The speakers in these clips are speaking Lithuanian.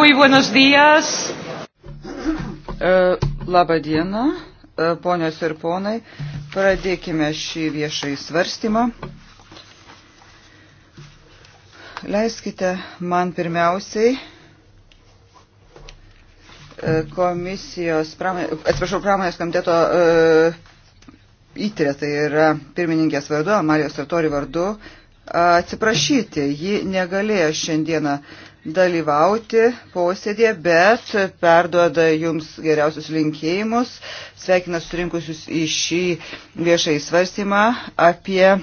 Muy buenos días. E, Labą dieną, e, ponios ir ponai. Pradėkime šį viešai svarstymą. Leiskite man pirmiausiai e, komisijos, pramonės, atsiprašau, pramonės komiteto įtrė, tai yra pirmininkės vardu, Marijos Sartori vardu, atsiprašyti. Ji negalėjo šiandieną dalyvauti posėdėje, bet perduoda jums geriausius linkėjimus, sveikina surinkusius į šį viešai svarstymą apie e,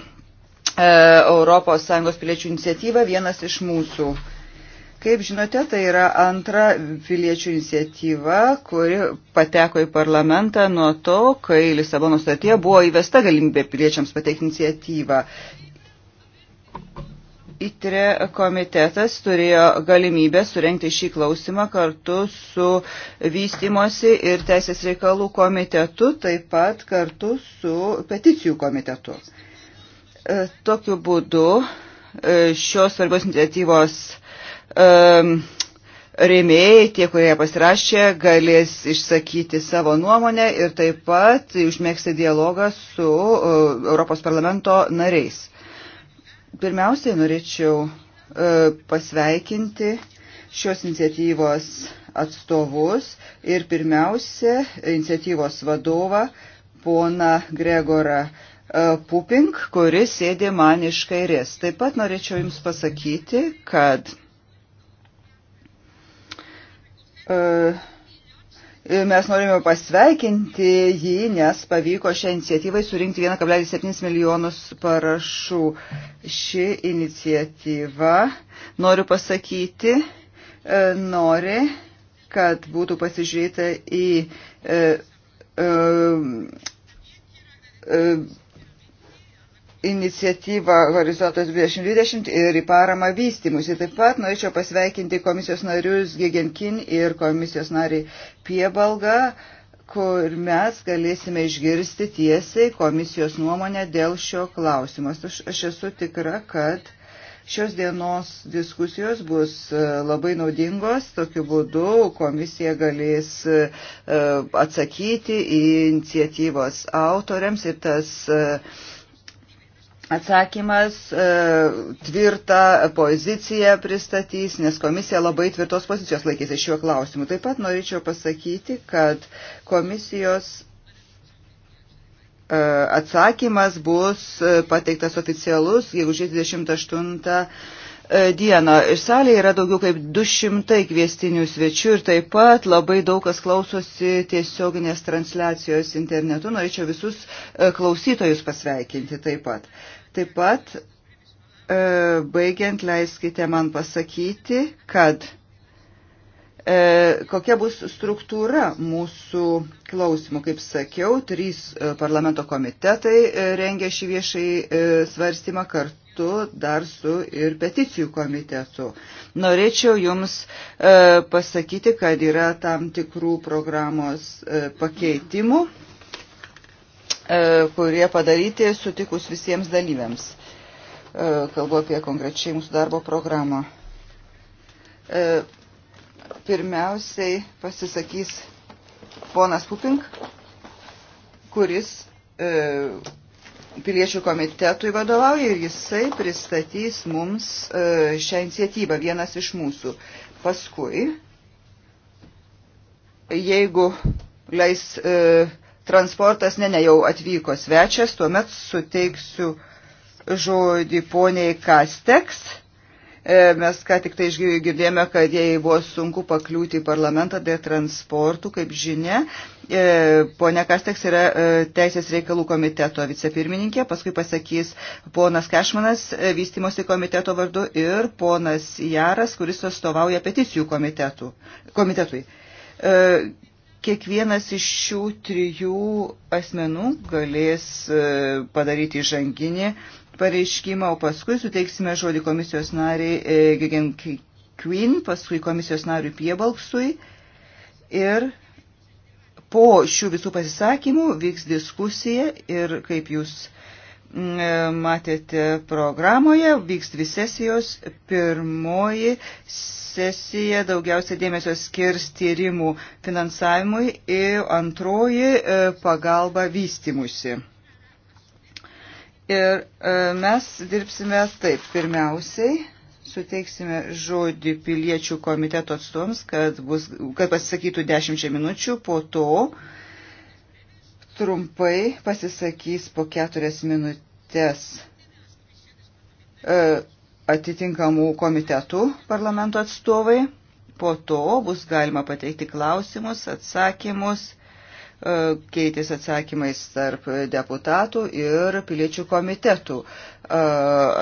ES piliečių iniciatyvą vienas iš mūsų. Kaip žinote, tai yra antra piliečių iniciatyva, kuri pateko į parlamentą nuo to, kai Lisabono statėje buvo įvesta galimybė piliečiams pateikti iniciatyvą. ITRE komitetas turėjo galimybę surenkti šį klausimą kartu su vystimosi ir teisės reikalų komitetu, taip pat kartu su peticijų komitetu. E, tokiu būdu e, šios svarbios iniciatyvos e, rėmėjai, tie, kurie pasirašė, galės išsakyti savo nuomonę ir taip pat užmėgsti dialogą su Europos parlamento nariais. Pirmiausiai norėčiau e, pasveikinti šios iniciatyvos atstovus ir pirmiausia iniciatyvos vadovą poną Gregorą e, Pupink, kuris sėdi man iš kairės. Taip pat norėčiau Jums pasakyti, kad uh, Mes norime pasveikinti jį, nes pavyko šią iniciatyvą surinkti 1,7 milijonus parašų. Ši iniciatyva, noriu pasakyti, e, nori, kad būtų pasižiūrėta į e, e, e, iniciatyvą Horizontas 2020 ir į paramą vystimusi. Taip pat norėčiau pasveikinti komisijos narius Gigenkin ir komisijos narį Piebalgą, kur mes galėsime išgirsti tiesiai komisijos nuomonę dėl šio klausimo. Aš, aš esu tikra, kad Šios dienos diskusijos bus e, labai naudingos, tokiu būdu komisija galės e, atsakyti į iniciatyvos autoriams ir tas uh, Atsakymas e, tvirtą poziciją pristatys, nes komisija labai tvirtos pozicijos laikėsi šiuo klausimu. Taip pat norėčiau pasakyti, kad komisijos e, atsakymas bus e, pateiktas oficialus, jeigu žiūrėt 28 dieną. Salėje yra daugiau kaip 200 kviestinių svečių ir taip pat labai daug kas klausosi tiesioginės transliacijos internetu. Norėčiau visus klausytojus pasveikinti taip pat. Taip pat, e, baigiant, leiskite man pasakyti, kad e, kokia bus struktūra mūsų klausimų. Kaip sakiau, trys e, parlamento komitetai rengia šį viešai svarstymą kartu dar su ir peticijų komitetu. Norėčiau Jums pasakyti, kad yra tam tikrų programos pakeitimų E, kurie padaryti sutikus visiems dalyviams. E, kalbu apie konkrečiai mūsų darbo programą. E, pirmiausiai pasisakys ponas Pupink, kuris piliečių komitetui vadovauja ir jisai pristatys mums šią iniciatyvą, vienas iš mūsų. Paskui, jeigu leis e, transportas, ne, ne, jau atvyko svečias, tuomet suteiksiu žodį poniai Kasteks. E, mes ką tik tai girdėjome, kad jai buvo sunku pakliūti į parlamentą dėl transportų, kaip žinia. E, Pone Kasteks yra e, Teisės reikalų komiteto vicepirmininkė, paskui pasakys ponas Kešmanas vystimosi komiteto vardu ir ponas Jaras, kuris atstovauja peticijų komitetui kiekvienas iš šių trijų asmenų galės e, padaryti žanginį pareiškimą, o paskui suteiksime žodį komisijos nariai e, Gegen Quinn, paskui komisijos nariui Piebalksui ir po šių visų pasisakymų vyks diskusija ir kaip jūs Mm, matėte programoje, vyks dvi sesijos. Pirmoji sesija daugiausia dėmesio skirs tyrimų finansavimui ir antroji e, pagalba vystimusi. Ir e, mes dirbsime taip. Pirmiausiai suteiksime žodį piliečių komiteto atstovams, kad, bus, kad pasisakytų dešimčia minučių, po to uh, trumpai pasisakys po keturias minutės e, atitinkamų komitetų parlamento atstovai. Po to bus galima pateikti klausimus, atsakymus E, keitės atsakymais tarp deputatų ir piliečių komitetų e,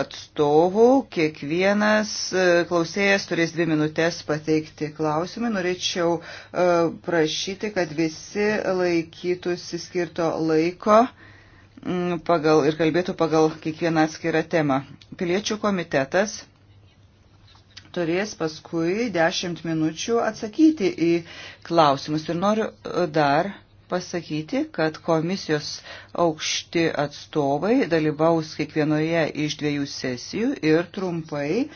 atstovų. Kiekvienas e, klausėjas turės dvi minutės pateikti klausimą. Norėčiau prašyti, kad visi laikytųsi skirto laiko pagal, ir kalbėtų pagal kiekvieną atskirą temą. Piliečių komitetas turės paskui 10 minučių atsakyti į klausimus. Ir noriu dar pasakyti, kad komisijos aukšti atstovai dalyvaus kiekvienoje iš dviejų sesijų ir trumpai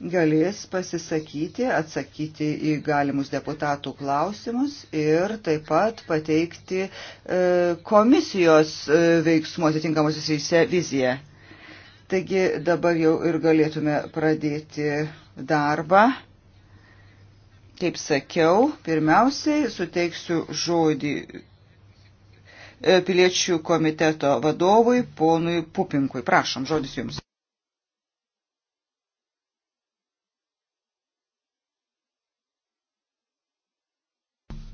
galės pasisakyti, atsakyti į galimus deputatų klausimus ir taip pat pateikti e, komisijos e, veiksmų atitinkamos įsivysia viziją. Taigi dabar jau ir galėtume pradėti darbą. Kaip sakiau, pirmiausiai suteiksiu žodį E, piliečių komiteto vadovui, ponui Pupinkui. Prašom, žodis jums.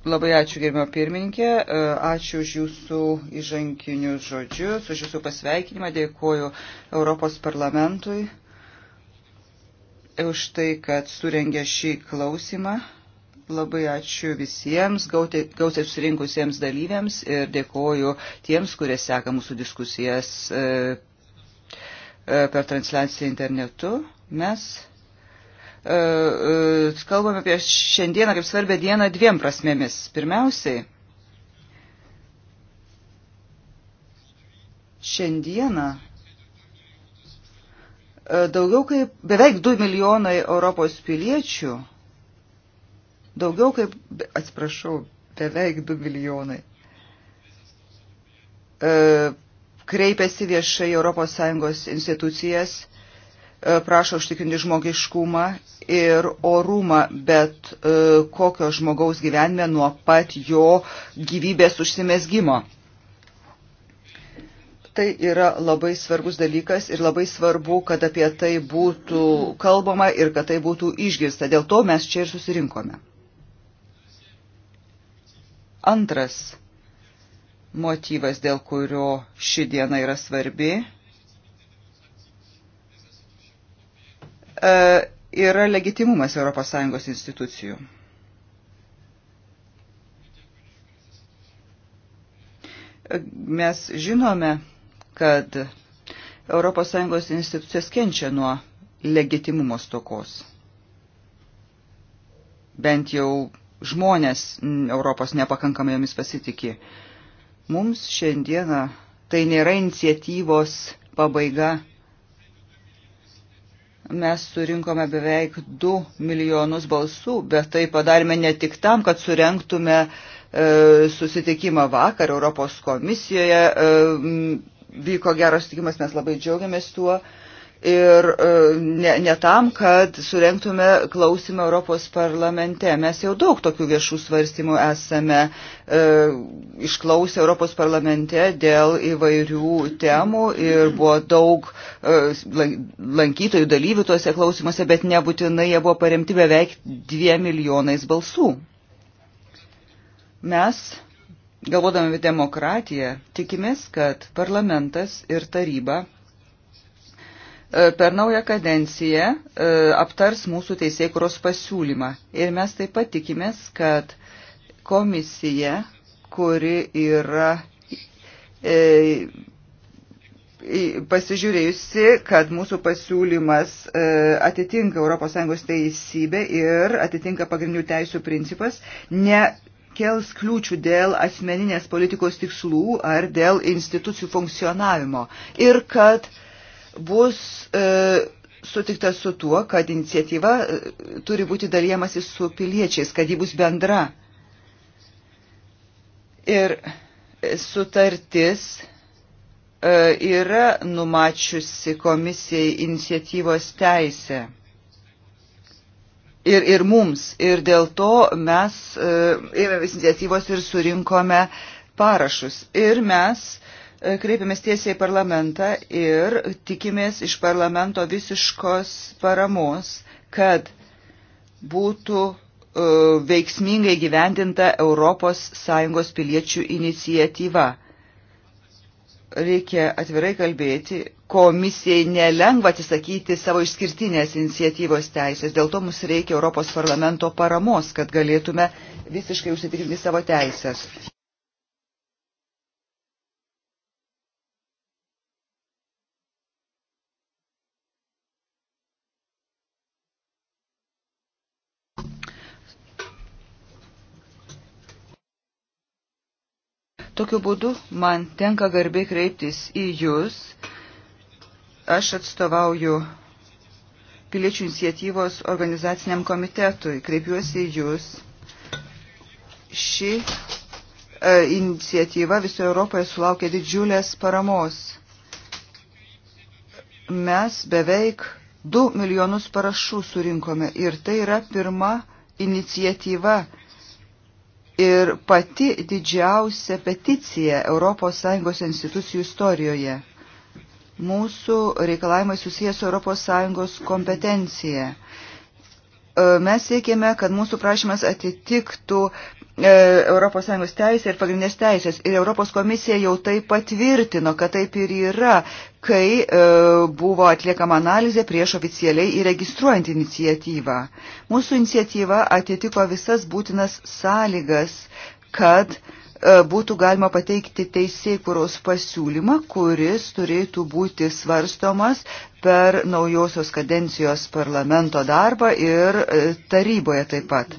Labai ačiū, gerbimo pirmininkė, e, ačiū už jūsų įžankinius žodžius, už jūsų pasveikinimą, dėkuoju Europos parlamentui už tai, kad surengė šį klausimą. Labai ačiū visiems gausiai susirinkusiems dalyviams ir dėkoju tiems, kurie seka mūsų diskusijas e, e, per transliaciją internetu. Mes e, kalbame apie šiandieną kaip svarbę dieną dviem prasmėmis. Pirmiausiai, šiandieną daugiau kaip beveik 2 milijonai Europos piliečių daugiau kaip, atsiprašau, beveik 2 milijonai e, kreipiasi viešai ES institucijas, e, prašo užtikrinti žmogiškumą ir orumą, bet e, kokio žmogaus gyvenime nuo pat jo gyvybės užsimesgymo. Tai yra labai svarbus dalykas ir labai svarbu, kad apie tai būtų kalbama ir kad tai būtų išgirsta. Dėl to mes čia ir susirinkome. Antras motyvas, dėl kurio ši diena yra svarbi, e, yra legitimumas ES institucijų. Mes žinome, kad ES institucijas kenčia nuo legitimumo stokos. Bent jau žmonės Europos nepakankamai jomis pasitikė. Mums šiandieną tai nėra iniciatyvos pabaiga. Mes surinkome beveik 2 milijonus balsų, bet tai padarėme ne tik tam, kad surenktume e, susitikimą vakar Europos komisijoje. E, vyko geras sutikimas, mes labai džiaugiamės tuo. E, ir e, ne, ne tam, kad surenktume klausimą Europos parlamente. Mes jau daug tokių viešų svarstymų esame e, išklausę Europos parlamente dėl įvairių temų ir buvo daug e, lankytojų dalyvių tuose klausimuose, bet nebūtinai jie buvo paremti beveik dviem milijonais balsų. Mes, galvodami demokratiją, tikimės, kad parlamentas ir taryba E, per naują kadenciją e, aptars mūsų teisėkuros pasiūlymą. Ir mes taip pat tikimės, kad komisija, kuri yra e, pasižiūrėjusi, kad mūsų pasiūlymas e, atitinka ES teisybę ir atitinka pagrindinių teisų principas, ne kels kliūčių dėl asmeninės politikos tikslų ar dėl institucijų funkcionavimo. Ir kad uh, bus e, sutikta su tuo, kad iniciatyva e, turi būti dalyjamasi su piliečiais, kad ji bus bendra. Ir sutartis e, yra numačiusi komisijai iniciatyvos teisę. Ir, ir mums. Ir dėl to mes e, ėmėmės iniciatyvos ir surinkome parašus. Ir mes E, kreipiamės tiesiai į parlamentą ir tikimės iš parlamento visiškos paramos, kad būtų e, veiksmingai gyvendinta ES piliečių inicijatyva. Reikia atvirai kalbėti, komisijai nelengva atsisakyti savo išskirtinės inicijatyvos teisės, dėl to mums reikia Europos parlamento paramos, kad galėtume visiškai užsitikrinti savo teisės. Tokiu būdu man tenka garbė kreiptis į Jūs. Aš atstovauju piliečių iniciatyvos organizaciniam komitetui. Kreipiuosi į Jūs. Ši e, iniciatyva visoje Europoje sulaukė didžiulės paramos. Mes beveik 2 milijonus parašų surinkome ir tai yra pirma iniciatyva ir pati didžiausia peticija ES institucijų istorijoje. Mūsų reikalavimai susijęs su ES kompetencija. E, mes siekėme, kad mūsų prašymas atitiktų ES teisė ir pagrindinės teisės. Ir Europos komisija jau tai patvirtino, kad taip ir yra, kai e, buvo atliekama analizė prieš oficialiai įregistruojant iniciatyvą. Mūsų iniciatyva atitiko visas būtinas sąlygas, kad uh, E, būtų galima pateikti teisėkuros pasiūlymą, kuris turėtų būti svarstomas per naujosios kadencijos parlamento darbą ir e, taryboje taip pat.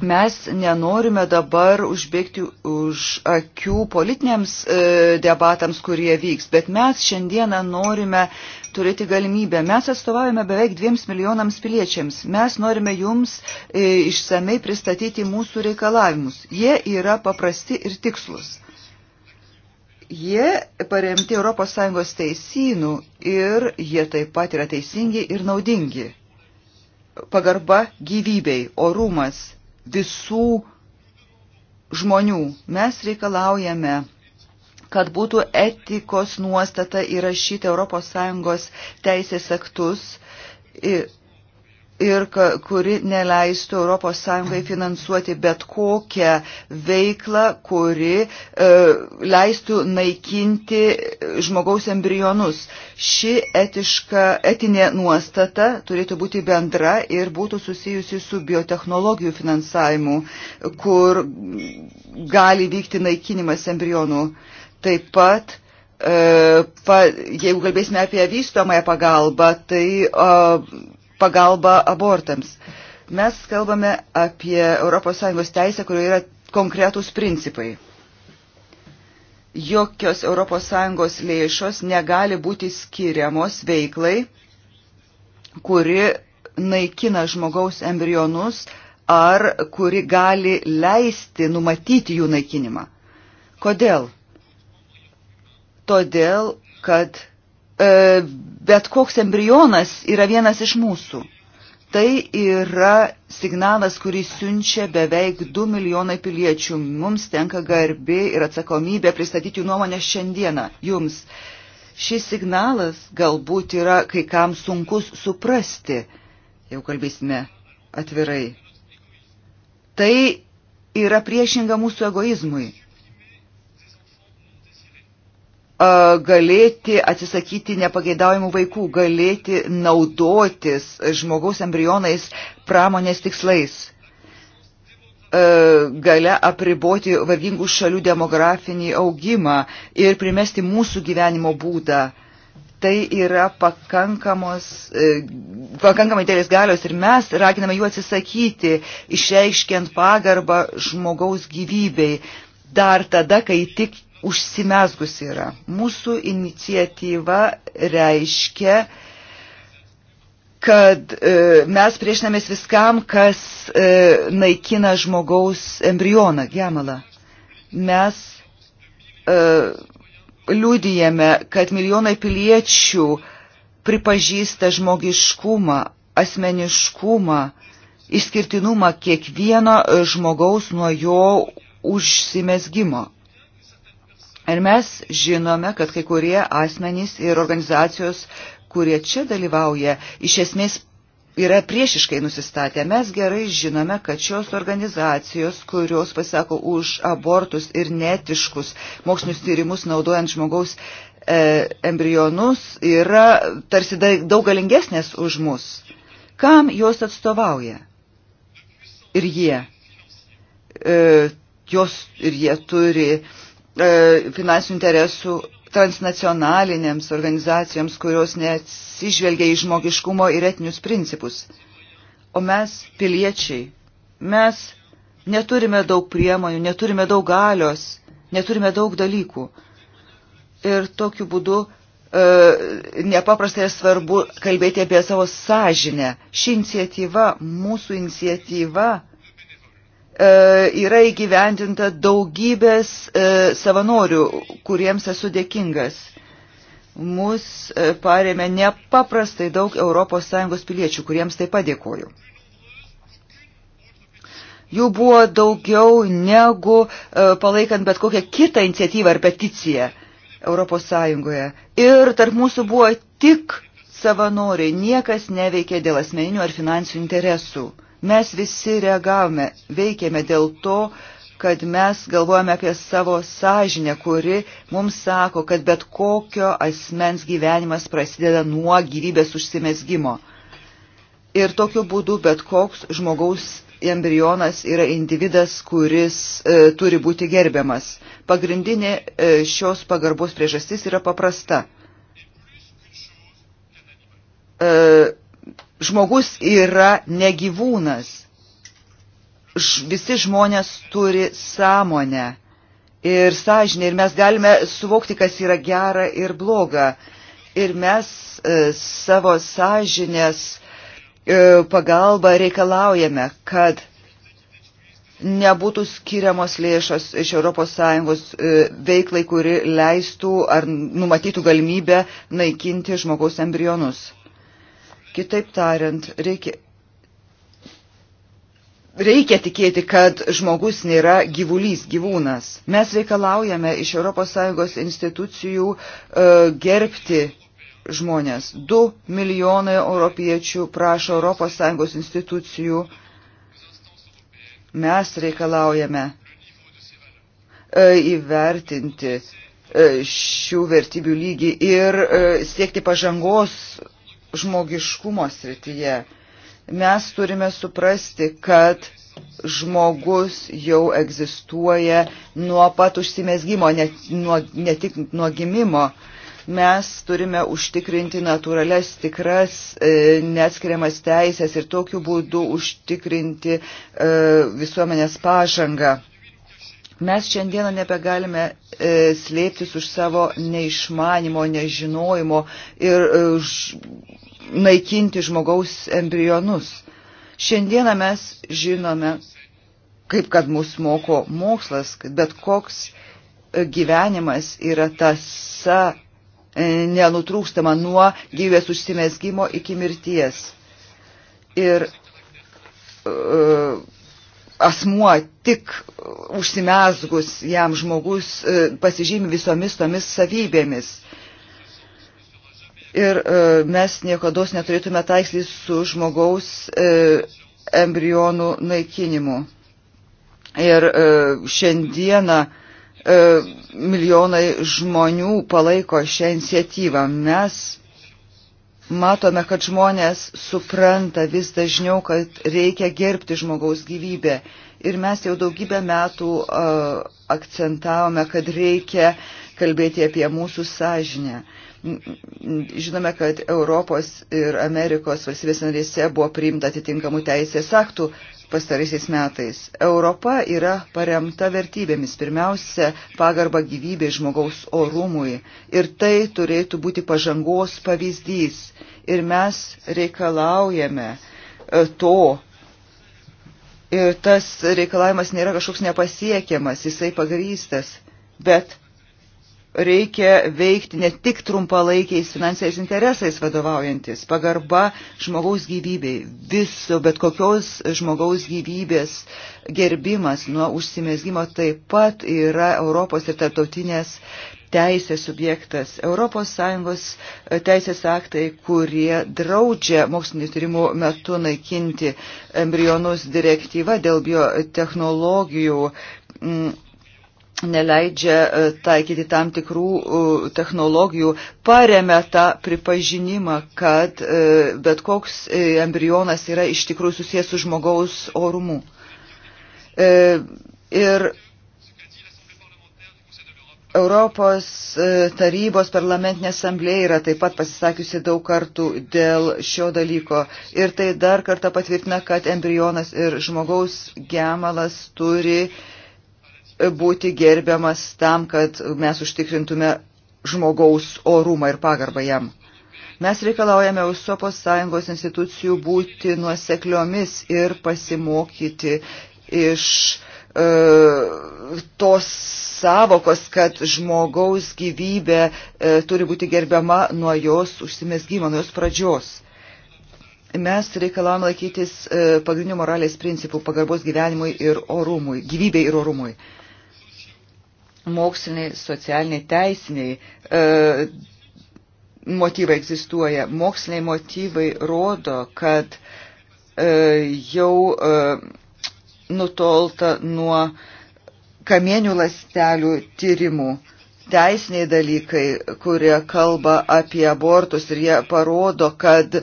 Mes nenorime dabar užbėgti už akių politiniams e, debatams, kurie vyks, bet mes šiandieną norime uh, turėti galimybę. Mes atstovaujame beveik dviems milijonams piliečiams. Mes norime jums e, išsamei pristatyti mūsų reikalavimus. Jie yra paprasti ir tikslus. Jie paremti ES teisynų ir jie taip pat yra teisingi ir naudingi. Pagarba gyvybei, orumas visų žmonių. Mes reikalaujame kad būtų etikos nuostata įrašyti ES teisės aktus ir, ir kuri neleistų ES finansuoti bet kokią veiklą, kuri e, leistų naikinti žmogaus embrionus. Ši etiška, etinė nuostata turėtų būti bendra ir būtų susijusi su biotehnologijų finansavimu, kur gali vykti naikinimas embrionų. E, Taip pat, e, jeigu kalbėsime apie vystomąją pagalbą, tai pagalba abortams. Mes kalbame apie ES teisę, kurioje yra konkretūs principai. Jokios ES lėšos negali būti skiriamos veiklai, kuri naikina žmogaus embrionus ar kuri gali leisti numatyti jų naikinimą. Kodėl? todėl kad e, bet koks embrionas yra vienas iš mūsų. Tai yra signalas, kurį siunčia beveik 2 milijonai piliečių. Mums tenka garbi ir atsakomybė pristatyti jų nuomonę šiandieną jums. Šis signalas galbūt yra kai kam sunkus suprasti, jau kalbėsime atvirai. Tai yra priešinga mūsų egoizmui galėti atsisakyti nepageidaujimų vaikų, galėti naudotis žmogaus embrionais pramonės tikslais, gale apriboti vargingų šalių demografinį augimą ir primesti mūsų gyvenimo būdą. Tai yra e, pakankamai dėlės galios ir mes raginame jų atsisakyti, išreiškiant pagarbą žmogaus gyvybei dar tada, kai tik užsimesgus yra. Mūsų iniciatyva reiškia, kad e, mes priešinamės viskam, kas e, naikina žmogaus embrioną, gemalą. Mes e, liūdijame, kad milijonai piliečių pripažįsta žmogiškumą, asmeniškumą, išskirtinumą kiekvieno žmogaus nuo jo užsimesgimo. Ir mes žinome, kad kai kurie asmenys ir organizacijos, kurie čia dalyvauja, iš esmės yra priešiškai nusistatę. Mes gerai žinome, kad šios organizacijos, kurios pasako už abortus ir netiškus mokslinius tyrimus naudojant žmogaus e, embrionus, yra tarsi daug galingesnės už mus. Kam jos atstovauja? Ir jie. E, jos ir jie turi E, finansinių interesų transnacionalinėms organizacijoms, kurios neatsižvelgia į žmogiškumo ir etinius principus. O mes, piliečiai, mes neturime daug priemonių, neturime daug galios, neturime daug dalykų. Ir tokiu būdu e, nepaprastai svarbu kalbėti apie savo sąžinę. Ši iniciatyva, mūsų iniciatyva, E, yra įgyvendinta daugybės e, savanorių, kuriems esu dėkingas. Mus e, parėmė nepaprastai daug ES piliečių, kuriems taip padėkoju. Jų buvo daugiau negu palaikant bet kokią kitą iniciatyvą ar peticiją ES. Ir tarp mūsų buvo tik savanoriai, niekas neveikė dėl asmeninių ar finansinių interesų. Mes visi reagavome, veikėme dėl to, kad mes galvojame apie savo sąžinę, kuri mums sako, kad bet kokio asmens gyvenimas prasideda nuo gyvybės užsimesgimo. Ir tokiu būdu bet koks žmogaus embrionas yra individas, kuris e, turi būti gerbiamas. Pagrindinė e, šios pagarbos priežastis yra paprasta. E, žmogus yra negyvūnas. Ž, visi žmonės turi sąmonę ir sąžinę ir mes galime suvokti, kas yra gera ir bloga. Ir mes e, savo sąžinės e, pagalba reikalaujame, kad nebūtų skiriamos lėšos iš ES e, veiklai, kuri leistų ar numatytų galimybę naikinti žmogaus embrionus. Kitaip tariant, reikia, reikia tikėti, kad žmogus nėra gyvulys, gyvūnas. Mes reikalaujame iš ES institucijų uh, gerbti žmonės. 2 milijonai europiečių prašo ES institucijų. Mes reikalaujame e, įvertinti e, šių vertybių lygį ir siekti pažangos žmogiškumo srityje. Mes turime suprasti, kad žmogus jau egzistuoja nuo pat užsimesgymo, ne, nuo, ne tik nuo gimimo. Mes turime užtikrinti natūrales, tikras, e, neatskiriamas teisės ir tokiu būdu užtikrinti e, visuomenės pažangą. Mes šiandieną nebegalime e, slėptis už savo neišmanimo, nežinojimo ir e, ž, naikinti žmogaus embrionus. Šiandieną mes žinome, kaip kad mus moko mokslas, bet koks e, gyvenimas yra tasa e, nenutrūkstama nuo gyvės užsimesgymo iki mirties. Ir e, asmuo tik užsimesgus jam žmogus e, pasižymi visomis tomis savybėmis. Ir e, mes niekada neturėtume taikslį su žmogaus e, embrionų naikinimu. Ir šiandieną milijonai žmonių palaiko šią iniciatyvą. Mes matome, kad žmonės supranta vis dažniau, kad reikia gerbti žmogaus gyvybę. Ir mes jau daugybę metų uh, akcentavome, kad reikia kalbėti apie mūsų sąžinę. Žinome, kad Europos ir Amerikos valstybės narėse buvo priimta atitinkamų teisės aktų pastaraisiais metais. Europa yra paremta vertybėmis, pirmiausia, pagarba gyvybei žmogaus orumui. Ir tai turėtų būti pažangos pavyzdys. Ir mes reikalaujame e, to. Ir tas reikalavimas nėra kažkoks nepasiekiamas, jisai pagrystas. Bet reikia veikti ne tik trumpalaikiais finansiniais interesais vadovaujantis. Pagarba žmogaus gyvybei, viso, bet kokios žmogaus gyvybės gerbimas nuo užsimesgymo taip pat yra Europos ir tarptautinės teisės subjektas. ES e, teisės aktai, kurie draudžia mokslinio tyrimų metu naikinti embrionus direktyva dėl biotehnologijų. M, neleidžia e, taikyti tam tikrų e, technologijų, paremia tą pripažinimą, kad e, bet koks embrionas yra iš tikrųjų susijęs su žmogaus orumu. Ir Europos tarybos parlamentinė asamblėja yra taip pat pasisakiusi daug kartų dėl šio dalyko. Ir tai dar kartą patvirtina, kad embrionas ir žmogaus gemalas turi uh, būti gerbiamas tam, kad mes užtikrintume žmogaus orumą ir pagarbą jam. Mes reikalaujame Europos Sąjungos institucijų būti nuosekliomis ir pasimokyti iš e, tos savokos, kad žmogaus gyvybė e, turi būti gerbiama nuo jos užsimesgymo, nuo jos pradžios. Mes reikalavome laikytis e, pagrindinių moralės principų pagarbos gyvenimui ir orumui, gyvybei ir orumui. E, moksliniai, socialiniai, teisiniai e, motyvai egzistuoja. Moksliniai motyvai rodo, kad e, jau e, nutolta nuo kamienių lastelių tyrimų. Teisiniai dalykai, kurie kalba apie abortus ir jie parodo, kad e,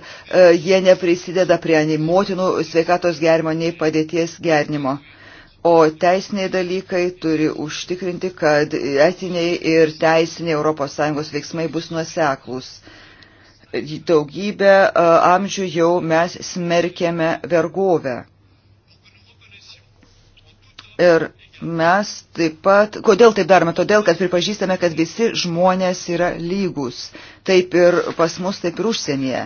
jie neprisideda prie nei motinų sveikatos gerimo, nei padėties gernimo. E, O teisiniai dalykai turi užtikrinti, kad etiniai ir teisiniai ES veiksmai bus nuoseklūs. Daugybę e, amžių jau mes smerkėme vergovę. Ir mes taip pat, kodėl taip darome? Todėl, kad pripažįstame, kad visi žmonės yra lygus. Taip ir pas mus, taip ir užsienyje.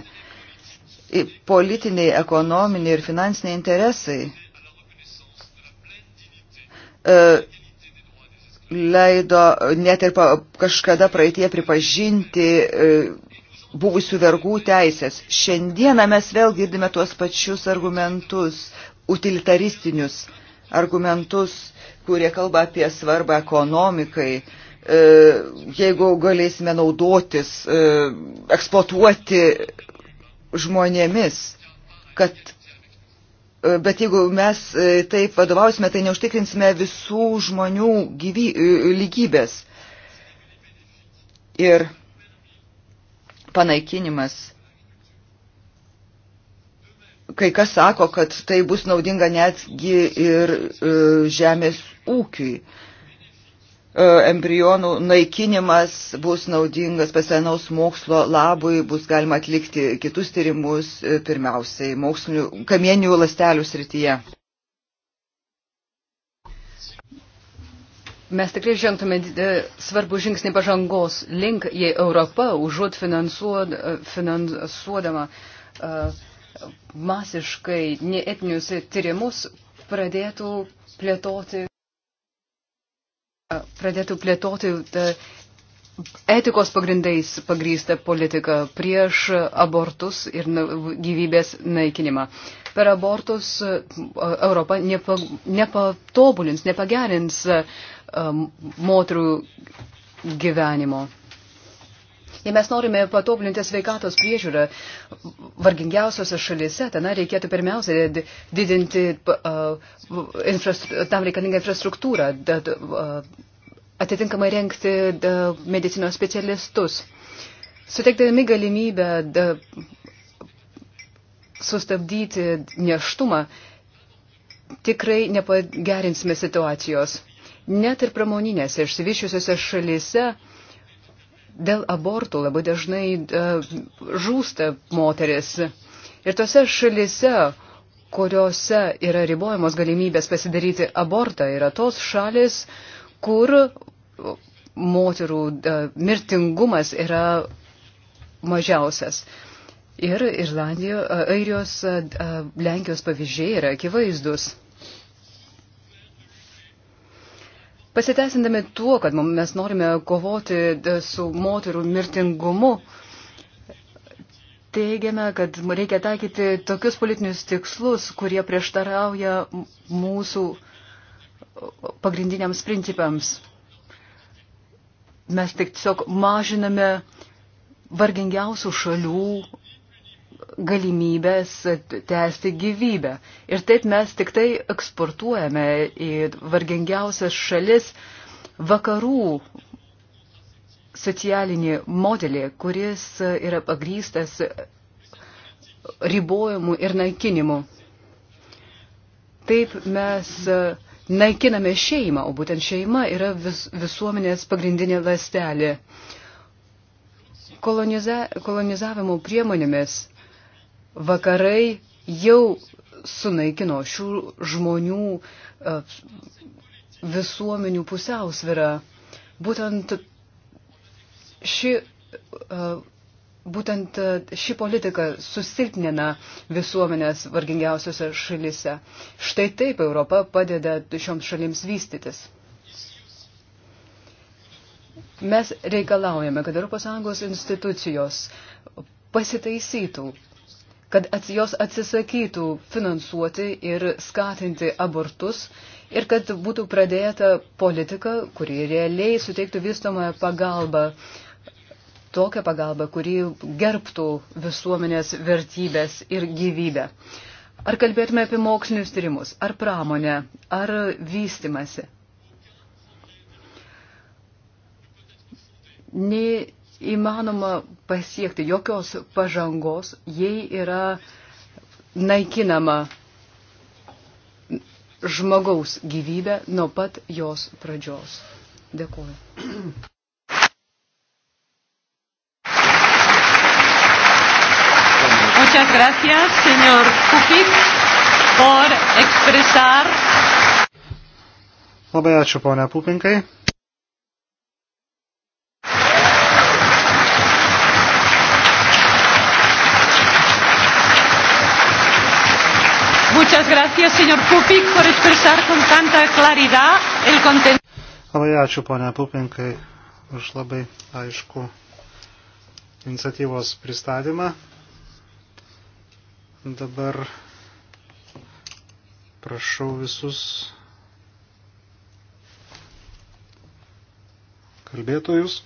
Politiniai, ekonominiai ir finansiniai interesai E, leido net ir kažkada praeitie pripažinti e, buvusių vergų teisės. Šiandieną mes vėl girdime tuos pačius argumentus, utilitaristinius argumentus, kurie kalba apie svarbą ekonomikai, e, jeigu galėsime naudotis, eksploatuoti žmonėmis, kad Bet jeigu mes e, taip vadovausime, tai neužtikrinsime visų žmonių gyvy, e, lygybės. Ir panaikinimas. Kai kas sako, kad tai bus naudinga netgi ir e, žemės ūkiui. E, embrionų naikinimas bus naudingas pasenaus mokslo labui, bus galima atlikti kitus tyrimus, e, pirmiausiai mokslinių kamieninių lastelių srityje. Mes tikrai žengtume e, svarbų žingsnį pažangos link, jei Europa užuot finansuod, finansuodama masiškai neetinius tyrimus pradėtų plėtoti pradėtų plėtoti e, etikos pagrindais pagrįstą politiką prieš abortus ir gyvybės naikinimą. Per abortus e, Europa nepa, nepatobulins, nepagerins e, moterų gyvenimo. Jei mes norime patobulinti sveikatos priežiūrą vargingiausiose šalise, tenai reikėtų pirmiausia didinti tam reikalingą infrastruktūrą, atitinkamai renkti medicinos specialistus. Suteikdami galimybę sustabdyti neštumą, tikrai nepagerinsime situacijos. Net ir pramoninėse išsivyščiusiose šalyse uh, dėl abortų labai dažnai e, žūsta moteris. Ir tose šalise, kuriuose yra ribojamos galimybės pasidaryti abortą, yra tos šalis, kur moterų e, mirtingumas yra mažiausias. Ir Irlandijos, e, Airijos, Lenkijos pavyzdžiai yra akivaizdus. Pasiteisindami tuo, kad mes norime kovoti e, su moterų mirtingumu, teigiame, kad reikia taikyti tokius politinius tikslus, kurie prieštarauja mūsų pagrindiniams principams. Mes tik tiesiog mažiname vargingiausių šalių galimybės tęsti gyvybę. Ir taip mes tik tai eksportuojame į vargingiausias šalis vakarų socialinį modelį, kuris yra pagrystas ribojimu ir naikinimu. Taip mes naikiname šeimą, o būtent šeima yra vis, visuomenės pagrindinė lastelė. Koloniza, kolonizavimo priemonėmis Vakarai jau sunaikino šių žmonių e, visuomenių pusiausvirą. Būtent ši, e, būtent e, ši politika susilpnina visuomenės vargingiausiose šalise. Štai taip Europa padeda šioms šalims vystytis. Mes reikalaujame, kad ES institucijos pasitaisytų kad jos atsisakytų finansuoti ir skatinti abortus ir kad būtų pradėta politika, kuri realiai suteiktų vystomąją pagalbą, tokią pagalbą, kuri gerbtų visuomenės vertybės ir gyvybę. Ar kalbėtume apie mokslinius tyrimus, ar pramonę, ar vystimasi. Nei įmanoma pasiekti jokios pažangos, jei yra naikinama žmogaus gyvybė nuo pat jos pradžios. Dėkuoju. Muchas gracias, señor Kukic, por expresar. Labai ačiū, ponia Pupinkai. Muchas gracias, señor Pupik, por expresar con tanta claridad el contenido. Labai ačiū, ponia Pupinkai, už labai aišku iniciatyvos pristatymą. Dabar prašau visus kalbėtojus.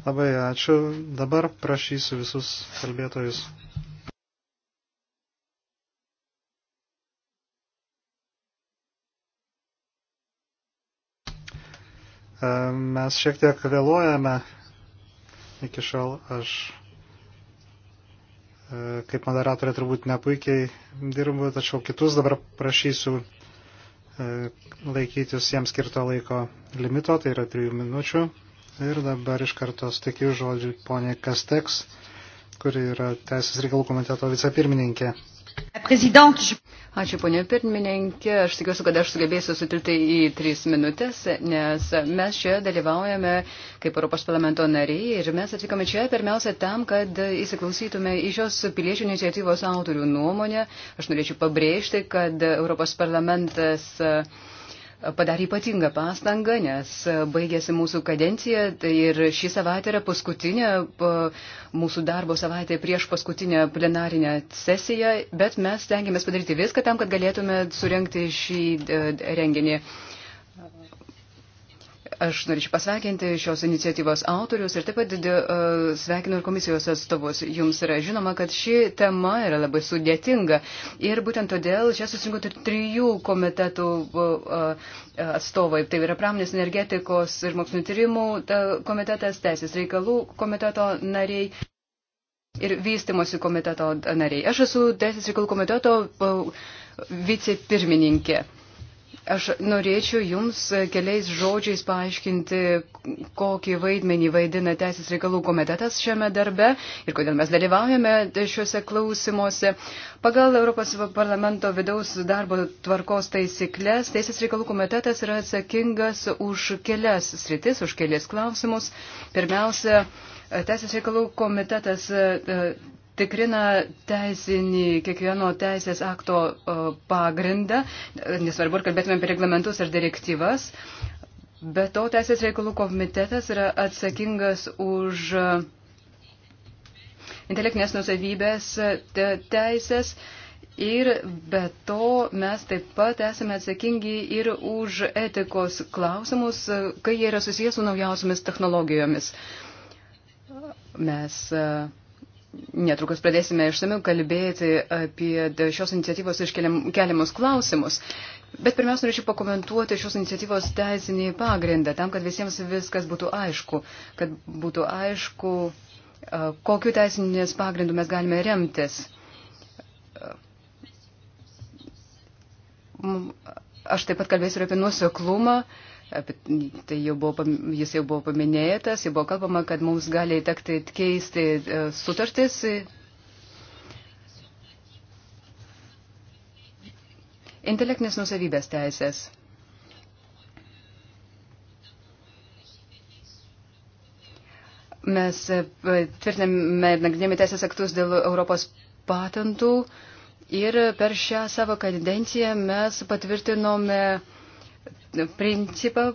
Labai ačiū. Dabar prašysiu visus kalbėtojus e, Mes šiek tiek vėluojame. Iki šiol aš e, kaip moderatorė turbūt nepuikiai dirbu, tačiau kitus dabar prašysiu e, laikytis jiems skirto laiko limito, tai yra trijų minučių. Ir dabar iš karto stikiu žodžiu ponė Kasteks, kuri yra Teisės reikalų komiteto vicepirmininkė. Ačiū, ponė pirmininkė. Aš tikiuosi, kad aš sugebėsiu sutilti į tris minutės, nes mes čia dalyvaujame kaip Europos parlamento nariai ir mes atvykome čia pirmiausia tam, kad įsiklausytume į šios piliečių iniciatyvos autorių nuomonę. Aš norėčiau pabrėžti, kad Europos parlamentas padarė ypatingą pastangą, nes baigėsi mūsų kadencija tai ir šį savaitę yra paskutinė mūsų darbo savaitė prieš paskutinę plenarinę sesiją, bet mes tengiamės padaryti viską tam, kad galėtume surenkti šį e, renginį aš norėčiau pasveikinti šios iniciatyvos autorius ir taip pat uh, sveikinu ir komisijos atstovus. Jums yra žinoma, kad ši tema yra labai sudėtinga ir būtent todėl čia susinko trijų komitetų uh, atstovai. Tai yra pramonės energetikos ir mokslinio tyrimų komitetas, teisės reikalų komiteto nariai ir vystimosi komiteto nariai. Aš esu Teisės reikalų komiteto vicepirmininkė. Aš norėčiau Jums keliais žodžiais paaiškinti, kokį vaidmenį vaidina Teisės reikalų komitetas šiame darbe ir kodėl mes dalyvaujame šiuose klausimuose. Pagal Europos parlamento vidaus darbo tvarkos taisyklės, Teisės reikalų komitetas yra atsakingas už kelias sritis, už kelias klausimus. Pirmiausia, Teisės reikalų komitetas tikrina teisinį kiekvieno teisės akto e, pagrindą, nesvarbu, ar kalbėtume apie reglamentus ar direktyvas. Be to, Teisės reikalų komitetas yra atsakingas už e, intelektinės nusavybės teisės. Ir be to mes taip pat esame atsakingi ir už etikos klausimus, e, kai jie yra susijęs su naujausiamis technologijomis. Mes uh, Netrukus pradėsime išsamiau kalbėti apie šios iniciatyvos iškeliamus klausimus. Bet pirmiausia, norėčiau pakomentuoti šios iniciatyvos teisinį pagrindą, tam, kad visiems viskas būtų aišku, kad būtų aišku, kokiu teisinės pagrindu mes galime remtis. Aš taip pat kalbėsiu ir apie nuoseklumą Apie tai jau buvo, jis jau buvo paminėtas, jau buvo kalbama, kad mums gali tekti keisti e, sutartis. Intelektinės nusavybės teisės. Mes e, tvirtiname ir nagrinėjame teisės aktus dėl Europos patentų ir per šią savo kadenciją mes patvirtinome uh, principą,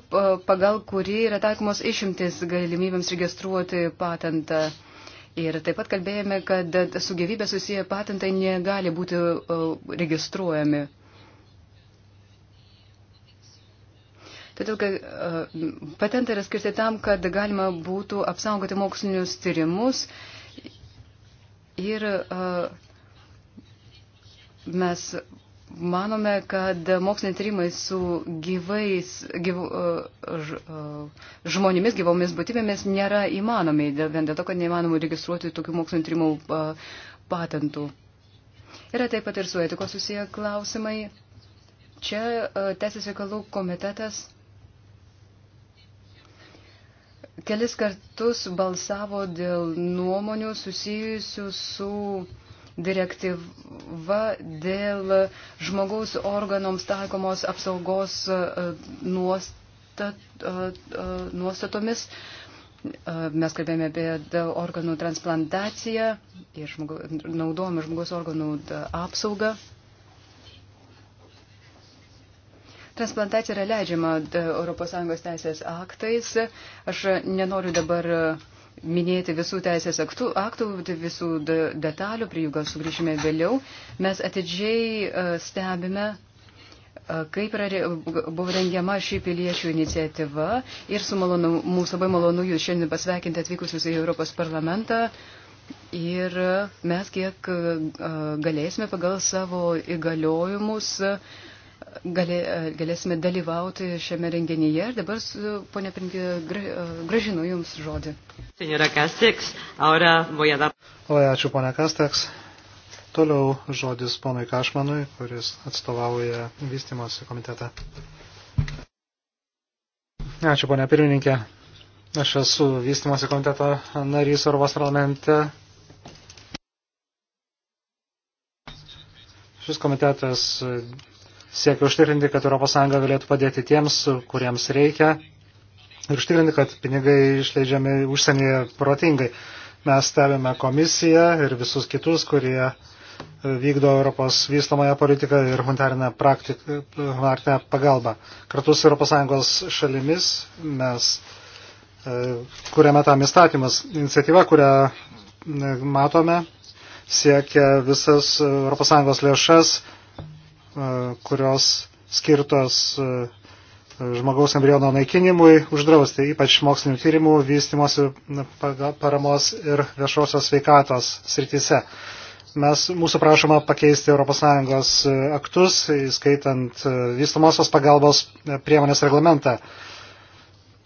pagal kurį yra taikomos išimtis galimybėms registruoti patentą. Ir taip pat kalbėjome, kad su gyvybė susiję patentai negali būti registruojami. Todėl, kad patentai yra skirti tam, kad galima būtų apsaugoti mokslinius tyrimus ir mes manome, kad moksliniai tyrimai su gyvais, gyv, e, ž, e, žmonėmis, gyvomis būtybėmis nėra įmanomi, vien dėl to, kad neįmanoma registruoti tokių mokslinio tyrimų e, patentų. Yra taip pat ir su etikos susiję klausimai. Čia Teisės reikalų komitetas kelis kartus balsavo dėl nuomonių susijusių su direktyva dėl žmogaus organoms taikomos apsaugos e, nuostat, e, e, nuostatomis. Mes kalbėjome apie organų transplantaciją ir žmogu, naudojame žmogaus organų apsaugą. Transplantacija yra leidžiama ES teisės aktais. Aš nenoriu dabar uh, minėti visų teisės aktų, aktų tai visų detalių, prie jų gal sugrįšime vėliau. Mes atidžiai e, stebime, e, kaip yra, buvo rengiama šį piliečių iniciatyva ir su malonu, mūsų labai malonu jūs šiandien pasveikinti atvykusius į Europos parlamentą. Ir mes kiek e, galėsime pagal savo įgaliojimus uh, galė, galėsime dalyvauti šiame renginyje. Ir dabar, ponia Pirinkė, gražinu Jums žodį. Labai ačiū, ponia Kasteks. Toliau žodis ponui Kašmanui, kuris atstovauja vystimosi komitetą. Ačiū, ponia pirmininkė. Aš esu vystimosi komiteto narys Europos parlamente. Šis komitetas siekia užtikrinti, kad ES galėtų padėti tiems, kuriems reikia ir užtikrinti, kad pinigai išleidžiami užsienyje protingai. Mes stebime komisiją ir visus kitus, kurie vykdo Europos vystamąją politiką ir humanitarinę, praktiką, humanitarinę pagalbą. Kartu su ES šalimis mes e, kuriame tam įstatymas. Iniciatyva, kurią e, matome, siekia visas ES lėšas E, kurios skirtos e, žmogaus embriono naikinimui uždrausti, ypač mokslinių tyrimų, vystimosi paramos ir viešosios sveikatos srityse. Mes mūsų prašoma pakeisti ES aktus, įskaitant e, vystomosios pagalbos priemonės reglamentą.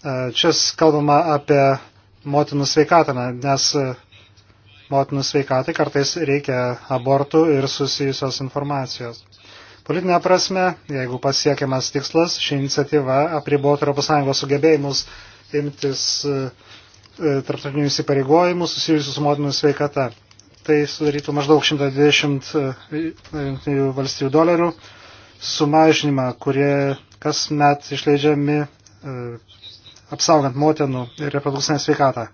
Čia kalbama apie motinų sveikatą, nes motinų sveikatai kartais reikia abortų ir susijusios informacijos. Politinė prasme, jeigu pasiekiamas tikslas, ši iniciatyva apribotų ES sugebėjimus imtis e, e, tarptautinių įsipareigojimų susijusių su motinų sveikata. Tai sudarytų maždaug 120 e, valstybių dolerių sumažinimą, kurie kas met išleidžiami apsaugant motinų ir reprodukcinę sveikatą.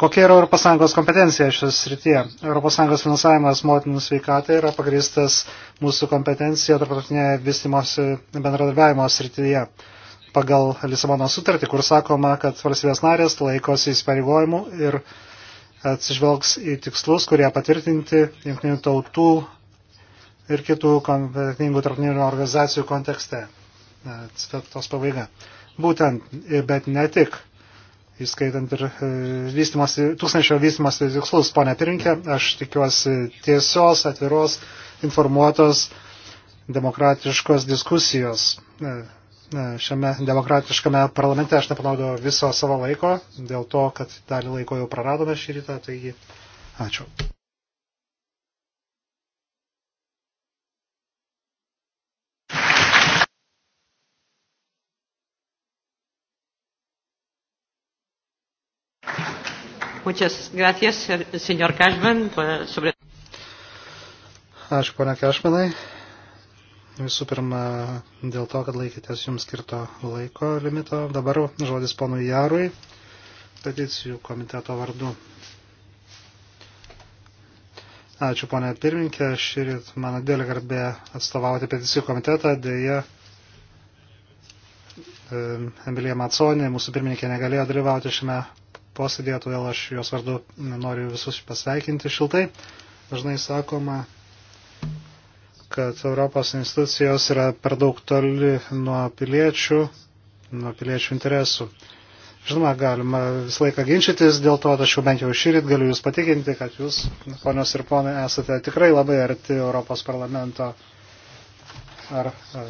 Kokia yra ES kompetencija šios srityje? ES finansavimas motinų sveikatai yra pagristas mūsų kompetencija tarptautinėje vystimosi bendradarbiavimo srityje pagal Lisabono sutartį, kur sakoma, kad valstybės narės laikosi įsipareigojimų ir atsižvelgs į tikslus, kurie patvirtinti jungtinių tautų ir kitų kompetentingų tarptautinių organizacijų kontekste. Citatos pabaiga. Būtent, bet ne tik įskaitant ir e, vystimosi, tūkstančio vystimosi tikslus. Pone Pirinkė, aš tikiuosi tiesios, atviros, informuotos, demokratiškos diskusijos e, e, šiame demokratiškame parlamente. Aš nepanaudojau viso savo laiko dėl to, kad dalį laiko jau praradome šį rytą, taigi ačiū. Muchas gracias, señor Cashman, sobre... Ačiū, ponia Kešmanai. Visų pirma, dėl to, kad laikytės jums skirto laiko limito. Dabar žodis ponui Jarui, peticijų komiteto vardu. Ačiū, ponė pirminkė. Šįryt mano dėlė garbė atstovauti peticijų komitetą. Dėja, Emilija Maconė, mūsų pirmininkė, negalėjo dalyvauti šiame posėdėje, todėl aš jos vardu noriu visus pasveikinti šiltai. Dažnai sakoma, kad Europos institucijos yra per daug toli nuo piliečių, nuo piliečių interesų. Žinoma, galima visą laiką ginčytis dėl to, tačiau bent jau šįryt galiu Jūs patikinti, kad Jūs, ponios ir ponai, esate tikrai labai arti Europos parlamento ar e,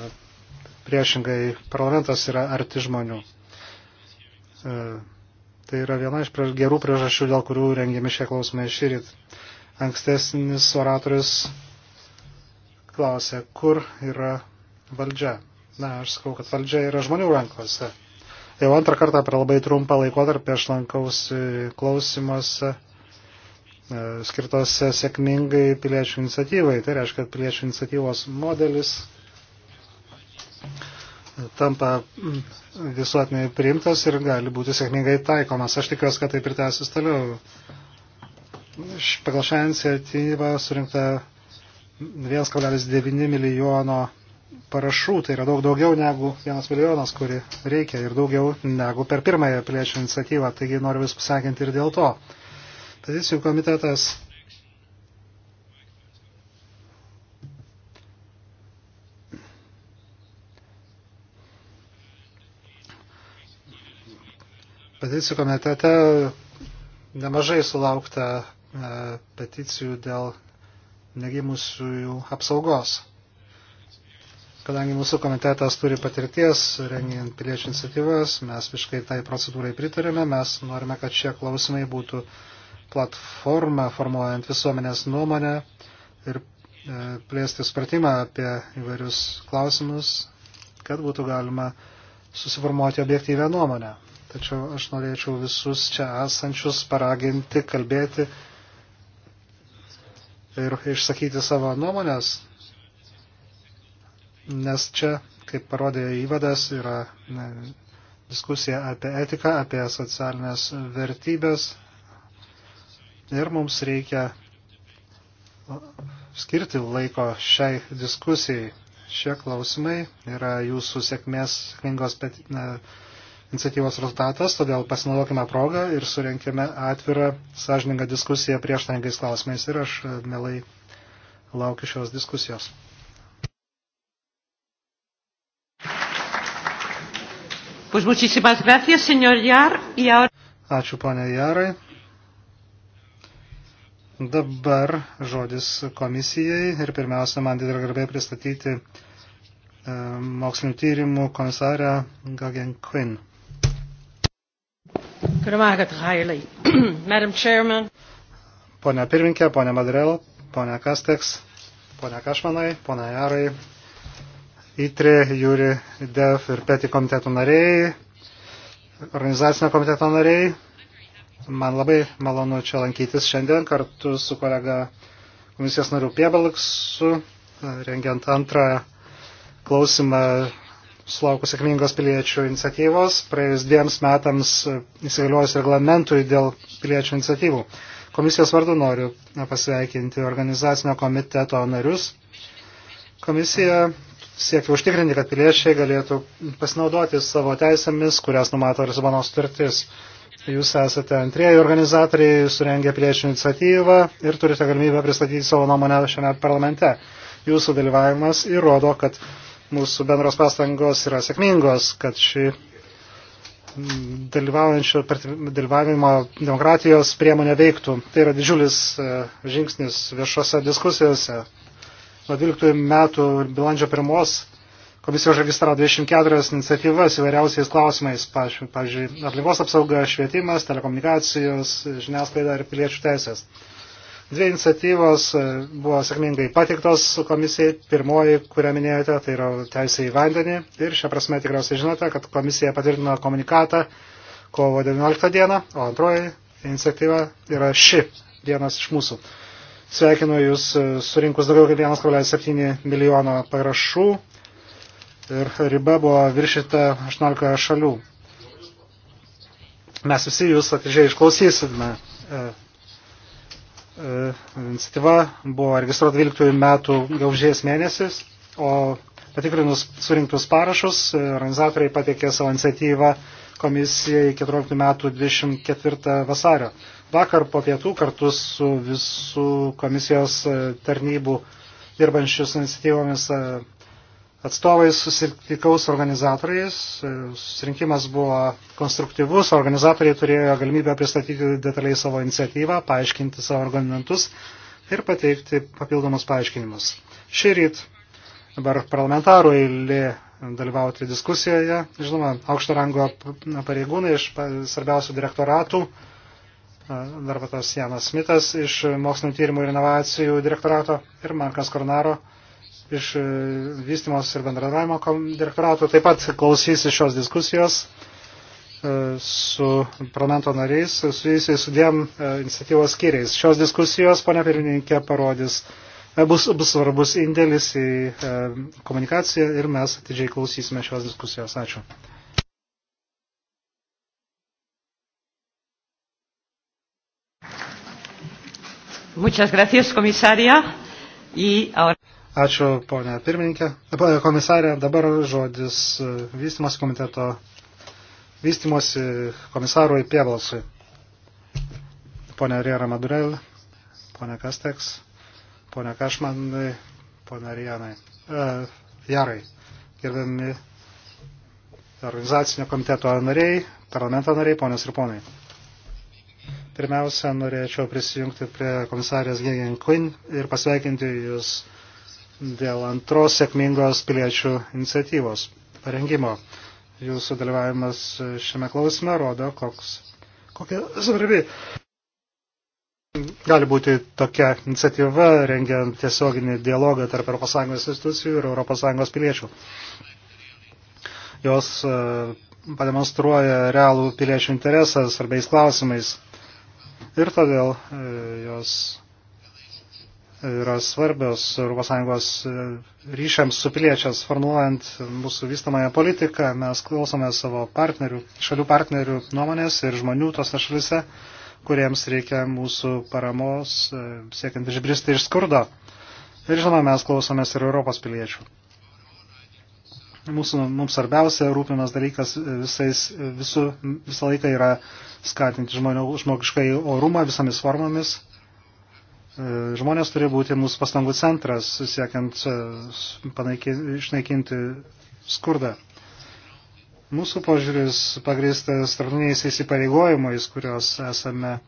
priešingai parlamentas yra arti žmonių. E, Tai yra viena iš gerų priežasčių, dėl kurių rengiami šie klausimai šyrit. Ankstesnis oratorius klausė, kur yra valdžia. Na, aš sakau, kad valdžia yra žmonių rankose. Jau antrą kartą per labai trumpą laikotarpį aš lankausi klausimuose e, skirtose sėkmingai piliečių iniciatyvai. Tai reiškia, kad piliečių iniciatyvos modelis tampa visuotinai priimtas ir gali būti sėkmingai taikomas. Aš tikiuosi, kad tai pritęsis toliau. Pagal šią iniciatyvą surinkta 1,9 milijono parašų, tai yra daug daugiau negu 1 milijonas, kuri reikia ir daugiau negu per pirmąją piliečių iniciatyvą, taigi noriu vis pasakinti ir dėl to. Peticijų komitetas Peticijų komitete nemažai sulaukta e, peticijų dėl negimusiųjų apsaugos. Kadangi mūsų komitetas turi patirties rengiant piliečių iniciatyvas, mes visiškai tai procedūrai pritarėme, mes norime, kad šie klausimai būtų platforma formuojant visuomenės nuomonę ir e, plėsti supratimą apie įvairius klausimus, kad būtų galima susiformuoti objektyvę nuomonę. Tačiau aš norėčiau visus čia esančius paraginti, kalbėti ir išsakyti savo nuomonės, nes čia, kaip parodė įvadas, yra ne, diskusija apie etiką, apie socialinės vertybės ir mums reikia skirti laiko šiai diskusijai. Šie klausimai yra jūsų sėkmės, sėkmingos pet, ne, iniciatyvos rezultatas, todėl pasinaudokime progą ir surenkime atvirą, sąžiningą diskusiją prieštaringais klausimais ir aš e, mielai laukiu šios diskusijos. Pues muchísimas gracias, señor Yar. Y ahora... Ačiū, ponia Jarai. Dabar žodis komisijai ir pirmiausia, man didelį garbę pristatyti e, mokslinių tyrimų komisarę Gagen Quinn. Pone pirminkė, pone Madrel, pone Kasteks, pone Kašmanai, pone Jarai, ITRI, Jūri, DEF ir PETI komitetų nariai, organizacinio komiteto nariai. Man labai malonu čia lankytis šiandien kartu su kolega komisijos nariu Piebalksu, rengiant antrą klausimą sulaukus sėkmingos piliečių iniciatyvos, praėjus dviems metams e, įsigaliojus reglamentui dėl piliečių iniciatyvų. Komisijos vardu noriu e, pasveikinti organizacinio komiteto narius. Komisija siekia užtikrinti, kad piliečiai galėtų pasinaudoti savo teisėmis, kurias numato Lisabonos sutartis. Jūs esate antrieji organizatoriai, surengė piliečių iniciatyvą ir turite galimybę pristatyti savo nuomonę šiame parlamente. Jūsų dalyvavimas įrodo, kad mūsų bendros pastangos yra sėkmingos, kad ši mm, dalyvavimo demokratijos priemonė veiktų. Tai yra didžiulis e, žingsnis viešose diskusijose. Nuo 12 metų bilandžio pirmos komisijos registravo 24 iniciatyvas įvairiausiais klausimais, pavyzdžiui, aplinkos apsauga, švietimas, telekomunikacijos, žiniasklaida ir piliečių teisės. Dvi iniciatyvos e, buvo sėkmingai patiktos komisijai. Pirmoji, kurią minėjote, tai yra teisė į vandenį. Ir šią prasme tikriausiai žinote, kad komisija patvirtino komunikatą kovo 19 dieną, o antroji iniciatyva yra ši vienas iš mūsų. Sveikinu Jūs e, surinkus daugiau kaip 1,7 milijono parašų ir riba buvo viršita 18 šalių. Mes visi Jūs atidžiai išklausysime e, E, iniciatyva buvo registruota 12 metų gaužės mėnesis, o patikrinus surinktus parašus, e, organizatoriai pateikė savo iniciatyvą komisijai 14 metų 24 vasario. Vakar po pietų kartu su visų komisijos e, tarnybų dirbančius iniciatyvomis atstovais susitikau su organizatoriais. Susirinkimas buvo konstruktyvus, organizatoriai turėjo galimybę pristatyti detaliai savo iniciatyvą, paaiškinti savo argumentus ir pateikti papildomus paaiškinimus. Šį ryt dabar parlamentarų eilė dalyvauti diskusijoje. Žinoma, aukšto rango pareigūnai iš svarbiausių direktoratų, darbatas Janas Smitas iš Mokslinio tyrimų ir inovacijų direktorato ir Markas Kornaro iš e, vystimos ir bendradarbiavimo direktorato taip pat klausysi šios diskusijos e, su parlamento nariais, susijusiai su dviem e, iniciatyvos skyriais. Šios diskusijos, ponia pirmininkė, parodys, bus, bus svarbus indėlis į komunikaciją ir mes atidžiai klausysime šios diskusijos. Ačiū. Muchas gracias, comisaria. Y ahora... Ačiū, ponė pirmininkė. Komisarė, dabar žodis e, vystimas komiteto vystimosi komisarui Pievalsui. Pone Riera Madurel, pone Kasteks, pone Kašmanai, pone Rijanai, e, Jarai, gerbiami organizacinio komiteto nariai, parlamento nariai, ponios ir ponai. Pirmiausia, norėčiau prisijungti prie komisarės Gegen Quinn ir pasveikinti jūs dėl antros sėkmingos piliečių iniciatyvos parengimo. Jūsų dalyvavimas šiame klausime rodo, koks, kokia svarbi gali būti tokia iniciatyva, rengiant tiesioginį dialogą tarp ES institucijų ir ES piliečių. Jos e, pademonstruoja realų piliečių interesą svarbiais klausimais ir todėl e, jos yra svarbios ES e, ryšiams su piliečiams, formuojant mūsų vystamąją politiką. Mes klausome savo partnerių, šalių partnerių nuomonės ir žmonių tose šalise, kuriems reikia mūsų paramos, e, siekiant išbristi iš skurdo. Ir žinoma, mes klausomės ir Europos piliečių. Mūsų, mums svarbiausia rūpimas dalykas visais, visų, visą laiką yra skatinti žmonių žmogiškai orumą visomis formomis E, žmonės turi būti mūsų pastangų centras, siekiant e, išnaikinti skurdą. Mūsų požiūris pagrįstas tarptautiniais įsipareigojimais, kuriuos esame e,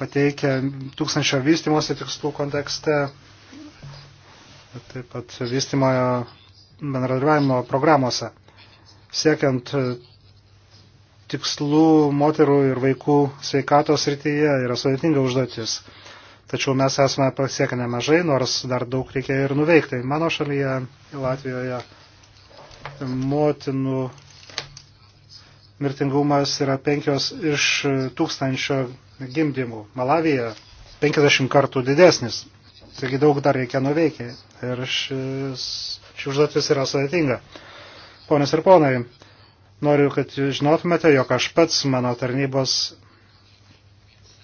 pateikę tūkstančio vystimosi tikslų kontekste, taip pat vystimojo bendradarbiavimo programuose, siekiant tikslų moterų ir vaikų sveikatos rytyje yra sudėtinga užduotis. Tačiau mes esame pasiekę nemažai, nors dar daug reikia ir nuveikti. Mano šalyje, Latvijoje, motinų mirtingumas yra 5 iš tūkstančio gimdymų. Malavija 50 kartų didesnis. Taigi daug dar reikia nuveikti. Ir šis, ši užduotis yra sudėtinga. Ponas ir ponai, noriu, kad jūs žinotumėte, jog aš pats mano tarnybos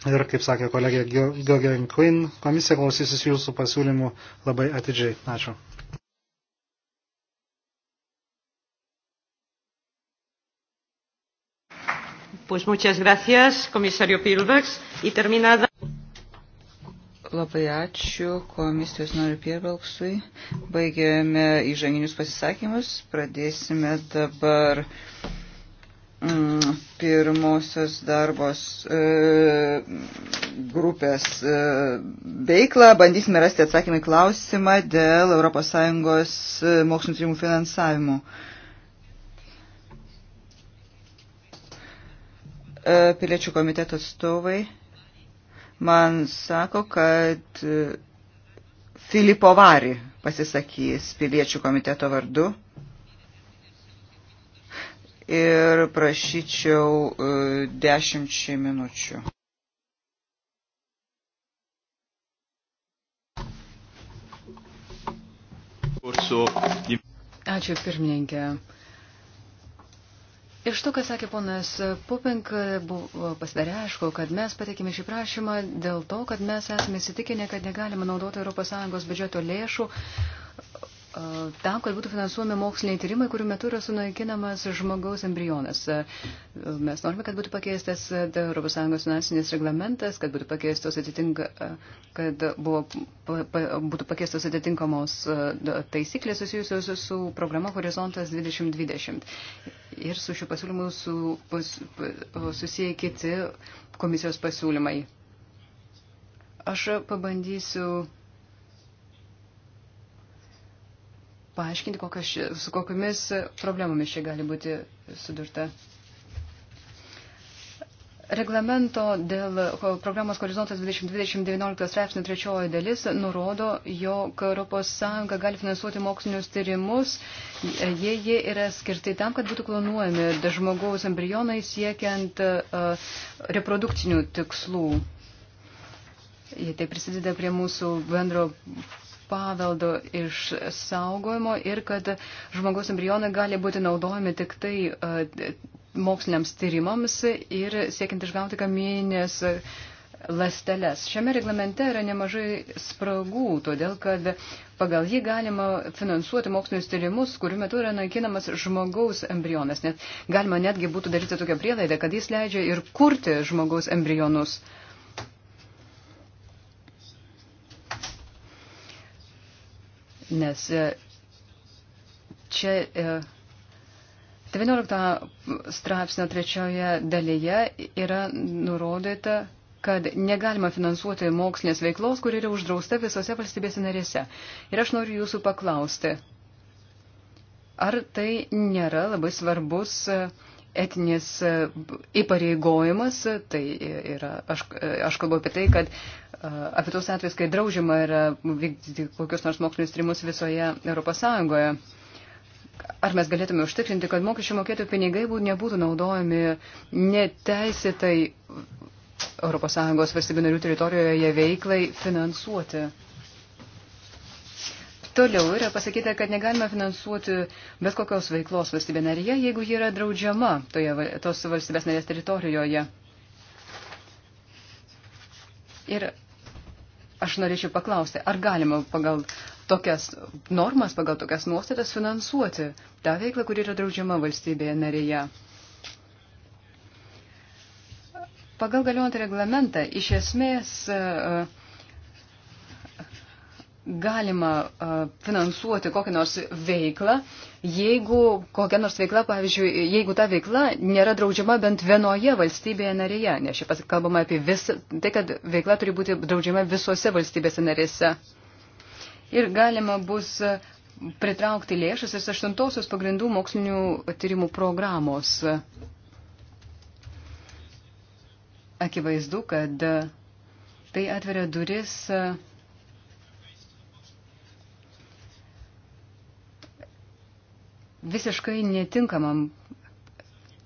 Ir, kaip sakė kolegė Gogen Quinn, komisija klausysis jūsų pasiūlymų labai atidžiai. Ačiū. Pues muchas gracias, komisario Pilbergs. Y terminada. Labai ačiū komisijos noriu Pirbalksui. Baigėme įžanginius pasisakymus. Pradėsime dabar. Mm, pirmosios darbos e, grupės e, veiklą. Bandysime rasti atsakymą į klausimą dėl ES e, mokslinio tyrimų finansavimo. Piliečių komiteto atstovai man sako, kad Filipovari pasisakys piliečių komiteto vardu ir prašyčiau e, dešimčiai minučių. Ačiū pirmininkė. Iš to, ką sakė ponas Pupink, buvo pasidarė aišku, kad mes patekėme šį prašymą dėl to, kad mes esame įsitikinę, kad negalime naudoti ES biudžeto lėšų tam, kad būtų finansuojami moksliniai tyrimai, kurių metu yra sunaikinamas žmogaus embrionas. Mes norime, kad būtų pakeistas ES finansinis reglamentas, kad būtų pakeistos, atitinka, e, kad buvo, pa, pa, būtų pakeistos atitinkamos e, taisyklės susijusios su programa Horizontas 2020. Ir su šiuo pasiūlymu su, pas, susiję kiti komisijos pasiūlymai. Aš pabandysiu paaiškinti, kokios, su kokiamis problemomis čia gali būti sudurta. Reglamento dėl programos Horizontas 2020-2019 straipsnio trečioji dalis nurodo, jog ES gali finansuoti mokslinius tyrimus, jei jie yra skirti tam, kad būtų klonuojami žmogaus embrionai siekiant reprodukcinių tikslų. Jie tai prisideda prie mūsų bendro paveldo išsaugojimo ir kad žmogaus embrionai gali būti naudojami tik tai e, moksliniams tyrimams ir siekiant išgauti kamieninės lasteles. Šiame reglamente yra nemažai spragų, todėl kad pagal jį galima finansuoti mokslinius tyrimus, kurių metu yra naikinamas žmogaus embrionas. Net, galima netgi būtų daryti tokią prielaidą, kad jis leidžia ir kurti žmogaus embrionus. Uh, nes e, čia 19 e, straipsnio trečioje dalyje yra nurodyta kad negalima finansuoti mokslinės veiklos, kuri yra uždrausta visose valstybėse narėse. Ir aš noriu jūsų paklausti, ar tai nėra labai svarbus uh, etinis e, įpareigojimas, tai yra, aš, e, aš kalbu apie tai, kad e, apie tos atvejus, kai draužima yra vykdyti kokius nors mokslinius trimus visoje Europos Sąjungoje. Ar mes galėtume užtikrinti, kad mokesčių mokėtojų pinigai nebūtų naudojami neteisėtai ES valstybių narių teritorijoje veiklai finansuoti? Toliau yra pasakyta, kad negalima finansuoti bet kokios veiklos valstybė narėje, jeigu ji yra draudžiama toje, tos valstybės narės teritorijoje. Ir aš norėčiau paklausti, ar galima pagal tokias normas, pagal tokias nuostatas finansuoti tą veiklą, kuri yra draudžiama valstybėje narėje. Pagal galiuojantį reglamentą, iš esmės, uh, galima finansuoti kokią nors veiklą, jeigu kokia nors veikla, pavyzdžiui, jeigu ta veikla nėra draudžiama bent vienoje valstybėje narėje, nes čia kalbama apie visą, tai kad veikla turi būti draudžiama visose valstybėse narėse. Ir galima bus pritraukti lėšas iš aštuntosios pagrindų mokslinių tyrimų programos. Akivaizdu, kad tai atveria duris visiškai netinkamam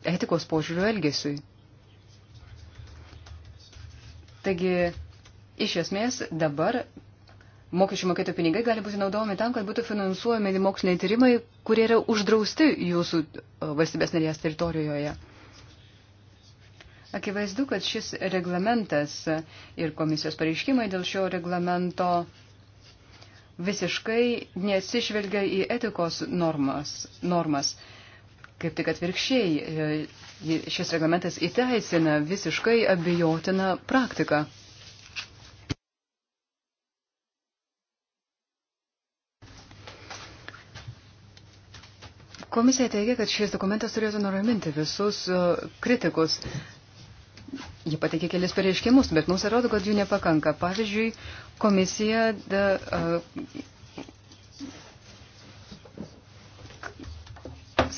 etikos požiūrių elgesiui. Taigi, iš esmės, dabar mokesčių mokėtojų pinigai gali būti naudojami tam, kad būtų finansuojami moksliniai tyrimai, kurie yra uždrausti jūsų valstybės narės teritorijoje. Akivaizdu, kad šis reglamentas ir komisijos pareiškimai dėl šio reglamento visiškai nesižvelgia į etikos normas. normas. Kaip tik atvirkščiai, e, šis reglamentas įteisina visiškai abejotiną praktiką. Komisija teigia, kad šis dokumentas turėtų nuraminti visus e, kritikus, Jie pateikė kelis pareiškimus, bet mums atrodo, kad jų nepakanka. Pavyzdžiui, komisija da, a,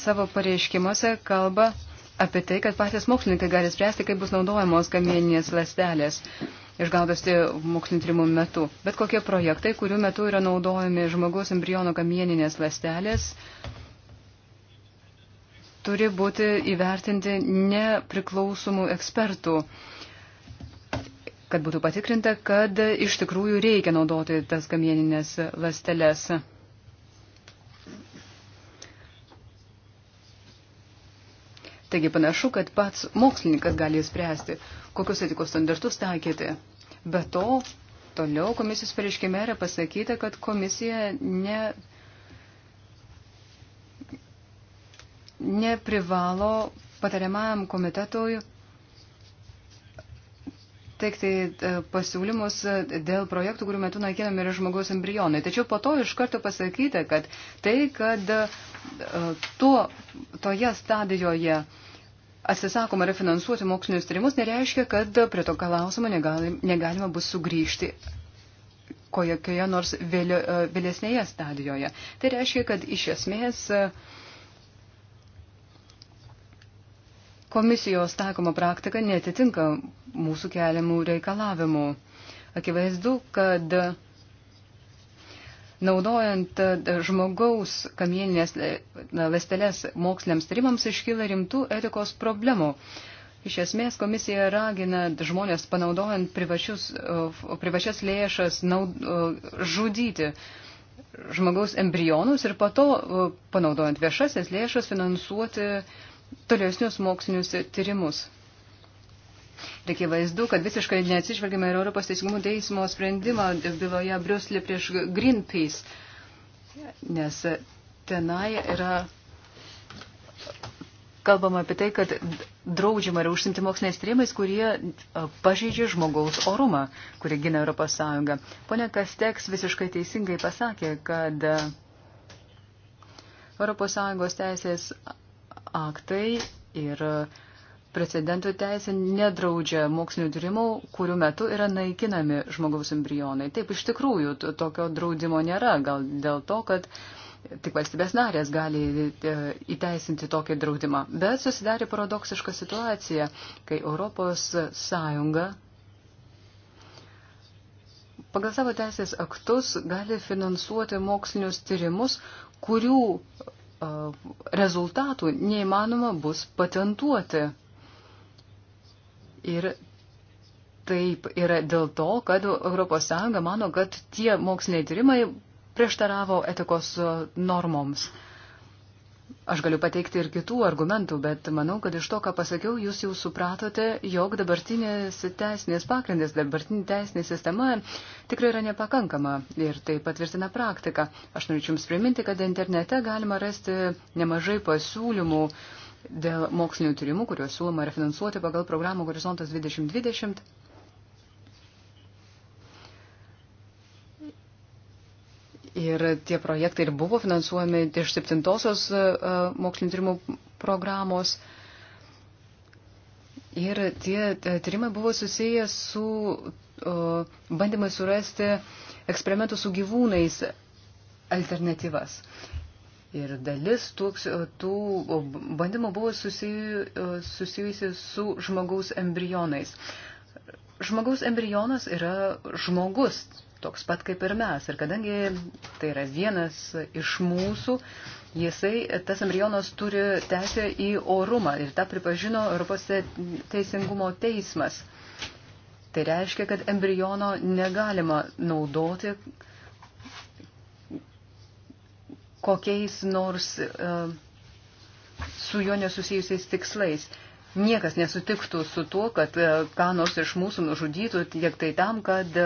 savo pareiškimuose kalba apie tai, kad patys mokslininkai gali spręsti, kaip bus naudojamos kamieninės lastelės išgaudos mokslinio tyrimų metu. Bet kokie projektai, kurių metu yra naudojami žmogaus embriono kamieninės lastelės, a, turi būti įvertinti nepriklausomų ekspertų kad būtų patikrinta, kad iš tikrųjų reikia naudoti tas kamieninės lasteles. Taigi panašu, kad pats mokslininkas gali spręsti, kokius etikos standartus taikyti. Be to, toliau komisijos pareiškime yra pasakyta, kad komisija ne neprivalo patariamajam komitetui teikti e, pasiūlymus dėl projektų, kurių metu naikinami yra žmogaus embrionai. Tačiau po to iš karto pasakyta, kad tai, kad e, tuo, toje stadijoje atsisakoma yra finansuoti mokslinius tyrimus, nereiškia, kad prie to klausimo negalima, negalima bus sugrįžti kokioje nors vėlė, e, vėlesnėje stadijoje. Tai reiškia, kad iš esmės uh, komisijos taikoma praktika netitinka mūsų keliamų reikalavimų. Akivaizdu, kad naudojant e, žmogaus kamieninės e, ląsteles moksliniams tyrimams iškyla rimtų etikos problemų. Iš esmės komisija ragina žmonės panaudojant privačius, e, privačias lėšas naud, žudyti žmogaus embrionus ir po to, panaudojant viešasias lėšas, finansuoti uh, tolesnius mokslinius tyrimus. Reikia vaizdu, kad visiškai neatsižvelgime ir Europos teisingumo teismo sprendimą byloje Briuselė prieš Greenpeace, nes tenai yra kalbama apie tai, kad draudžiama yra užsimti moksliniais tyrimais, kurie pažeidžia žmogaus orumą, kurį gina Europos Sąjunga. Pone Kasteks visiškai teisingai pasakė, kad Europos Sąjungos teisės aktai ir precedentų teisė nedraudžia mokslinio tyrimų, kurių metu yra naikinami žmogaus embrionai. Taip, iš tikrųjų, tokio draudimo nėra, gal dėl to, kad tik valstybės narės gali e, įteisinti tokį draudimą. Bet susidarė paradoksiška situacija, kai Europos Sąjunga pagal savo teisės aktus gali finansuoti mokslinius tyrimus, kurių rezultatų neįmanoma bus patentuoti. Ir taip yra dėl to, kad ES mano, kad tie moksliniai tyrimai prieštaravo etikos normoms. Aš galiu pateikti ir kitų argumentų, bet manau, kad iš to, ką pasakiau, jūs jau supratote, jog dabartinės teisinės pagrindės, dabartinė teisinė sistema tikrai yra nepakankama ir tai patvirtina praktika. Aš norėčiau Jums priminti, kad internete galima rasti nemažai pasiūlymų dėl mokslinių tyrimų, kuriuos siūloma refinansuoti pagal programą Horizontas 2020. Ir tie projektai ir buvo finansuojami iš septintosios e, e, mokslinio tyrimų programos. Ir tie e, tyrimai buvo susiję su bandymai surasti eksperimentų su gyvūnais alternatyvas. Ir dalis tų, tų bandymų buvo susijusi su žmogaus embrionais. Žmogaus embrionas yra žmogus, toks pat kaip ir mes. Ir kadangi tai yra vienas iš mūsų, jisai, tas embrionas turi teisę į orumą ir tą pripažino Europos teisingumo teismas. Tai reiškia, kad embriono negalima naudoti kokiais nors uh, su juo nesusijusiais tikslais niekas nesutiktų su tuo, kad e, ką nors iš mūsų nužudytų, tiek tai tam, kad e,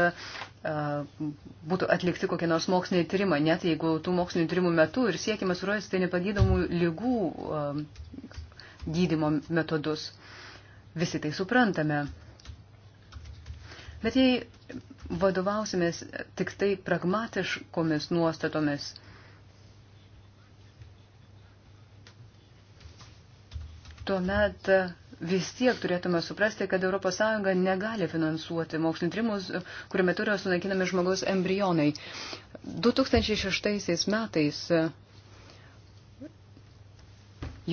būtų atlikti kokie nors moksliniai tyrimai, net jeigu tų mokslinių tyrimų metu ir siekime surasti nepagydomų lygų gydimo metodus. Visi tai suprantame. Bet jei vadovausimės tik tai pragmatiškomis nuostatomis, tuomet vis tiek turėtume suprasti, kad ES negali finansuoti mokslinio tyrimus, kuriuo metu yra sunaikinami žmogaus embrionai. 2006 metais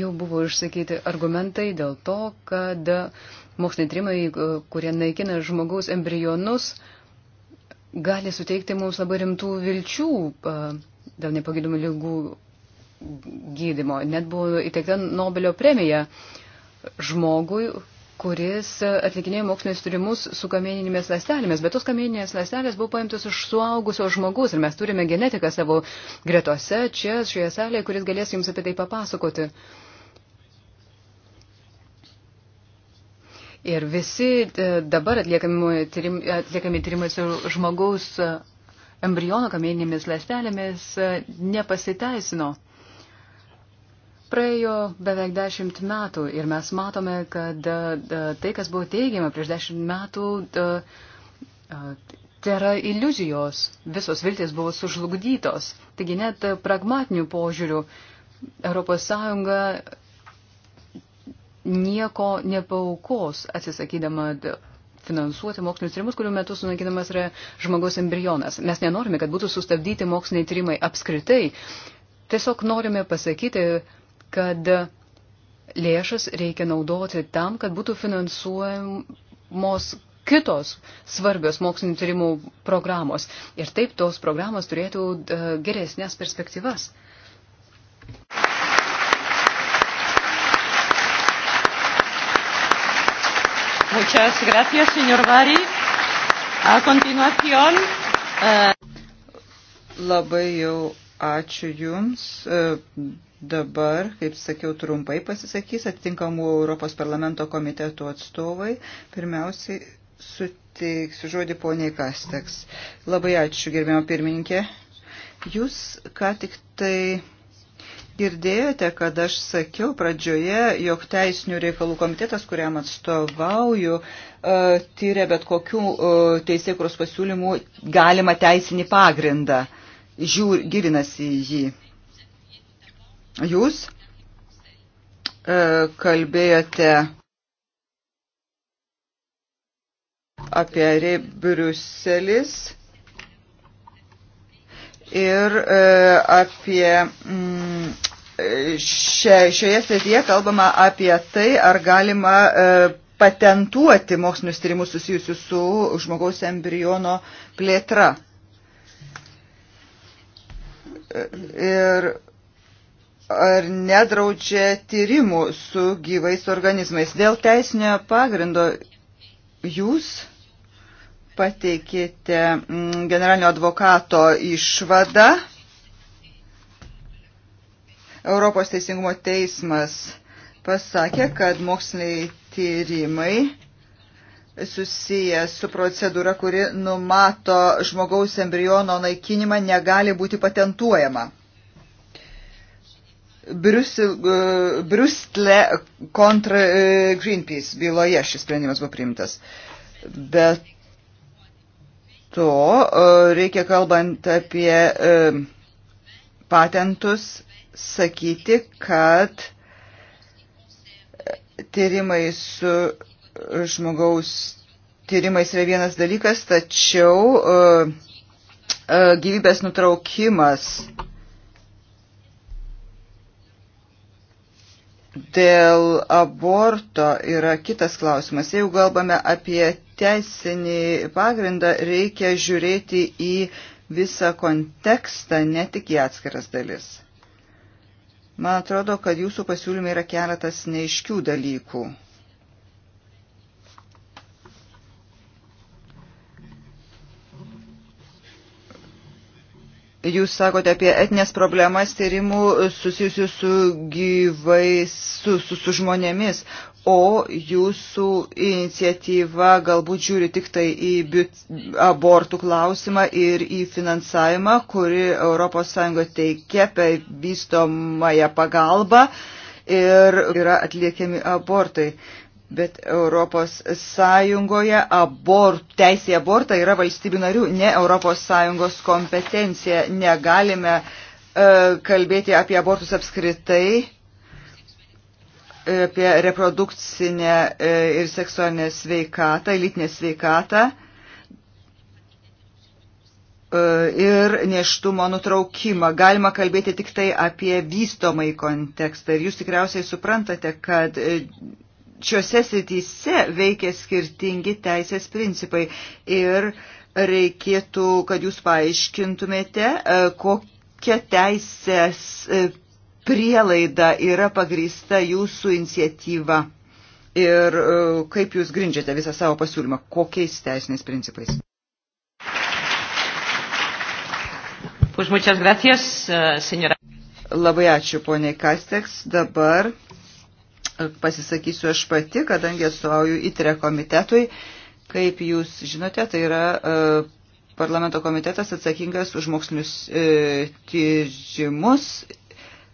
jau buvo išsakyti argumentai dėl to, kad moksliniai tyrimai, kurie naikina žmogaus embrionus, gali suteikti mums labai rimtų vilčių dėl nepagydomų lygų gydimo. Net buvo įteikta Nobelio premija uh, žmogui, kuris atlikinėjo mokslinius tyrimus su kamieninėmis lastelėmis, bet tos kamieninės lastelės buvo paimtos iš suaugusio žmogus ir mes turime genetiką savo gretose, čia, šioje salėje, kuris galės jums apie tai papasakoti. Ir visi e, dabar atliekami, tyrim, atliekami tyrimai su žmogaus e, embriono kamieninėmis lastelėmis e, nepasiteisino. Praėjo beveik dešimt metų ir mes matome, kad e, e, tai, kas buvo teigiama prieš dešimt metų, e, tai yra iliuzijos, visos viltis buvo sužlugdytos. Taigi net pragmatinių požiūrių ES nieko nepaukos atsisakydama finansuoti mokslinius tyrimus, kurių metu sunaikinamas yra žmogaus embrionas. Mes nenorime, kad būtų sustabdyti moksliniai tyrimai apskritai. Tiesiog norime pasakyti, kad lėšas reikia naudoti tam, kad būtų finansuojamos kitos svarbios mokslinio tyrimų programos. Ir taip tos programos turėtų e, geresnės perspektyvas. Muchas gracias, señor Bari. A continuación. Uh... Labai jau ačiū Jums. Uh Dabar, kaip sakiau, trumpai pasisakys atitinkamų Europos parlamento komitetų atstovai. Pirmiausiai suteiksiu žodį poniai Kasteks. Labai ačiū, gerbėjimo pirmininkė. Jūs ką tik tai girdėjote, kad aš sakiau pradžioje, jog Teisinių reikalų komitetas, kuriam atstovauju, e, tyria bet kokių e, teisėkuros pasiūlymų galima teisinį pagrindą, žiūr, gilinasi į jį Jūs e, kalbėjote apie Briuselis ir e, apie mm, šioje srityje kalbama apie tai, ar galima e, patentuoti mokslinius tyrimus susijusius su žmogaus embriono plėtra. Ir ar nedraudžia tyrimų su gyvais organizmais. Dėl teisinio pagrindo jūs pateikėte mm, generalinio advokato išvadą. Europos Teisingumo teismas pasakė, kad moksliniai tyrimai susijęs su procedūra, kuri numato žmogaus embriono naikinimą, negali būti patentuojama. Briusle e, kontra e, Greenpeace byloje šis sprendimas buvo priimtas. Bet to e, reikia kalbant apie patentus sakyti, kad tyrimai su žmogaus tyrimais yra vienas dalykas, tačiau gyvybės nutraukimas Dėl aborto yra kitas klausimas. Jeigu kalbame apie teisinį pagrindą, reikia žiūrėti į visą kontekstą, ne tik į atskiras dalis. Man atrodo, kad jūsų pasiūlyme yra keletas neiškių dalykų. Jūs sakote apie etinės problemas tyrimų susijusių su gyvais, su, su, su žmonėmis, o jūsų iniciatyva galbūt žiūri tik tai į abortų klausimą ir į finansavimą, kuri ES teikia per vystomąją pagalbą ir yra atliekiami abortai. Bet Europos Sąjungoje abort, teisė abortą yra valstybių narių, ne Europos Sąjungos kompetencija. Negalime e, kalbėti apie abortus apskritai, e, apie reprodukcinę e, ir seksualinę sveikatą, lytinę sveikatą e, ir neštumo nutraukimą. Galima kalbėti tik tai apie vystomai kontekstą. Ir jūs tikriausiai suprantate, kad e, šiuose srityse veikia skirtingi teisės principai ir reikėtų, kad jūs paaiškintumėte, e, kokia teisės e, prielaida yra pagrįsta jūsų iniciatyva ir e, kaip jūs grindžiate visą savo pasiūlymą, kokiais teisiniais principais. Pues muchas gracias, eh, señora. Labai ačiū, poniai Kasteks. Dabar pasisakysiu aš pati, kadangi atstovauju ITRE komitetui. Kaip jūs žinote, tai yra e, parlamento komitetas atsakingas už mokslinius e, tyrimus.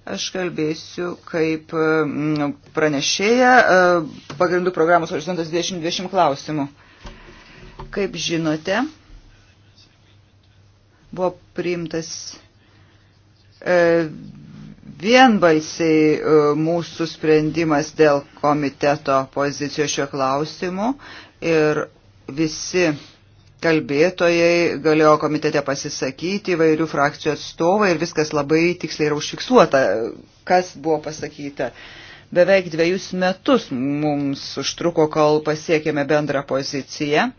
Aš kalbėsiu kaip pranešėja e, pagrindų programos horizontas 2020 klausimų. Kaip žinote, buvo priimtas vienbaisiai e, mūsų sprendimas dėl komiteto pozicijos šiuo klausimu ir visi kalbėtojai galėjo komitete pasisakyti, įvairių frakcijų atstovai ir viskas labai tiksliai yra užfiksuota, kas buvo pasakyta. Beveik dviejus metus mums užtruko, kol pasiekėme bendrą poziciją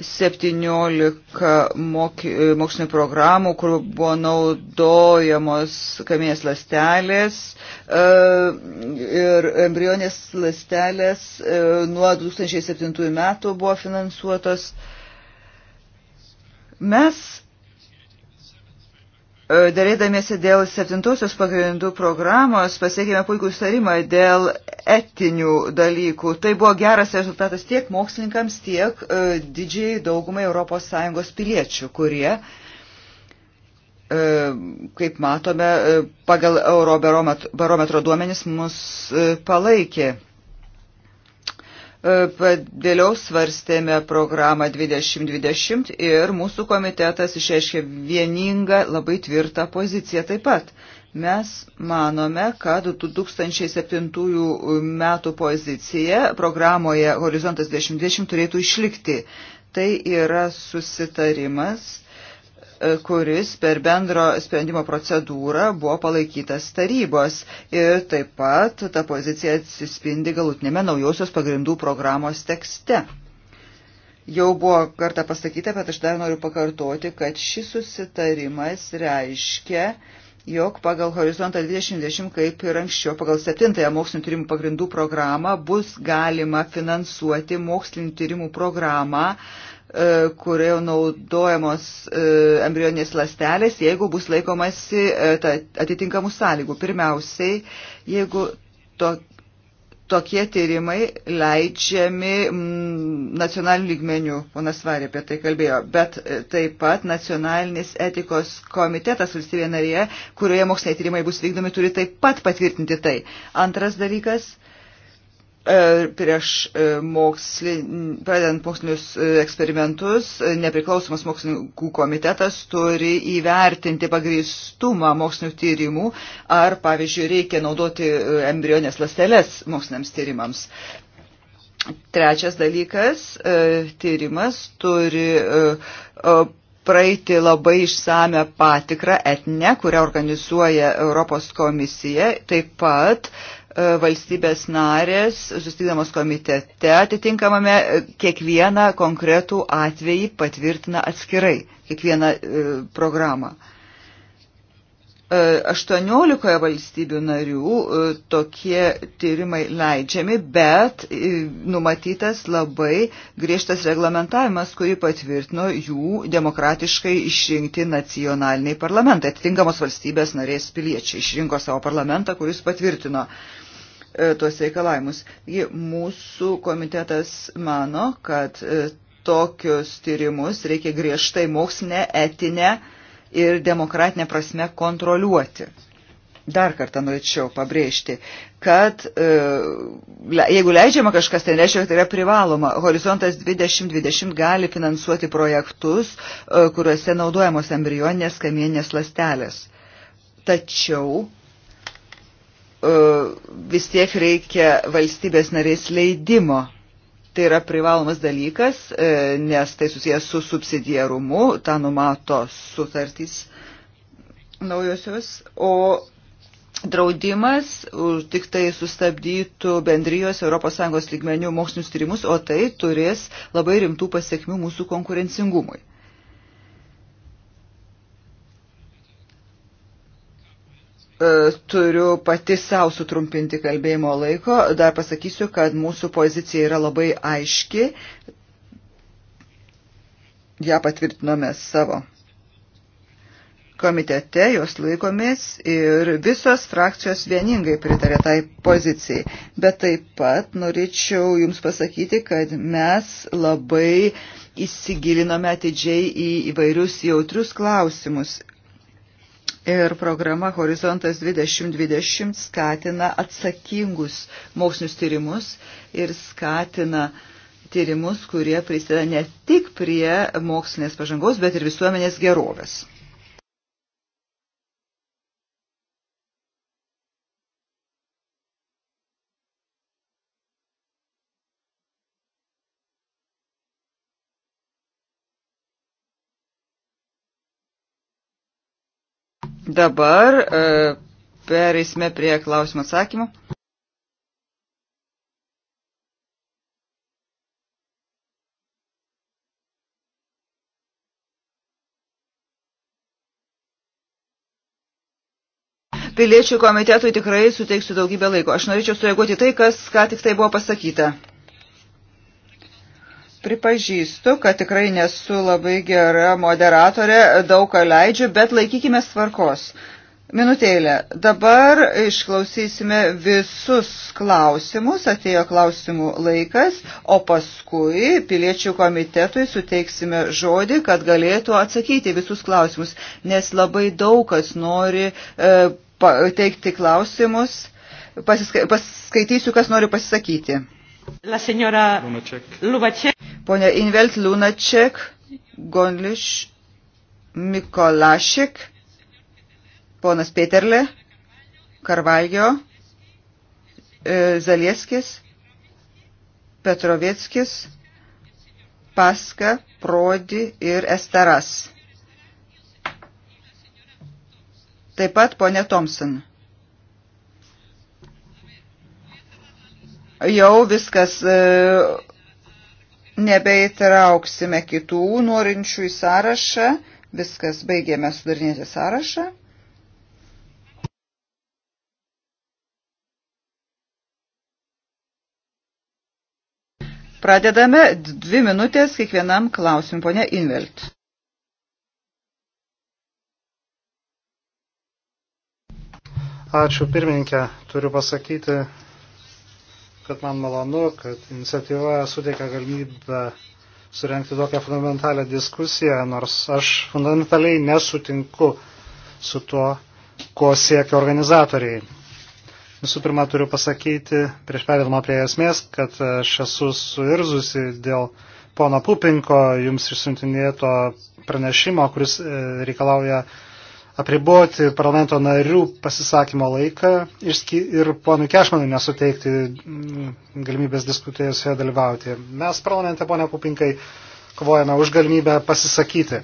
17 mokslinio programų, kur buvo naudojamos kamienės lastelės e, ir embrionės lastelės e, nuo 2007 metų buvo finansuotos. Mes E, Dėlėdamėsi dėl septintosios pagrindų programos pasiekėme puikų starimą dėl etinių dalykų. Tai buvo geras rezultatas tiek mokslininkams, tiek e, didžiai daugumai ES piliečių, kurie, e, kaip matome, pagal Eurobarometro duomenis mus palaikė. E, vėliau svarstėme programą 2020 ir mūsų komitetas išreiškė vieningą labai tvirtą poziciją taip pat. Mes manome, kad 2007 metų pozicija programoje Horizontas 2020 turėtų išlikti. Tai yra susitarimas E, kuris per bendro sprendimo procedūrą buvo palaikytas tarybos. Ir taip pat ta pozicija atsispindi galutinėme naujosios pagrindų programos tekste. Jau buvo kartą pasakyta, bet aš dar noriu pakartoti, kad šis susitarimas reiškia, jog pagal Horizontą 2020, kaip ir anksčiau, pagal 7 mokslinio tyrimų pagrindų programą bus galima finansuoti mokslinio tyrimų programą E, kurie naudojamos e, embrioninės lastelės, jeigu bus laikomasi e, atitinkamų sąlygų. Pirmiausiai, jeigu to, tokie tyrimai leidžiami nacionaliniu lygmeniu, ponas Varė apie tai kalbėjo, bet taip pat nacionalinis etikos komitetas valstybė narėje, kurioje moksliniai tyrimai bus vykdomi, turi taip pat patvirtinti tai. Antras dalykas E, prieš e, mokslin, pradedant mokslinius e, eksperimentus, nepriklausomas mokslininkų komitetas turi įvertinti pagrįstumą mokslinių tyrimų, ar, pavyzdžiui, reikia naudoti embrionės lasteles moksliniams tyrimams. Trečias dalykas, tyrimas turi praeiti labai išsame patikrą etnę, kurią organizuoja Europos komisija, taip pat uh, E, valstybės narės, sustikdamos komitete atitinkamame, e, kiekvieną konkretų atvejį patvirtina atskirai, kiekvieną e, programą. 18 e, valstybių narių tokie tyrimai leidžiami, bet numatytas labai griežtas reglamentavimas, kurį patvirtino jų demokratiškai išrinkti nacionaliniai parlamentai. Atitinkamos valstybės narės piliečiai išrinko savo parlamentą, kuris patvirtino uh, E, tuos reikalavimus. Taigi, mūsų komitetas mano, kad e, tokius tyrimus reikia griežtai mokslinę, etinę ir demokratinę prasme kontroliuoti. Dar kartą norėčiau pabrėžti, kad e, jeigu leidžiama kažkas, tai reiškia, kad tai yra privaloma. Horizontas 2020 gali finansuoti projektus, kuriuose naudojamos embrioninės kamieninės lastelės. Tačiau E, vis tiek reikia valstybės narės leidimo. Tai yra privalomas dalykas, e, nes tai susijęs su subsidiarumu, tą numato sutartys naujosios, o draudimas tik tai sustabdytų bendrijos ES lygmenių mokslinius tyrimus, o tai turės labai rimtų pasiekmių mūsų konkurencingumui. E, turiu pati savo sutrumpinti kalbėjimo laiko. Dar pasakysiu, kad mūsų pozicija yra labai aiški. Ja patvirtinome savo komitete, jos laikomės ir visos frakcijos vieningai pritarė tai pozicijai. Bet taip pat norėčiau Jums pasakyti, kad mes labai įsigilinome atidžiai į įvairius jautrius klausimus Ir programa Horizontas 2020 skatina atsakingus mokslinius tyrimus ir skatina tyrimus, kurie prisideda ne tik prie mokslinės pažangos, bet ir visuomenės gerovės. Dabar e, pereisime prie klausimų atsakymų. Piliečių komitetui tikrai suteiksiu daugybę laiko. Aš norėčiau sureaguoti tai, kas ką tik tai buvo pasakyta. Pripažįstu, kad tikrai nesu labai gera moderatorė, daug ką leidžiu, bet laikykime tvarkos. Minutėlė. Dabar išklausysime visus klausimus, atėjo klausimų laikas, o paskui piliečių komitetui suteiksime žodį, kad galėtų atsakyti visus klausimus, nes labai daug kas nori e, teikti klausimus. Pasiska paskaitysiu, kas nori pasisakyti. La señora Lubacek. Pone Invelt, Lunaček, Gonliš, Mikolašik, ponas Peterle, Karvaljo, e, Zalieskis, Petrovieckis, Paska, Prodi ir Estaras. Taip pat ponė Thompson. Jau viskas e, nebeįtrauksime kitų norinčių į sąrašą. Viskas, baigėme sudarinėti sąrašą. Pradedame dvi minutės kiekvienam klausimui, ponia Invelt. Ačiū pirmininkė. Turiu pasakyti, kad man malonu, kad iniciatyva suteikia galimybę surenkti tokią fundamentalią diskusiją, nors aš fundamentaliai nesutinku su tuo, ko siekia organizatoriai. Visų pirma, turiu pasakyti, prieš perėdama prie esmės, kad aš esu suirzusi dėl pono Pupinko jums išsiuntinėto pranešimo, kuris e, reikalauja apriboti parlamento narių pasisakymo laiką ir ponui Kešmanui nesuteikti mm, galimybės diskutėjusioje dalyvauti. Mes parlamente, ponia Kupinkai, kovojame už galimybę pasisakyti.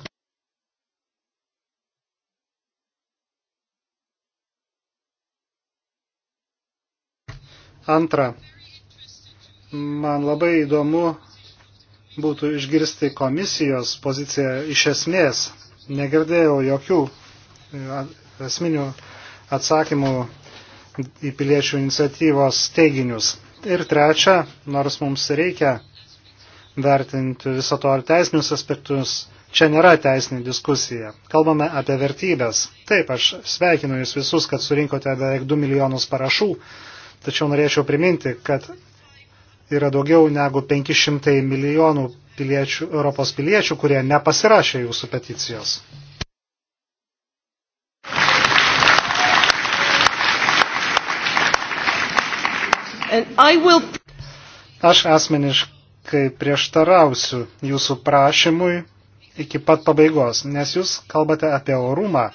Antra, man labai įdomu būtų išgirsti komisijos poziciją iš esmės. Negirdėjau jokių esminių atsakymų į piliečių iniciatyvos teiginius. Ir trečia, nors mums reikia vertinti viso to ar teisinius aspektus, čia nėra teisinė diskusija. Kalbame apie vertybės. Taip, aš sveikinu Jūs visus, kad surinkote beveik 2 milijonus parašų, tačiau norėčiau priminti, kad yra daugiau negu 500 milijonų piliečių, Europos piliečių, kurie nepasirašė Jūsų peticijos. will... Aš asmeniškai prieštarausiu jūsų prašymui iki pat pabaigos, nes jūs kalbate apie orumą.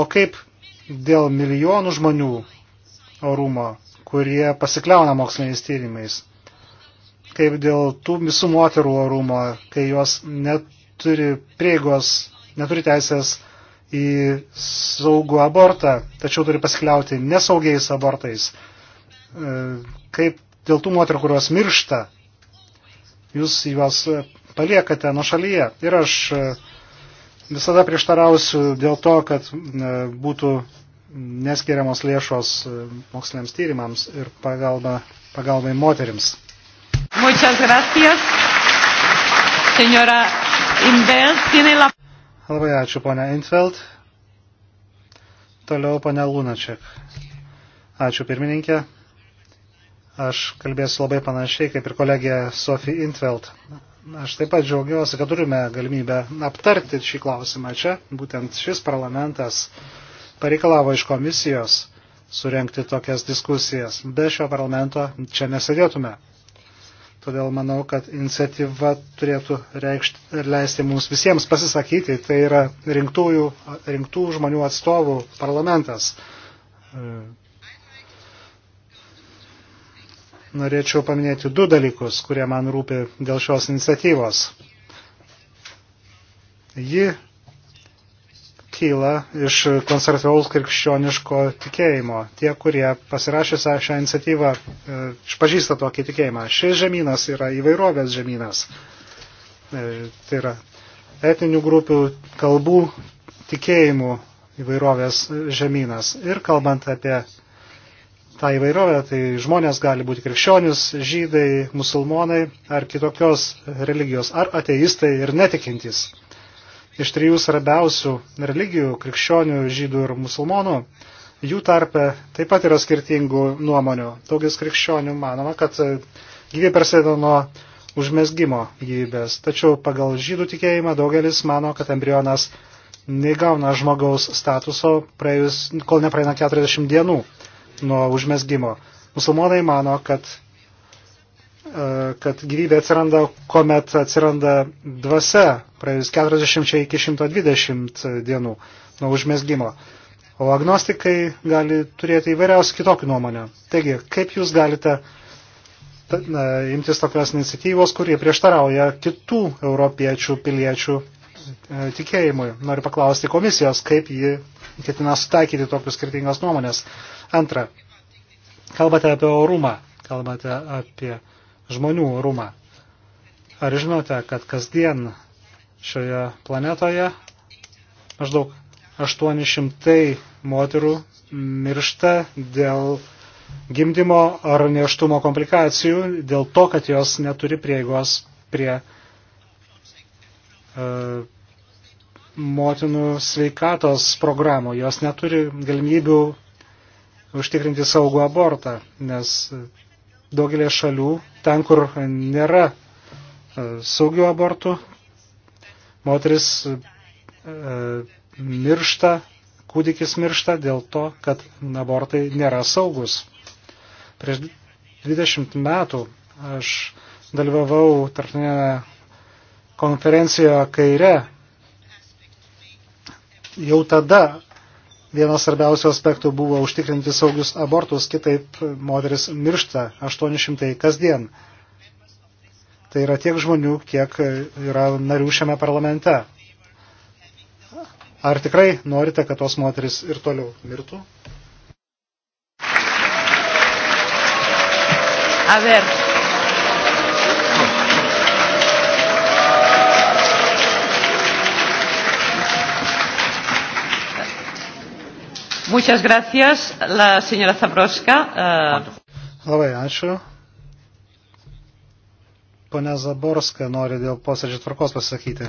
O kaip dėl milijonų žmonių orumo, kurie pasikliauna moksliniais tyrimais? Kaip dėl tų visų moterų orumo, kai jos neturi prieigos, neturi teisės į saugų abortą, tačiau turi pasikliauti nesaugiais abortais? E, kaip dėl tų moterų, kurios miršta, jūs juos paliekate nuo šalyje. Ir aš e, visada prieštarausiu dėl to, kad e, būtų neskiriamos lėšos moksliniams tyrimams ir pagalba, pagalbai moterims. Muchas gracias. Señora Inveld, tiene la... Labai ačiū, ponia Infeld. Toliau, ponia Lunaček. Ačiū, pirmininkė. Aš kalbėsiu labai panašiai kaip ir kolegė Sofija Intveld. Aš taip pat džiaugiuosi, kad turime galimybę aptarti šį klausimą čia. Būtent šis parlamentas pareikalavo iš komisijos surenkti tokias diskusijas. Be šio parlamento čia nesėdėtume. Todėl manau, kad iniciatyva turėtų reikšti ir leisti mums visiems pasisakyti. Tai yra rinktųjų, rinktų žmonių atstovų parlamentas. norėčiau paminėti du dalykus, kurie man rūpi dėl šios iniciatyvos. Ji kyla iš konservatyvaus krikščioniško tikėjimo. Tie, kurie pasirašė šią iniciatyvą, e, išpažįsta tokį tikėjimą. Šis žemynas yra įvairovės žemynas. E, tai yra etninių grupių, kalbų, tikėjimų įvairovės žemynas. Ir kalbant apie tą įvairovę, tai žmonės gali būti krikščionis, žydai, musulmonai ar kitokios religijos, ar ateistai ir netikintys. Iš trijų svarbiausių religijų - krikščionių, žydų ir musulmonų - jų tarpe taip pat yra skirtingų nuomonių. Daugelis krikščionių manoma, kad gyvybė prasideda nuo užmesgymo gyvybės. Tačiau pagal žydų tikėjimą daugelis mano, kad embrionas neįgauna žmogaus statuso, praėjus, kol nepraeina 40 dienų nuo užmesgymo. Musulmonai mano, kad, e, kad gyvybė atsiranda, kuomet atsiranda dvasia, praėjus 40 iki 120 dienų nuo užmesgymo. O agnostikai gali turėti įvairiausių kitokių nuomonę. Taigi, kaip jūs galite na, imtis tokios iniciatyvos, kurie prieštarauja kitų europiečių piliečių e, tikėjimui. Noriu paklausti komisijos, kaip ji ketina sutaikyti tokius skirtingas nuomonės. Antra, kalbate apie orumą, kalbate apie žmonių orumą. Ar žinote, kad kasdien šioje planetoje maždaug 800 moterų miršta dėl gimdymo ar neštumo komplikacijų, dėl to, kad jos neturi prieigos prie uh, motinų sveikatos programų, jos neturi galimybių užtikrinti saugų abortą, nes daugelė šalių, ten, kur nėra e, saugių abortų, moteris e, miršta, kūdikis miršta dėl to, kad abortai nėra saugus. Prieš 20 metų aš dalyvavau tarptautinėje konferencijoje kaire. Jau tada Vienas svarbiausių aspektų buvo užtikrinti saugius abortus, kitaip moteris miršta 800 kasdien. Tai yra tiek žmonių, kiek yra narių šiame parlamente. Ar tikrai norite, kad tos moteris ir toliau mirtų? A ver, Muchas gracias, la señora Zabroska. Uh... Eh, labai ačiū. Pone Zaborska nori dėl posėdžio tvarkos pasakyti.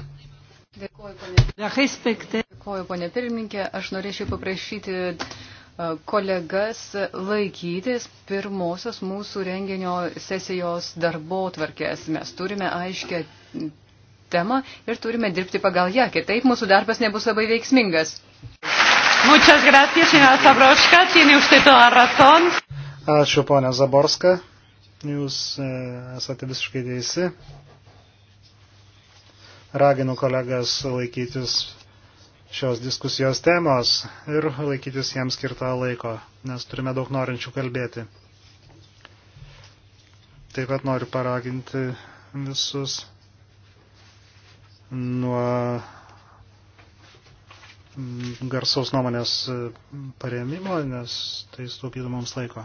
Dėkuoju, ponė pirmininkė. Aš norėčiau paprašyti e, kolegas laikytis pirmosios mūsų renginio sesijos darbo tvarkės. Mes turime aiškę temą ir turime dirbti pagal ją, kitaip mūsų darbas nebus labai veiksmingas. Muchas gracias, señora Zabroška. Tiene usted toda razón. Ačiū, ponia Zaborska. Jūs e, esate visiškai teisi. Raginu kolegas laikytis šios diskusijos temos ir laikytis jiems skirtą laiko, nes turime daug norinčių kalbėti. Taip pat noriu paraginti visus nuo Mm, garsaus nuomonės e, paremimo, nes tai sutaupytų mums laiko.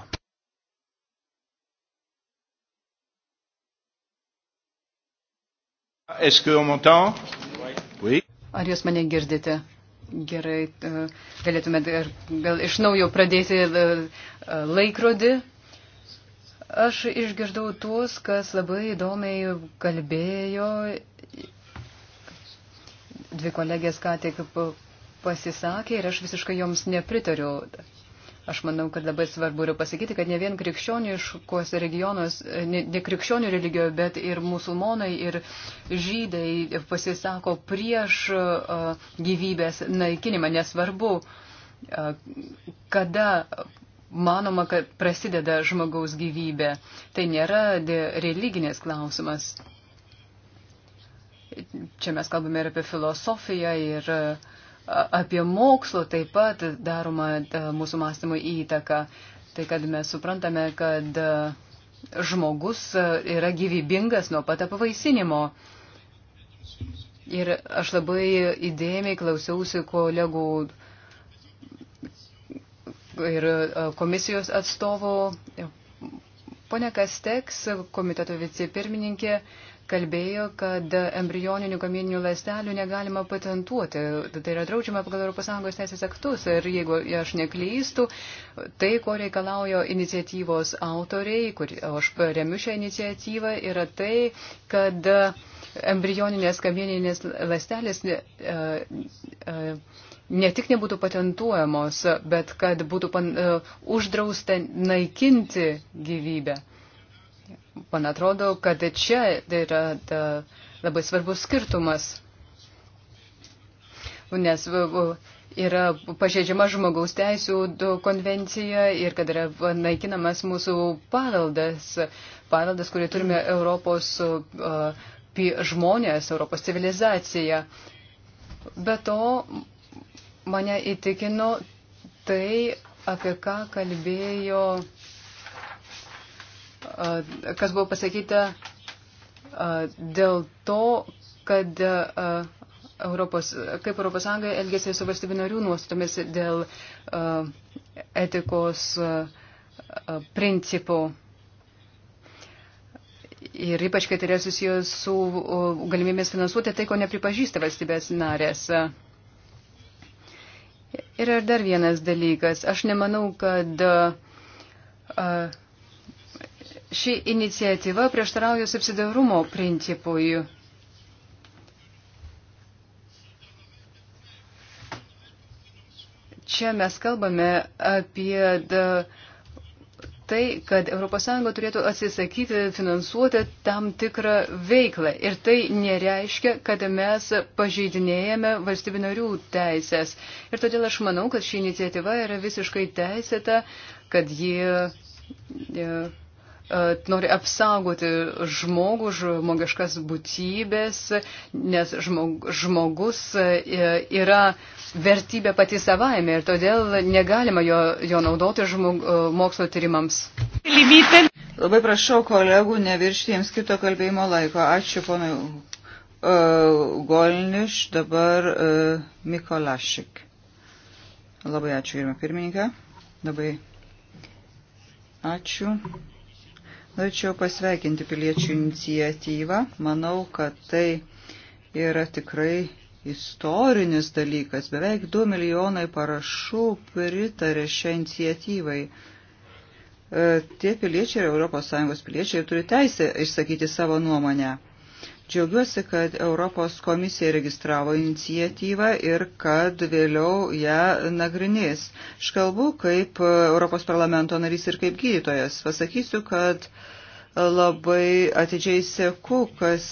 Ar jūs mane girdite? Gerai, e, galėtumėte gal iš naujo pradėti e, laikrodį. Aš išgirdau tuos, kas labai įdomiai kalbėjo. Dvi kolegės ką tik pasisakė ir aš visiškai joms nepritariu. Aš manau, kad labai svarbu yra pasakyti, kad ne vien krikščioniškos regionos, ne, ne krikščionių religijoje, bet ir musulmonai ir žydai pasisako prieš uh, gyvybės naikinimą. Nesvarbu, uh, kada manoma, kad prasideda žmogaus gyvybė. Tai nėra religinės klausimas. Čia mes kalbame ir apie filosofiją ir uh, apie mokslo taip pat daroma mūsų mąstymo įtaka. Tai kad mes suprantame, kad žmogus yra gyvybingas nuo pat apvaisinimo. Ir aš labai įdėmiai klausiausi kolegų ir komisijos atstovų. Pone Kasteks, komiteto vicepirmininkė, kalbėjo, kad embrioninių kamieninių ląstelių negalima patentuoti. Tai yra draudžiama pagal ES teisės aktus. Ir jeigu aš neklystu, tai, ko reikalaujo iniciatyvos autoriai, kur aš remiu šią iniciatyvą, yra tai, kad embrioninės kamieninės ląstelės ne, e, e, ne tik nebūtų patentuojamos, bet kad būtų pan, e, uždrausta naikinti gyvybę man atrodo, kad čia yra da, labai svarbus skirtumas, nes yra pažeidžiama žmogaus teisų konvencija ir kad yra naikinamas mūsų paveldas, paveldas, kurį turime Europos žmonės, Europos civilizacija. Be to, mane įtikino tai, apie ką kalbėjo kas buvo pasakyta dėl to, kad Europos, kaip ES elgėsi su valstybių narių nuostatomis dėl etikos principų. Ir ypač, kai tai yra susijęs su galimybės finansuoti tai, ko nepripažįsta valstybės narės. Ir dar vienas dalykas. Aš nemanau, kad uh, ši iniciatyva prieštarauja subsidarumo principui. Čia mes kalbame apie da, tai, kad ES turėtų atsisakyti finansuoti tam tikrą veiklą. Ir tai nereiškia, kad mes pažeidinėjame valstybių narių teisės. Ir todėl aš manau, kad ši iniciatyva yra visiškai teisėta, kad ji. Ja, e, E, nori apsaugoti žmogų, žmogiškas būtybės, nes žmog, žmogus e, yra vertybė pati savaime ir todėl negalima jo, jo naudoti žmog, e, mokslo tyrimams. Labai prašau kolegų neviršti jiems kito kalbėjimo laiko. Ačiū ponai uh, Golniš, dabar uh, Mikolašik. Labai ačiū, Irma pirmininkė. Labai ačiū. Norėčiau pasveikinti piliečių iniciatyvą. Manau, kad tai yra tikrai istorinis dalykas. Beveik 2 milijonai parašų pritarė šią iniciatyvai. E, tie piliečiai yra ES piliečiai ir turi teisę išsakyti savo nuomonę. Džiaugiuosi, kad Europos komisija registravo iniciatyvą ir kad vėliau ją nagrinės. Aš kalbu kaip Europos parlamento narys ir kaip gydytojas. Pasakysiu, kad labai atidžiai seku, kas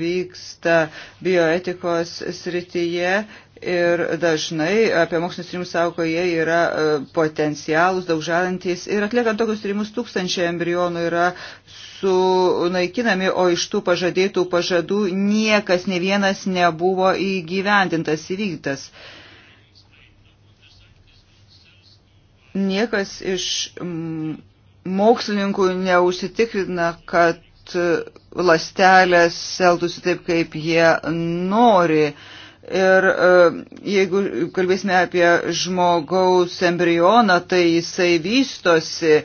vyksta bioetikos srityje Ir dažnai apie mokslinius tyrimus savo, kad jie yra e, potencialus, daug žalantis. Ir atliekant tokius tyrimus, tūkstančiai embrionų yra sunaikinami, o iš tų pažadėtų pažadų niekas, ne vienas nebuvo įgyvendintas, įvykdytas. Niekas iš mokslininkų neužsitikrina, kad e, lastelės seltųsi taip, kaip jie nori. Ir e, jeigu kalbėsime apie žmogaus embrioną, tai jisai vystosi, e,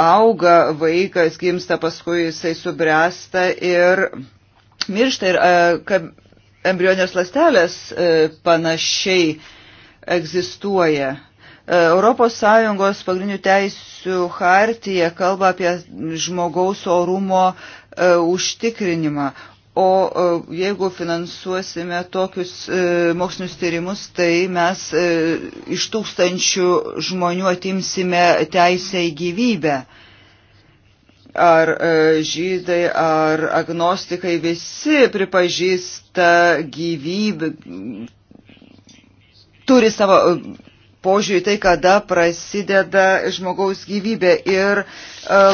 auga vaikas, gimsta, paskui jisai subręsta ir miršta. Ir e, embrionės lastelės panašiai egzistuoja. Europos Sąjungos pagrindinių teisių hartija kalba apie žmogaus orumo užtikrinimą. O e, jeigu finansuosime tokius e, mokslinius tyrimus, tai mes e, iš tūkstančių žmonių atimsime teisę į gyvybę. Ar žydai, ar agnostikai visi pripažįsta gyvybę, turi savo požiūrį tai, kada prasideda žmogaus gyvybė. Ir e,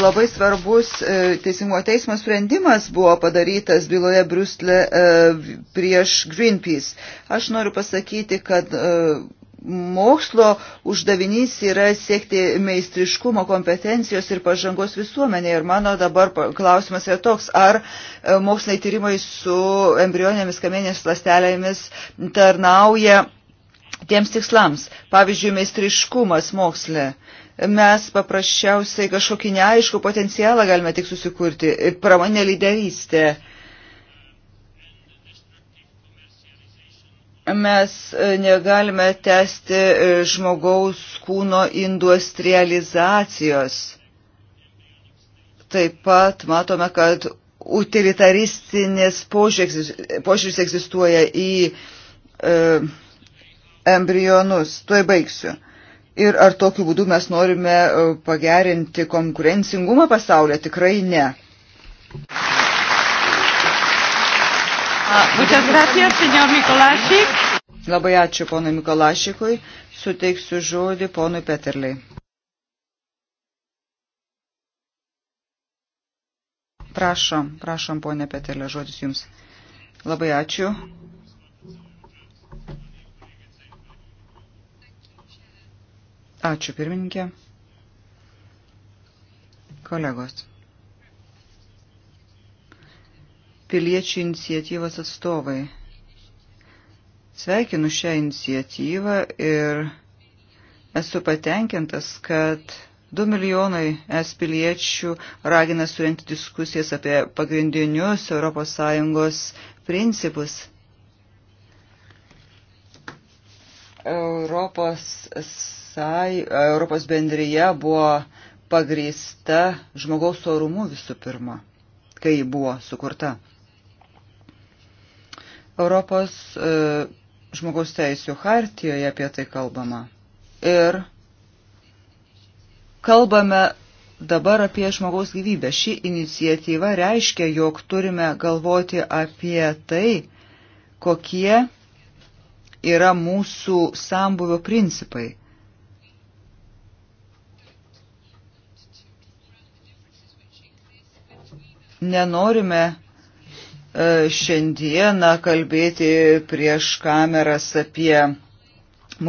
labai svarbus e, teisingumo teismo sprendimas buvo padarytas byloje Bruslė e, prieš Greenpeace. Aš noriu pasakyti, kad mokslo uždavinys yra siekti meistriškumo, kompetencijos ir pažangos visuomenėje. Ir mano dabar klausimas yra toks, ar moksliniai tyrimai su embrioninėmis kamienės lastelėmis tarnauja tiems tikslams. Pavyzdžiui, meistriškumas moksle. Mes paprasčiausiai kažkokį neaiškų potencialą galime tik susikurti. Pramonė lyderystė. Mes e, negalime tęsti e, žmogaus kūno industrializacijos. Taip pat matome, kad utilitaristinis požiūris egzistuoja į e, embrionus. Tuoj baigsiu. Ir ar tokiu būdu mes norime e, pagerinti konkurencingumą pasaulyje? Tikrai ne. Muchas gracias, señor Mikolašik. Labai ačiū ponui Mikolašikui. Suteiksiu žodį ponui Peterliai. Prašom, prašom, ponė Petelė, žodis jums. Labai ačiū. Ačiū pirmininkė. Kolegos. Piliečių iniciatyvos atstovai. Sveikinu šią iniciatyvą ir esu patenkintas, kad 2 milijonai es piliečių ragina surinkti diskusijas apie pagrindinius ES principus. Europos Sąj, Europos bendryje buvo pagrįsta žmogaus orumu visų pirma, kai buvo sukurta. Europos e, žmogaus teisų hartijoje apie tai kalbama. Ir kalbame dabar apie žmogaus gyvybę. Ši iniciatyva reiškia, jog turime galvoti apie tai, kokie yra mūsų sambuvio principai. Nenorime e, šiandieną kalbėti prieš kameras apie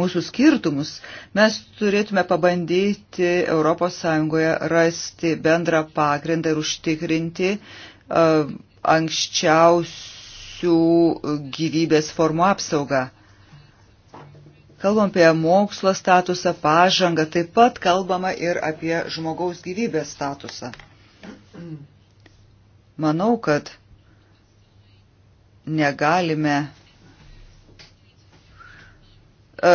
mūsų skirtumus. Mes turėtume pabandyti ES rasti bendrą pagrindą ir užtikrinti uh, anksčiausių gyvybės formų apsaugą. Kalbam apie mokslo statusą, pažangą, taip pat kalbama ir apie žmogaus gyvybės statusą. Mm. Manau, kad negalime e,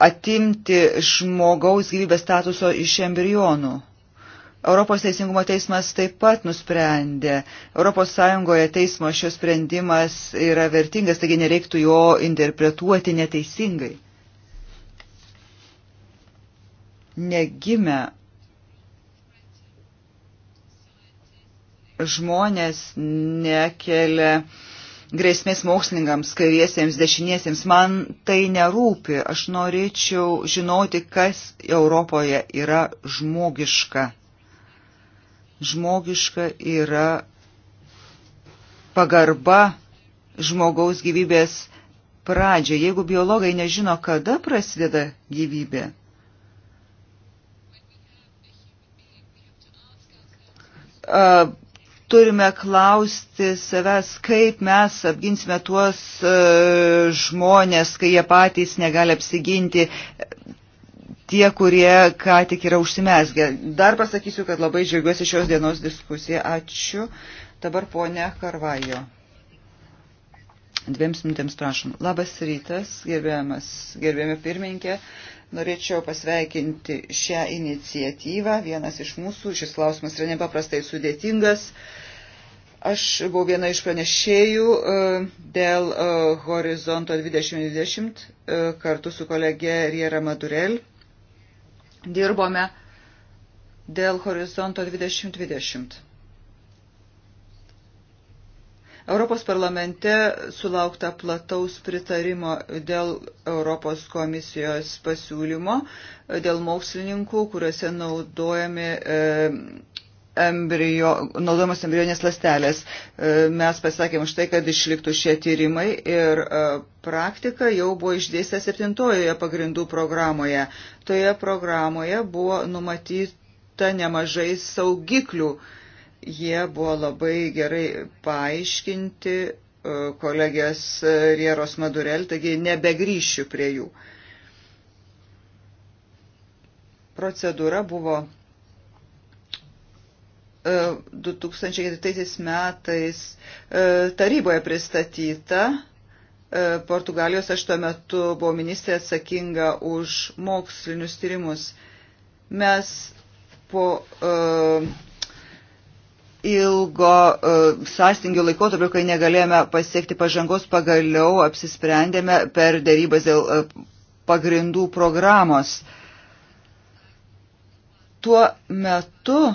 atimti žmogaus gyvybės statuso iš embrionų. Europos Teisingumo teismas taip pat nusprendė. Europos Sąjungoje teismo šios sprendimas yra vertingas, taigi nereiktų jo interpretuoti neteisingai. Negimę žmonės nekelia grėsmės mokslininkams, kairiesiems, dešiniesiems. Man tai nerūpi. Aš norėčiau žinoti, kas Europoje yra žmogiška. Žmogiška yra pagarba žmogaus gyvybės pradžiai. Jeigu biologai nežino, kada prasideda gyvybė, turime klausti savęs, kaip mes apginsime tuos e, žmonės, kai jie patys negali apsiginti tie, kurie ką tik yra užsimesgę. Dar pasakysiu, kad labai džiaugiuosi šios dienos diskusiją. Ačiū. Dabar ponia Karvajo. Dviems minutėms prašom. Labas rytas, gerbiamas, gerbiami pirmininkė. Uh, Norėčiau pasveikinti šią iniciatyvą. Vienas iš mūsų, šis klausimas yra nepaprastai sudėtingas. Aš buvau viena iš pranešėjų e, dėl e, Horizonto 2020 e, kartu su kolegė Riera Madurel. Dirbome dėl Horizonto 2020. Europos parlamente sulaukta plataus pritarimo dėl Europos komisijos pasiūlymo, dėl mokslininkų, kuriuose naudojami. E, embrijo, naudojamos embrionės lastelės. E, mes pasakėm už tai, kad išliktų šie tyrimai ir e, praktika jau buvo išdėstę septintojoje pagrindų programoje. Toje programoje buvo numatyta nemažai saugiklių Jie buvo labai gerai paaiškinti e, kolegės Rieros Madurel, taigi nebegrįšiu prie jų. Procedūra buvo 2004 e, metais e, taryboje pristatyta Portugalijos aš tuo metu buvau ministrė atsakinga už mokslinius tyrimus. Mes po uh, ilgo uh, sąstingio laikotarpio, kai negalėjome pasiekti pažangos, pagaliau apsisprendėme per darybas dėl uh, pagrindų programos. Tuo metu uh,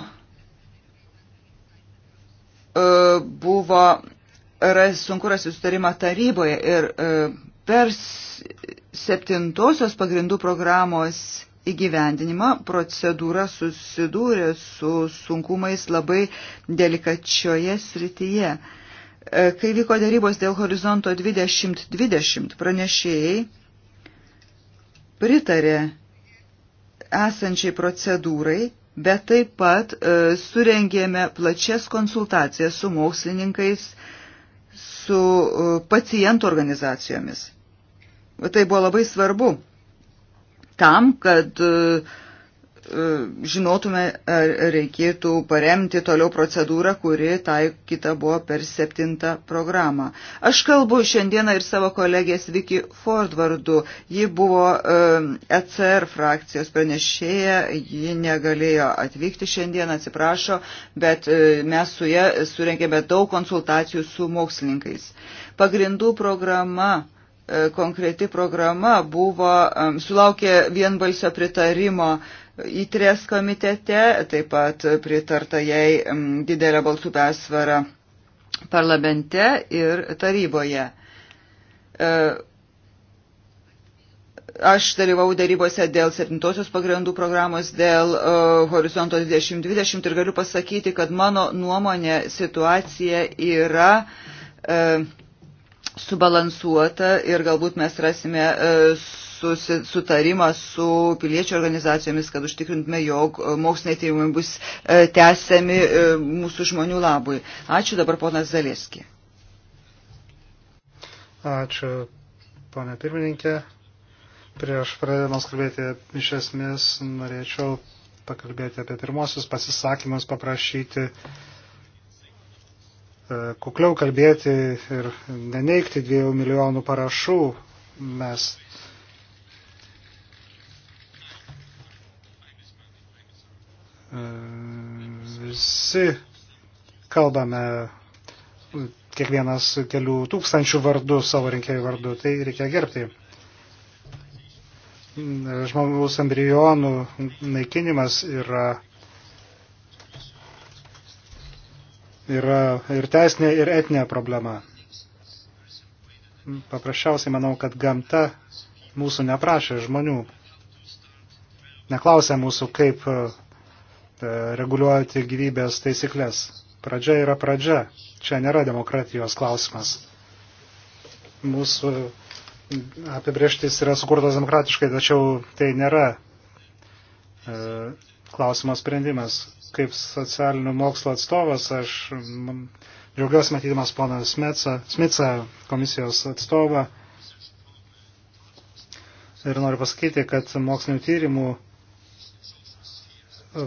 buvo ras, sunku rasti sutarimą taryboje ir uh, per septintosios pagrindų programos įgyvendinimą procedūra susidūrė su sunkumais labai delikačioje srityje. E, kai vyko darybos dėl horizonto 2020, pranešėjai pritarė esančiai procedūrai, bet taip pat e, surengėme plačias konsultacijas su mokslininkais, su e, pacientų organizacijomis. Tai buvo labai svarbu tam, kad e, e, žinotume, ar reikėtų paremti toliau procedūrą, kuri taikyta buvo per septintą programą. Aš kalbu šiandieną ir savo kolegės Viki Ford vardu. Ji buvo ECR e frakcijos pranešėja, ji negalėjo atvykti šiandien, atsiprašo, bet mes su ja surenkėme daug konsultacijų su mokslininkais. Pagrindų programa E, konkreti programa buvo, e, sulaukė vienbalsio pritarimo įtrės komitete, taip pat pritarta jai didelę balsų persvarą parlamente ir taryboje. E, aš dalyvau darybose dėl septintosios pagrindų programos, dėl uh, horizonto 2020 ir galiu pasakyti, kad mano nuomonė situacija yra uh, subalansuota ir galbūt mes rasime e, sutarimą su piliečių organizacijomis, kad užtikrintume, jog moksliniai tyrimai bus e, tęsiami e, mūsų žmonių labui. Ačiū dabar ponas Zalieski. Ačiū, ponė pirmininkė. Prieš pradėdamas kalbėti iš esmės norėčiau pakalbėti apie pirmosius pasisakymus, paprašyti uh, E, kukliau kalbėti ir neneikti dviejų milijonų parašų. Mes e, visi kalbame kiekvienas kelių tūkstančių vardų savo rinkėjų vardų, tai reikia gerbti. Žmogaus embrionų naikinimas yra yra ir teisinė, ir etinė problema. Paprasčiausiai manau, kad gamta mūsų neprašė žmonių, neklausė mūsų, kaip e, reguliuoti gyvybės taisyklės. Pradžia yra pradžia. Čia nėra demokratijos klausimas. Mūsų apibrieštis yra sukurtas demokratiškai, tačiau tai nėra e, klausimo sprendimas. Kaip socialinių mokslo atstovas, aš džiaugiuosi matydamas poną Smitsą, komisijos atstovą. Ir noriu pasakyti, kad mokslinio tyrimų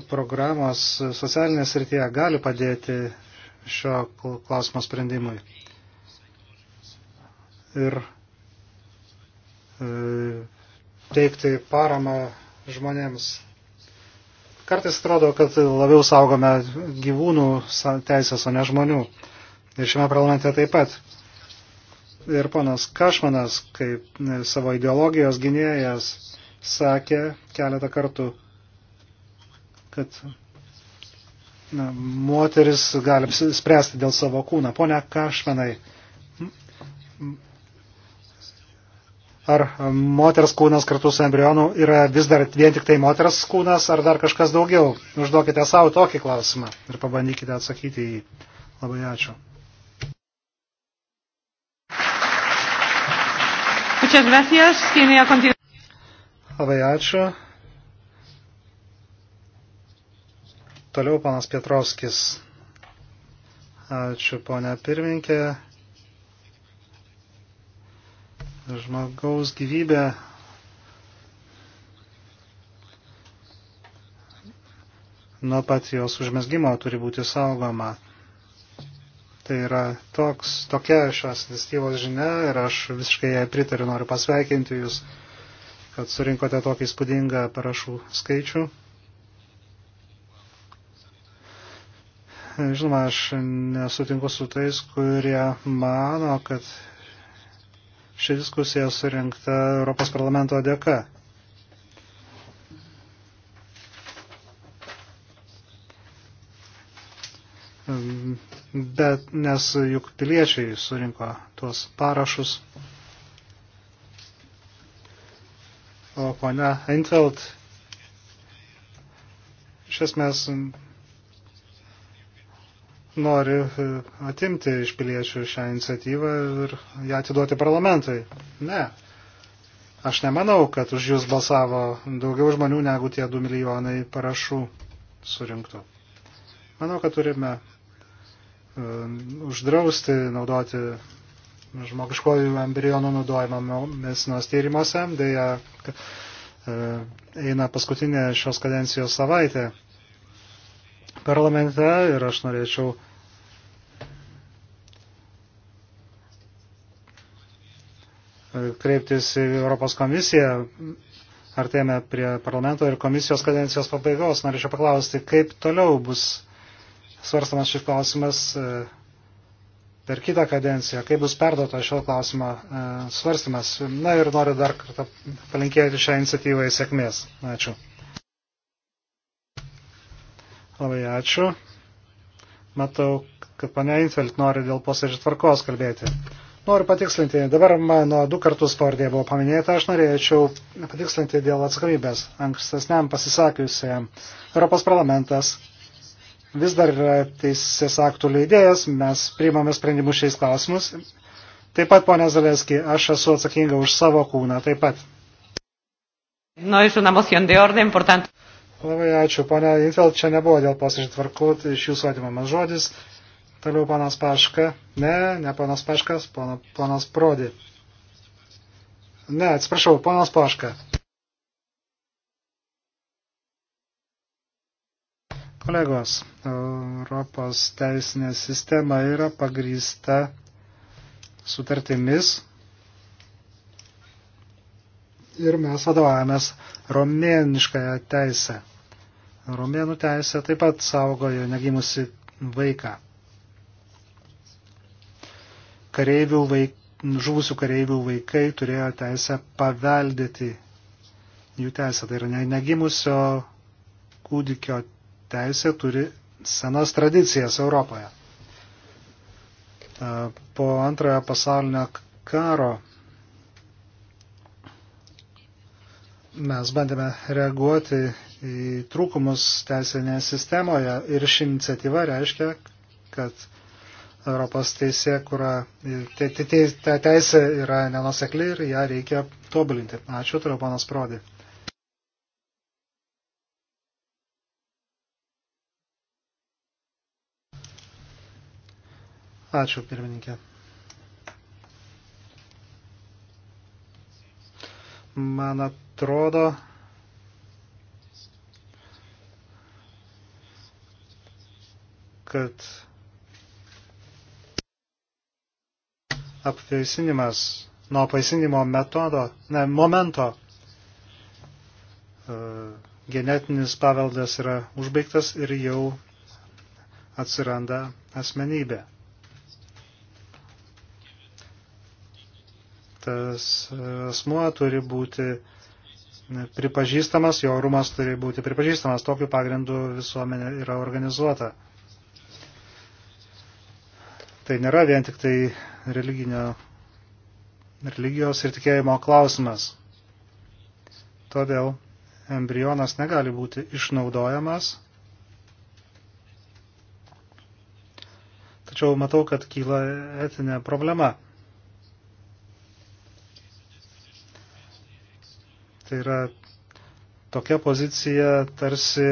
programos socialinės rytyje gali padėti šio klausimo sprendimui. Ir e, teikti paramą žmonėms Kartais atrodo, kad labiau saugome gyvūnų teisės, o ne žmonių. Ir šiame parlamente taip pat. Ir ponas Kašmanas, kaip e, savo ideologijos gynėjas, sakė keletą kartų, kad na, moteris gali spręsti dėl savo kūną. Pone Kašmanai, ar moters kūnas kartu su embrionu yra vis dar vien tik tai moters kūnas, ar dar kažkas daugiau? Užduokite savo tokį klausimą ir pabandykite atsakyti į jį. Labai ačiū. Labai ačiū. Toliau panas Pietrovskis. Ačiū, ponia pirminkė žmogaus gyvybė nuo pat jos užmesgymo turi būti saugoma. Tai yra toks, tokia šios iniciatyvos žinia ir aš visiškai jai pritariu, noriu pasveikinti Jūs, kad surinkote tokį įspūdingą parašų skaičių. Žinoma, aš nesutinku su tais, kurie mano, kad Ši diskusija surinkta Europos parlamento dėka. Bet nes juk piliečiai surinko tuos parašus. O ponia Einfeld iš esmės nori e, atimti iš piliečių šią iniciatyvą ir ją atiduoti parlamentui. Ne. Aš nemanau, kad už jūs balsavo daugiau žmonių negu tie 2 milijonai parašų surinktų. Manau, kad turime uh, uždrausti naudoti žmogiškojų embrionų naudojimą medicinos tyrimuose. Deja, uh, eina paskutinė šios kadencijos savaitė parlamente ir aš norėčiau kreiptis į Europos komisiją. Artėjame prie parlamento ir komisijos kadencijos pabaigos. Norėčiau paklausti, kaip toliau bus svarstamas šis klausimas e, per kitą kadenciją, kaip bus perduota šio klausimo e, svarstymas. Na ir noriu dar kartą palinkėti šią iniciatyvą į sėkmės. Ačiū. Labai ačiū. Matau, kad pane Infeld nori dėl posėdžio tvarkos kalbėti. Noriu patikslinti, dabar mano du kartus pavardė buvo paminėta, aš norėčiau patikslinti dėl atsakomybės ankstesniam pasisakiusiam. Europos parlamentas vis dar yra teisės aktų leidėjas, mes priimame sprendimus šiais klausimus. Taip pat, ponė Zaleski, aš esu atsakinga už savo kūną taip pat. No, es una moción de orden, por tanto. Labai ačiū, ponė Intel, čia nebuvo dėl posėdžių tvarkų, tai iš jūsų atimamas žodis. Toliau panas Paška. Ne, ne panas Paškas, pana, panas Prodi. Ne, atsiprašau, panas Paška. Kolegos, Europos teisinė sistema yra pagrįsta sutartimis ir mes vadovavomės romėniškąją teisę. Romėnų teisė taip pat saugojo negimusi vaiką kareivių vaik, žuvusių kareivių vaikai turėjo teisę paveldėti jų teisę. Tai yra negimusio kūdikio teisė turi senas tradicijas Europoje. Po antrojo pasaulinio karo mes bandėme reaguoti į trūkumus teisinėje sistemoje ir ši iniciatyva reiškia, kad Europos teisė, kurą te, te, te, te, teisė yra nenusekli ir ją reikia tobulinti. Ačiū, turiu panas Prodi. Ačiū, pirmininkė. Man atrodo, kad apvaisinimas nuo apvaisinimo metodo, ne, momento e, genetinis paveldas yra užbaigtas ir jau atsiranda asmenybė. Tas asmuo turi būti pripažįstamas, jo orumas turi būti pripažįstamas, tokiu pagrindu visuomenė yra organizuota tai nėra vien tik tai religinio, religijos ir tikėjimo klausimas. Todėl embrionas negali būti išnaudojamas. Tačiau matau, kad kyla etinė problema. Tai yra tokia pozicija tarsi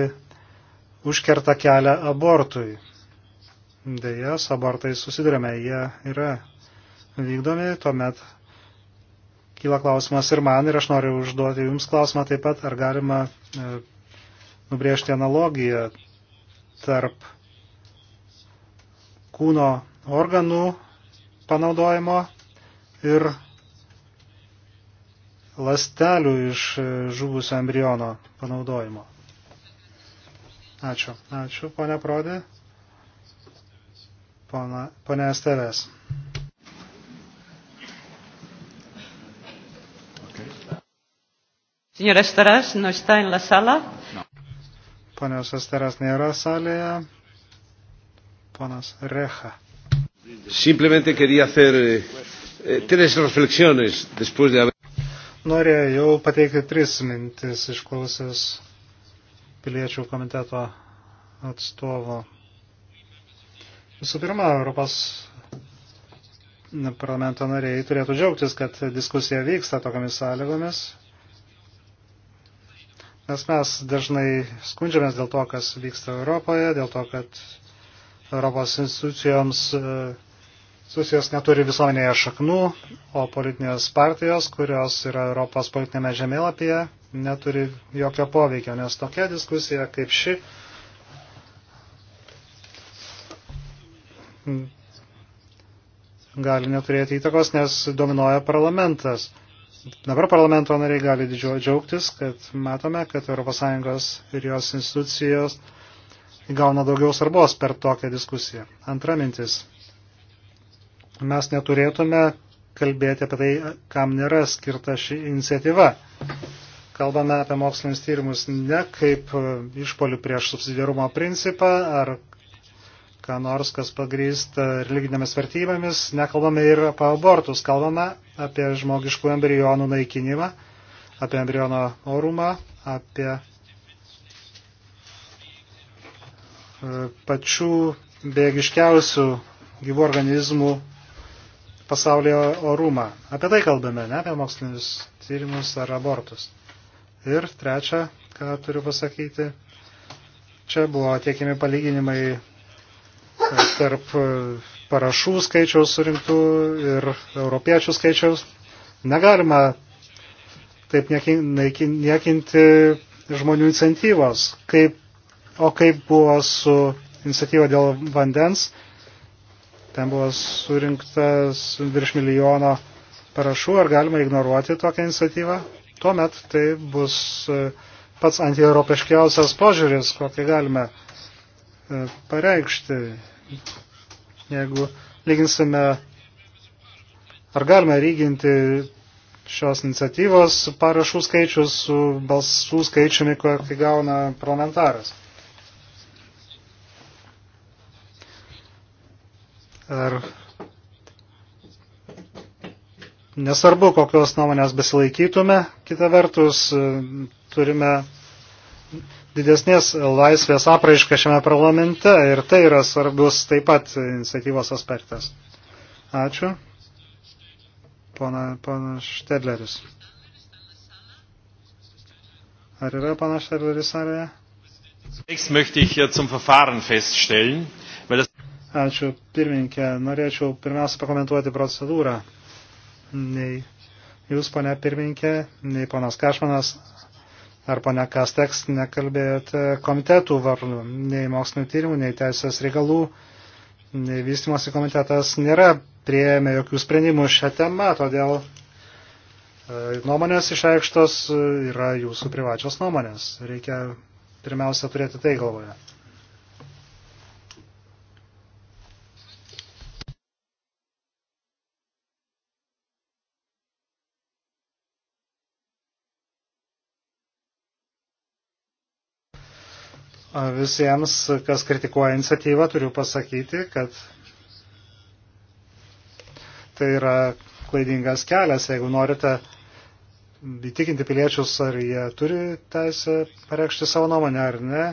užkerta kelią abortui dėja su abortais susidurėme, jie yra vykdomi, tuomet kyla klausimas ir man, ir aš noriu užduoti Jums klausimą taip pat, ar galima e, nubriežti analogiją tarp kūno organų panaudojimo ir lastelių iš e, žuvusio embriono panaudojimo. Ačiū. Ačiū, ponia Prodė ponia Esteves. Señora Esteras, ¿no está en la sala? No. Ponios Esteras nėra salėje. Ponas Reja. Simplemente quería hacer eh, eh tres reflexiones después de haber... Norėjau pateikti tris mintis išklausęs piliečių komiteto atstovo. Visų pirma, Europos parlamento nariai turėtų džiaugtis, kad diskusija vyksta tokiamis sąlygomis, nes mes dažnai skundžiamės dėl to, kas vyksta Europoje, dėl to, kad Europos institucijoms Susijos neturi visuomenėje šaknų, o politinės partijos, kurios yra Europos politinėme žemėlapyje, neturi jokio poveikio, nes tokia diskusija kaip ši gali neturėti įtakos, nes dominuoja parlamentas. Dabar parlamento nariai gali džiaugtis, kad matome, kad ES ir jos institucijos gauna daugiau svarbos per tokią diskusiją. Antra mintis. Mes neturėtume kalbėti apie tai, kam nėra skirta ši iniciatyva. Kalbame apie mokslinis tyrimus ne kaip išpolių prieš subsidiarumo principą ar ką nors, kas pagrįsta religinėmis vertybėmis, nekalbame ir apie abortus, kalbame apie žmogiškų embrionų naikinimą, apie embriono orumą, apie e, pačių bėgiškiausių gyvų organizmų pasaulio orumą. Apie tai kalbame, ne apie mokslinius tyrimus ar abortus. Ir trečia, ką turiu pasakyti, čia buvo tiekimi palyginimai E, tarp e, parašų skaičiaus surinktų ir europiečių skaičiaus. Negalima taip niekinti žmonių iniciatyvos. Kaip, o kaip buvo su iniciatyva dėl vandens? Ten buvo surinktas virš milijono parašų. Ar galima ignoruoti tokią iniciatyvą? Tuomet tai bus e, pats antieuropiškiausias požiūris, kokį galime pareikšti. Jeigu lyginsime, ar galime lyginti šios iniciatyvos parašų skaičius su balsų skaičiumi, kokį gauna parlamentaras. Ar nesvarbu, kokios nuomonės besilaikytume, kita vertus turime didesnės laisvės apraišką šiame parlamente ir tai yra svarbus taip pat iniciatyvos aspektas. Ačiū. Pana, pana Štedleris. Ar yra pana Štedleris salėje? Zunächst möchte ich hier zum Verfahren feststellen, weil das Ačiū pirmininkė. Norėčiau pirmiausia pakomentuoti procedūrą. Nei jūs, ponia pirmininkė, nei ponas Kašmanas ar pane Kasteks nekalbėjote komitetų vardu, nei mokslinio tyrimų, nei teisės reikalų, nei vystimosi komitetas nėra prieėmė jokių sprendimų šią temą, todėl e, nuomonės išreikštos e, yra jūsų privačios nuomonės. Reikia pirmiausia turėti tai galvoje. visiems, kas kritikuoja iniciatyvą, turiu pasakyti, kad tai yra klaidingas kelias, jeigu norite įtikinti piliečius, ar jie turi teisę pareikšti savo nuomonę ar ne.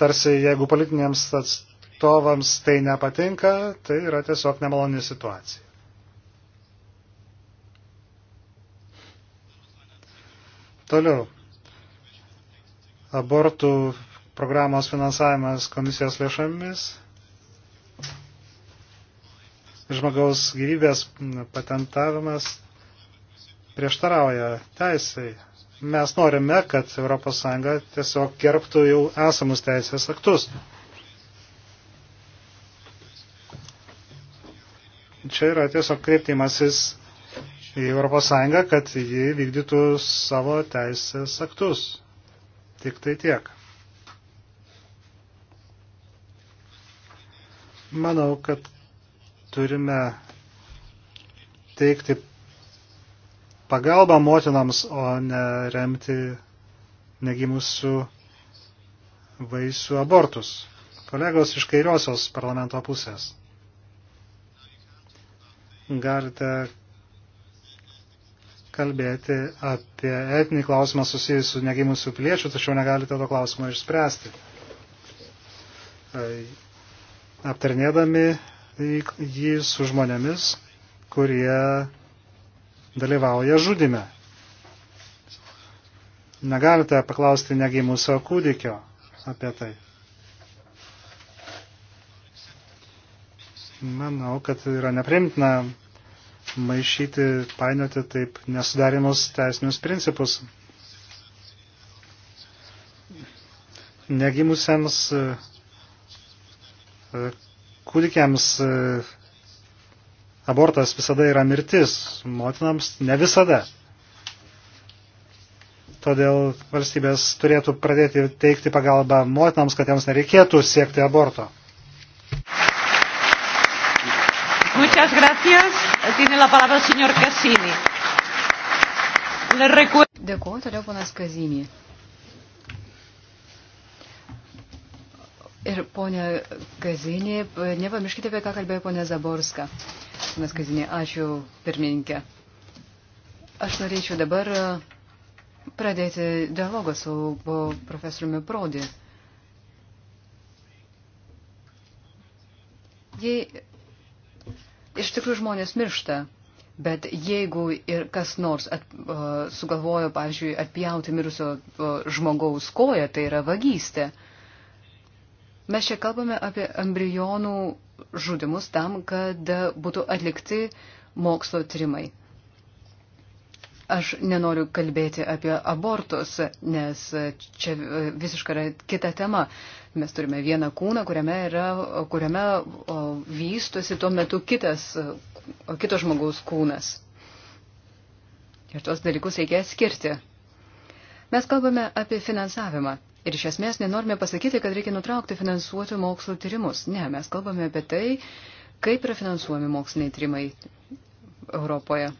Tarsi, jeigu politiniams atstovams tai nepatinka, tai yra tiesiog nemaloni situacija. Toliau abortų programos finansavimas komisijos lėšomis, žmogaus gyvybės patentavimas prieštarauja teisai. Mes norime, kad ES tiesiog gerbtų jau esamus teisės aktus. Čia yra tiesiog kreiptimasis į ES, kad ji vykdytų savo teisės aktus. Tik tai tiek. Manau, kad turime teikti pagalbą motinams, o ne remti negimusių vaisių abortus. Kolegos iš kairiosios parlamento pusės. Galite kalbėti apie etinį klausimą susijusiu su negimusiu piliečiu, tačiau negalite to klausimo išspręsti. Aptarnėdami jį su žmonėmis, kurie dalyvauja žudime. Negalite paklausti negimusio kūdikio apie tai. Manau, kad yra neprimtina maišyti, painioti taip nesudarimus teisinius principus. Negimusiems e, kūdikiams e, abortas visada yra mirtis, motinams ne visada. Todėl valstybės turėtų pradėti teikti pagalbą motinams, kad jiems nereikėtų siekti aborto. Muchas gracias. Tiene la palabra el señor Cassini. Le recuerdo. Dėkuoju, toliau ponas Kazinį. Ir ponė Kazinė, nepamirškite, apie ką kalbėjo ponė Zaborska. Ponas Kazinė, ačiū pirmininkė. Aš norėčiau dabar e, pradėti dialogą su e, profesoriumi Prodi. Jei iš tikrųjų žmonės miršta. Bet jeigu ir kas nors at, uh, sugalvojo, pavyzdžiui, atpjauti mirusio uh, žmogaus koją, tai yra vagystė. Mes čia kalbame apie embrionų žudimus tam, kad būtų atlikti mokslo tyrimai. Aš nenoriu kalbėti apie abortus, nes čia visiškai yra kita tema. Uh, Mes turime vieną kūną, kuriame, yra, kuriame vystosi tuo metu kitas, kitos žmogaus kūnas. Ir tuos dalykus reikia skirti. Mes kalbame apie finansavimą. Ir iš esmės nenorime pasakyti, kad reikia nutraukti finansuoti mokslo tyrimus. Ne, mes kalbame apie tai, kaip yra finansuojami moksliniai tyrimai Europoje.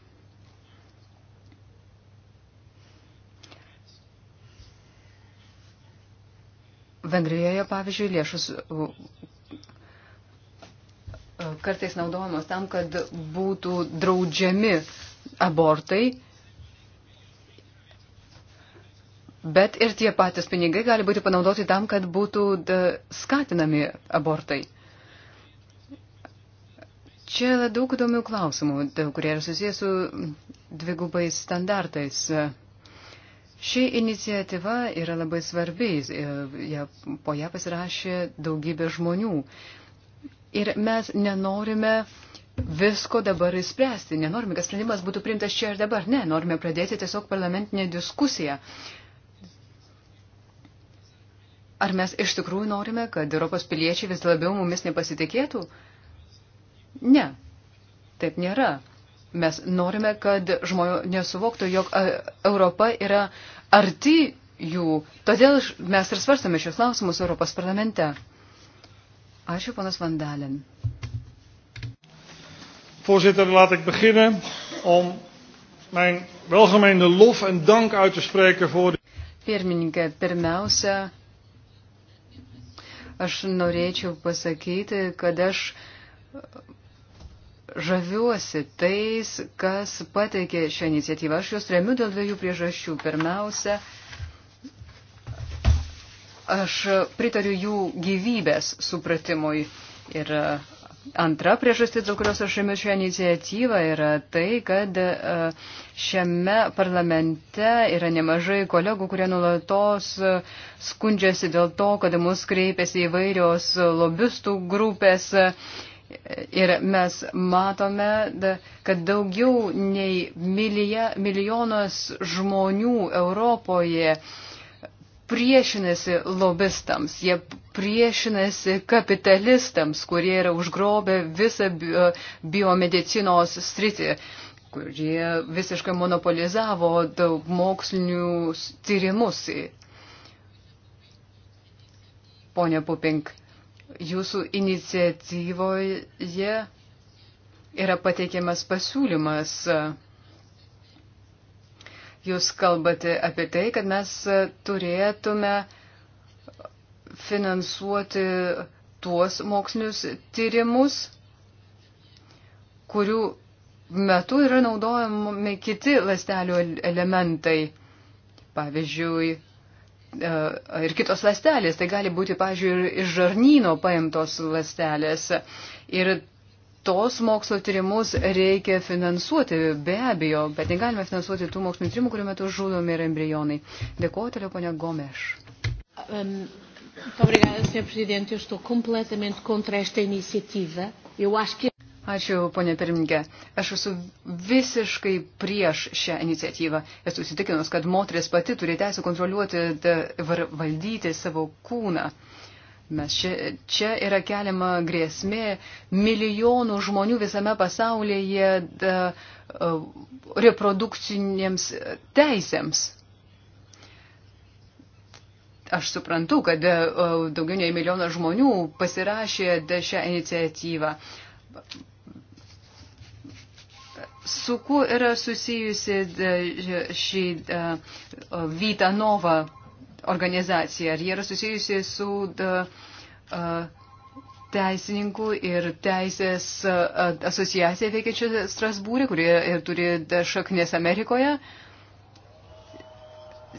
Vengrijoje, pavyzdžiui, lėšus e, kartais naudojamos tam, kad būtų draudžiami abortai, bet ir tie patys pinigai gali būti panaudoti tam, kad būtų e, skatinami abortai. Čia daug įdomių klausimų, kurie yra susijęs su dvigubais standartais. Ši iniciatyva yra labai svarbi, e, po ją pasirašė daugybė žmonių. Ir mes nenorime visko dabar įspręsti, nenorime, kad sprendimas būtų priimtas čia ir dabar, ne, norime pradėti tiesiog parlamentinę diskusiją. Ar mes iš tikrųjų norime, kad Europos piliečiai vis labiau mumis nepasitikėtų? Ne, taip nėra. Mes norime, kad žmonių nesuvoktų, jog e, Europa yra arti jų. Todėl mes ir svarstame šios klausimus Europos parlamente. Ačiū, panas Vandalin. Voorzitter, laat ik beginnen om mijn welgemeende lof en dank uit te spreken voor. Pirmininkė, pirmiausia, aš norėčiau pasakyti, kad aš žaviuosi tais, kas pateikė šią iniciatyvą. Aš jūs remiu dėl dviejų priežasčių. Pirmiausia, aš pritariu jų gyvybės supratimui. Ir antra priežastis, dėl kurios aš remiu šią iniciatyvą, yra tai, kad e, šiame parlamente yra nemažai kolegų, kurie nulatos e, skundžiasi dėl to, kad mus kreipiasi įvairios lobistų grupės Ir mes matome, kad daugiau nei milija, milijonas žmonių Europoje priešinasi lobistams, jie priešinasi kapitalistams, kurie yra užgrobę visą biomedicinos sritį, kurie visiškai monopolizavo daug mokslinius tyrimus. Pone Pupink, jūsų iniciatyvoje yra pateikiamas pasiūlymas. Jūs kalbate apie tai, kad mes turėtume finansuoti tuos mokslinius tyrimus, kurių metu yra naudojami kiti lastelių elementai. Pavyzdžiui, E, ir kitos lastelės. Tai gali būti, pažiūrėjau, ir iš žarnyno paimtos lastelės. Ir tos mokslo tyrimus reikia finansuoti, be abejo, bet negalime finansuoti tų mokslo tyrimų, kuriuo metu žudomi yra embrionai. Dėkuoju toliau, ponia Gomeš. Um. Muito obrigada, Sr. Presidente. Eu estou completamente contra esta iniciativa. Eu acho que Ačiū, ponė pirmininkė. Aš esu visiškai prieš šią iniciatyvą. Esu įsitikinus, kad moteris pati turi teisę kontroliuoti, valdyti savo kūną. Mes čia, čia yra keliama grėsmė milijonų žmonių visame pasaulyje da, reprodukcinėms teisėms. Aš suprantu, kad da, daugiau nei milijonas žmonių pasirašė da, šią iniciatyvą su kuo yra susijusi e, šį e, Vita Nova organizacija? Ar jie yra susijusi su e, teisininkų ir teisės asociacija veikiančia Strasbūrė, kurie ir turi šaknės Amerikoje?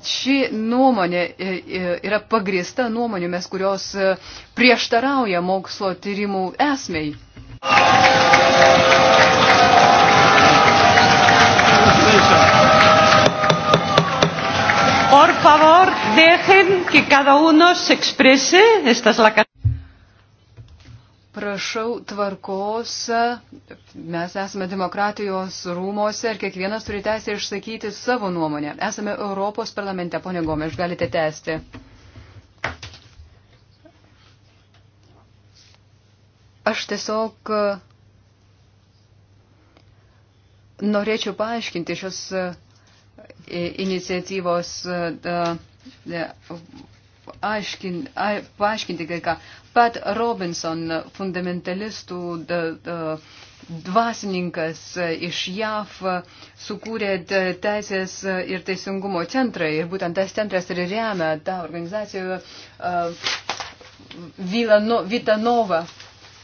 Ši nuomonė yra pagrįsta nuomonėmis, kurios prieštarauja mokslo tyrimų esmei. Por favor, dejen que cada uno se exprese. Esta es la Prašau tvarkos, mes esame demokratijos rūmose ir kiekvienas turi teisę išsakyti savo nuomonę. Esame Europos parlamente, ponė Gomeš, galite tęsti. Aš tiesiog e, norėčiau paaiškinti šios e, iniciatyvos, e, aiškin, paaiškinti kai ką. Pat Robinson, fundamentalistų dvasininkas iš JAV, sukūrė Teisės ir Teisingumo centrą ir būtent tas centras ir remia tą organizaciją Vitanova. Uh,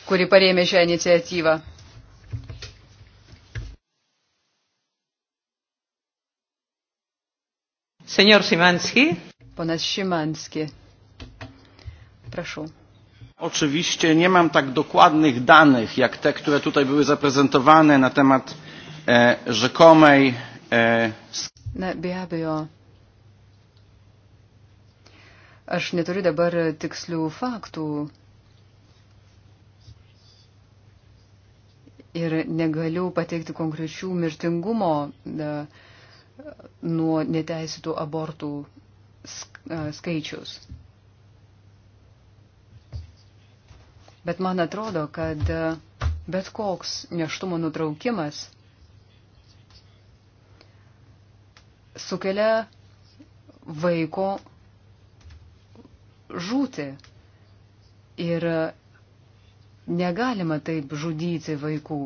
kuri parėmė šią iniciatyvą. Senjor Szymanski. Ponas Szymanski. Proszę. Oczywiście nie mam tak dokładnych danych, jak te, które tutaj były zaprezentowane na temat e, rzekomej... E... Na, be abejo. Aš neturiu dabar tikslių faktų ir negaliu pateikti konkrečių mirtingumo e, nuo neteisėtų abortų e, skaičius. Bet man atrodo, kad e, bet koks neštumo nutraukimas sukelia vaiko žūti. Ir Negalima taip žudyti vaikų.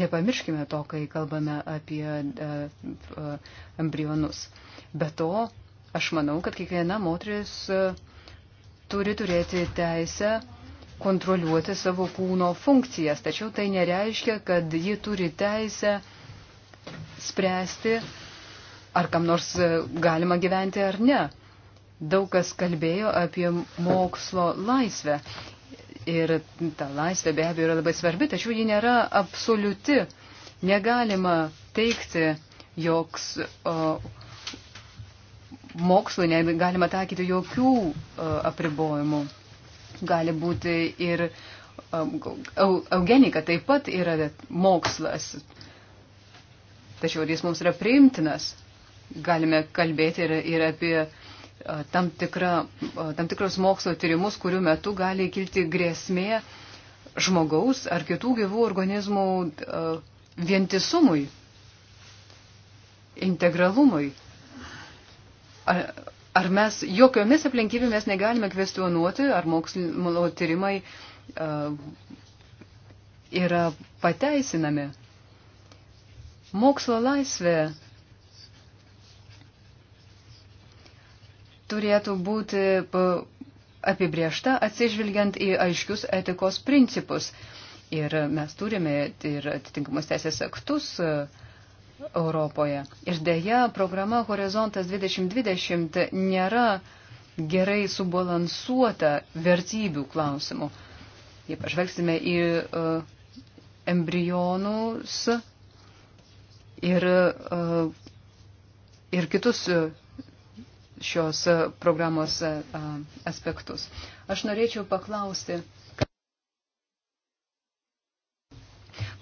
Nepamirškime to, kai kalbame apie e, e, embrionus. Be to, aš manau, kad kiekviena moteris e, turi turėti teisę kontroliuoti savo kūno funkcijas, tačiau tai nereiškia, kad ji turi teisę spręsti, ar kam nors galima gyventi ar ne. Daug kas kalbėjo apie mokslo laisvę Ir ta laisvė be abejo yra labai svarbi, tačiau ji nėra absoliuti. Negalima teikti, joks o, mokslui negalima taikyti jokių o, apribojimų. Gali būti ir eugenika taip pat yra mokslas, tačiau jis mums yra priimtinas. Galime kalbėti ir, ir apie uh, tam, tikra, tam tikros mokslo tyrimus, kurių metu gali kilti grėsmė žmogaus ar kitų gyvų organizmų vientisumui, integralumui. Ar, ar mes jokiomis aplinkybėmis negalime kvestionuoti, ar mokslo tyrimai uh, yra pateisinami. Mokslo laisvė turėtų būti e, apibriešta atsižvelgiant į aiškius etikos principus. Ir mes turime ir atitinkamus teisės aktus e, Europoje. Ir dėja, programa Horizontas 2020 nėra gerai subalansuota vertybių klausimų. Jei pažvelgsime į uh, embrionus ir, uh, ir kitus uh, šios e, programos e, aspektus. Aš norėčiau paklausti.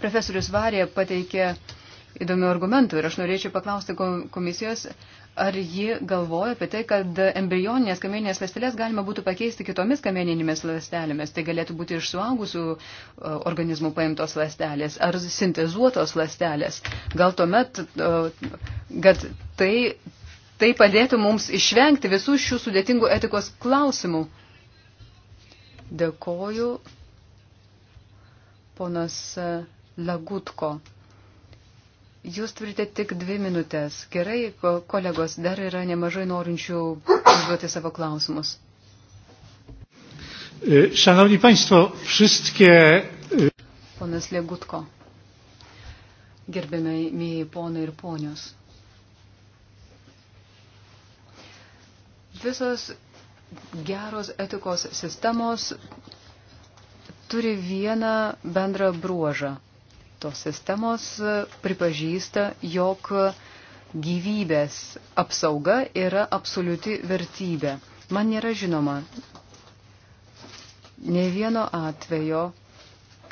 Profesorius Varė pateikė įdomių argumentų ir aš norėčiau paklausti komisijos, ar ji galvoja apie tai, kad embrioninės kamieninės ląstelės galima būtų pakeisti kitomis kamieninėmis ląstelėmis. Tai galėtų būti iš suaugusių e, organizmų paimtos ląstelės ar sintezuotos ląstelės. Gal tuomet, kad tai Tai padėtų mums išvengti visų šių sudėtingų etikos klausimų. Dėkoju, ponas e, Lagutko. Jūs turite tik dvi minutės. Gerai, kolegos, dar yra nemažai norinčių užduoti savo klausimus. E, Szanowni Państwo, wszystkie. E, ponas Legutko. Gerbėmėjai ponai ir ponios. Visos geros etikos sistemos turi vieną bendrą bruožą. Tos sistemos pripažįsta, jog gyvybės apsauga yra absoliuti vertybė. Man nėra žinoma ne vieno atvejo,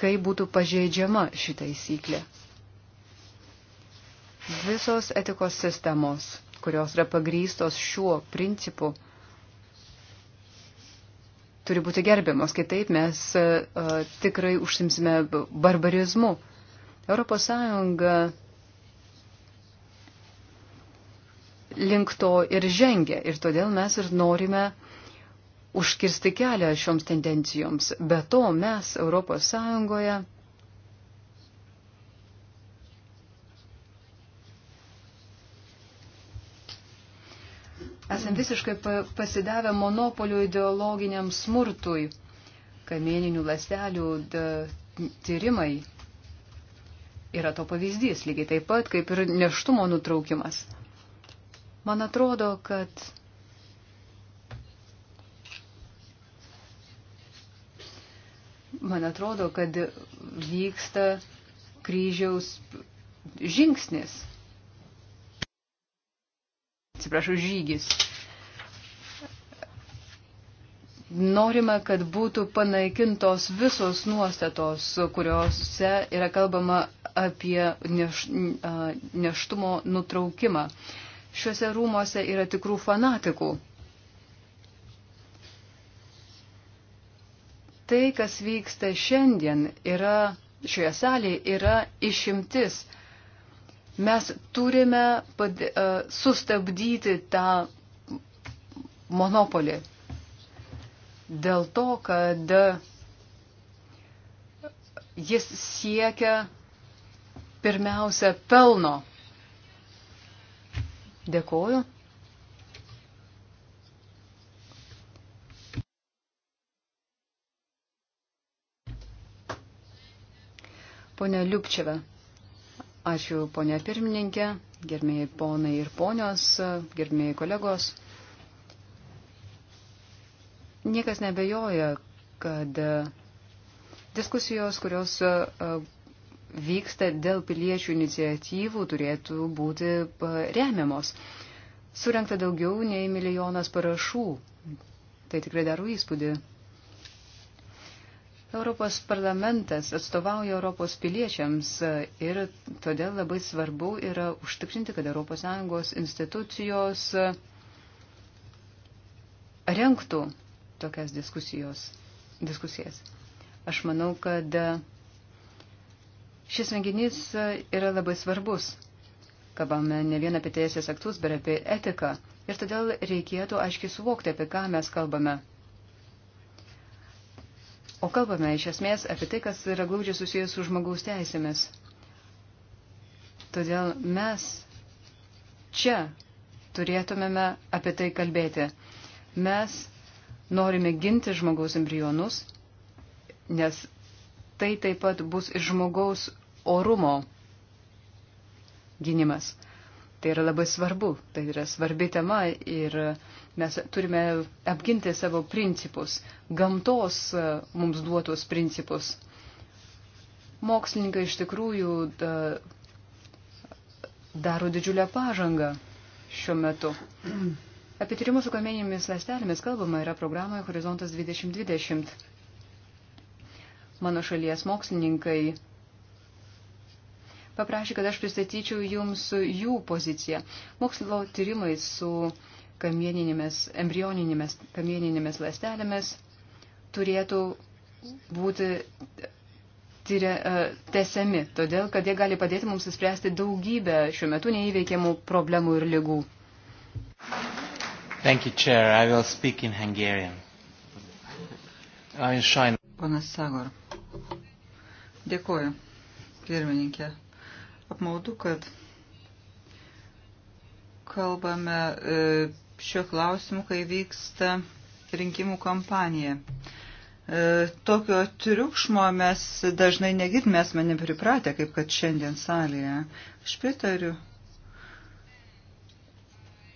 kai būtų pažeidžiama šitą įsiklę. Visos etikos sistemos kurios yra pagrystos šiuo principu, turi būti gerbiamos, kitaip mes uh, tikrai užsimsime barbarizmu. Europos Sąjunga link to ir žengia ir todėl mes ir norime užkirsti kelią šioms tendencijoms. Be to mes Europos Sąjungoje Esam visiškai pasidavę monopolio ideologiniam smurtui, kamieninių lastelių tyrimai yra to pavyzdys, lygiai taip pat kaip ir neštumo nutraukimas. Man atrodo, kad man atrodo, kad vyksta kryžiaus žingsnis atsiprašau, žygis. Norima, kad būtų panaikintos visos nuostatos, kuriuose yra kalbama apie neš, neštumo nutraukimą. Šiuose rūmose yra tikrų fanatikų. Tai, kas vyksta šiandien, yra, šioje salėje yra išimtis Mes turime pad, uh, sustabdyti tą monopolį. Dėl to, kad jis siekia pirmiausia pelno. Dėkoju. Pone Liupčiave. Ačiū, ponė pirmininkė, gerbėjai ponai ir ponios, gerbėjai kolegos. Niekas nebejoja, kad diskusijos, kurios e, vyksta dėl piliečių iniciatyvų, turėtų būti e, remiamos. Surenkta daugiau nei milijonas parašų. Tai tikrai daro įspūdį. Europos parlamentas atstovauja Europos piliečiams e, ir todėl labai svarbu yra užtikrinti, kad ES institucijos e, renktų tokias diskusijas. Aš manau, kad e, šis renginys yra labai svarbus. Kalbame ne vien apie teisės aktus, bet apie etiką. Ir todėl reikėtų aiškiai suvokti, apie ką mes kalbame. O kalbame iš esmės apie tai, kas yra glaudžiai susijęs su žmogaus teisėmis. Todėl mes čia turėtumėme apie tai kalbėti. Mes norime ginti žmogaus embrionus, nes tai taip pat bus ir žmogaus orumo gynimas. Tai yra labai svarbu, tai yra svarbi tema ir uh, Mes turime apginti savo principus, gamtos e, mums duotus principus. Mokslininkai iš tikrųjų da, e, daro didžiulę pažangą šiuo metu. Apie tyrimus su kamienėmis lastelėmis kalbama yra programoje Horizontas 2020. Mano šalies mokslininkai paprašė, kad aš pristatyčiau jums jų poziciją. Mokslo tyrimai su kamieninėmis, embrioninėmis kamieninėmis lastelėmis turėtų būti tyria, e, tesiami, todėl kad jie gali padėti mums įspręsti daugybę šiuo metu neįveikiamų problemų ir lygų. Thank you, Chair. I will speak in Hungarian. Einstein. Ponas Sagor. Dėkuoju, pirmininkė. Apmaudu, kad kalbame e, šiuo klausimu, kai vyksta rinkimų kampanija. E, tokio triukšmo mes dažnai negirdime, mes mane pripratę, kaip kad šiandien salėje. Aš pritariu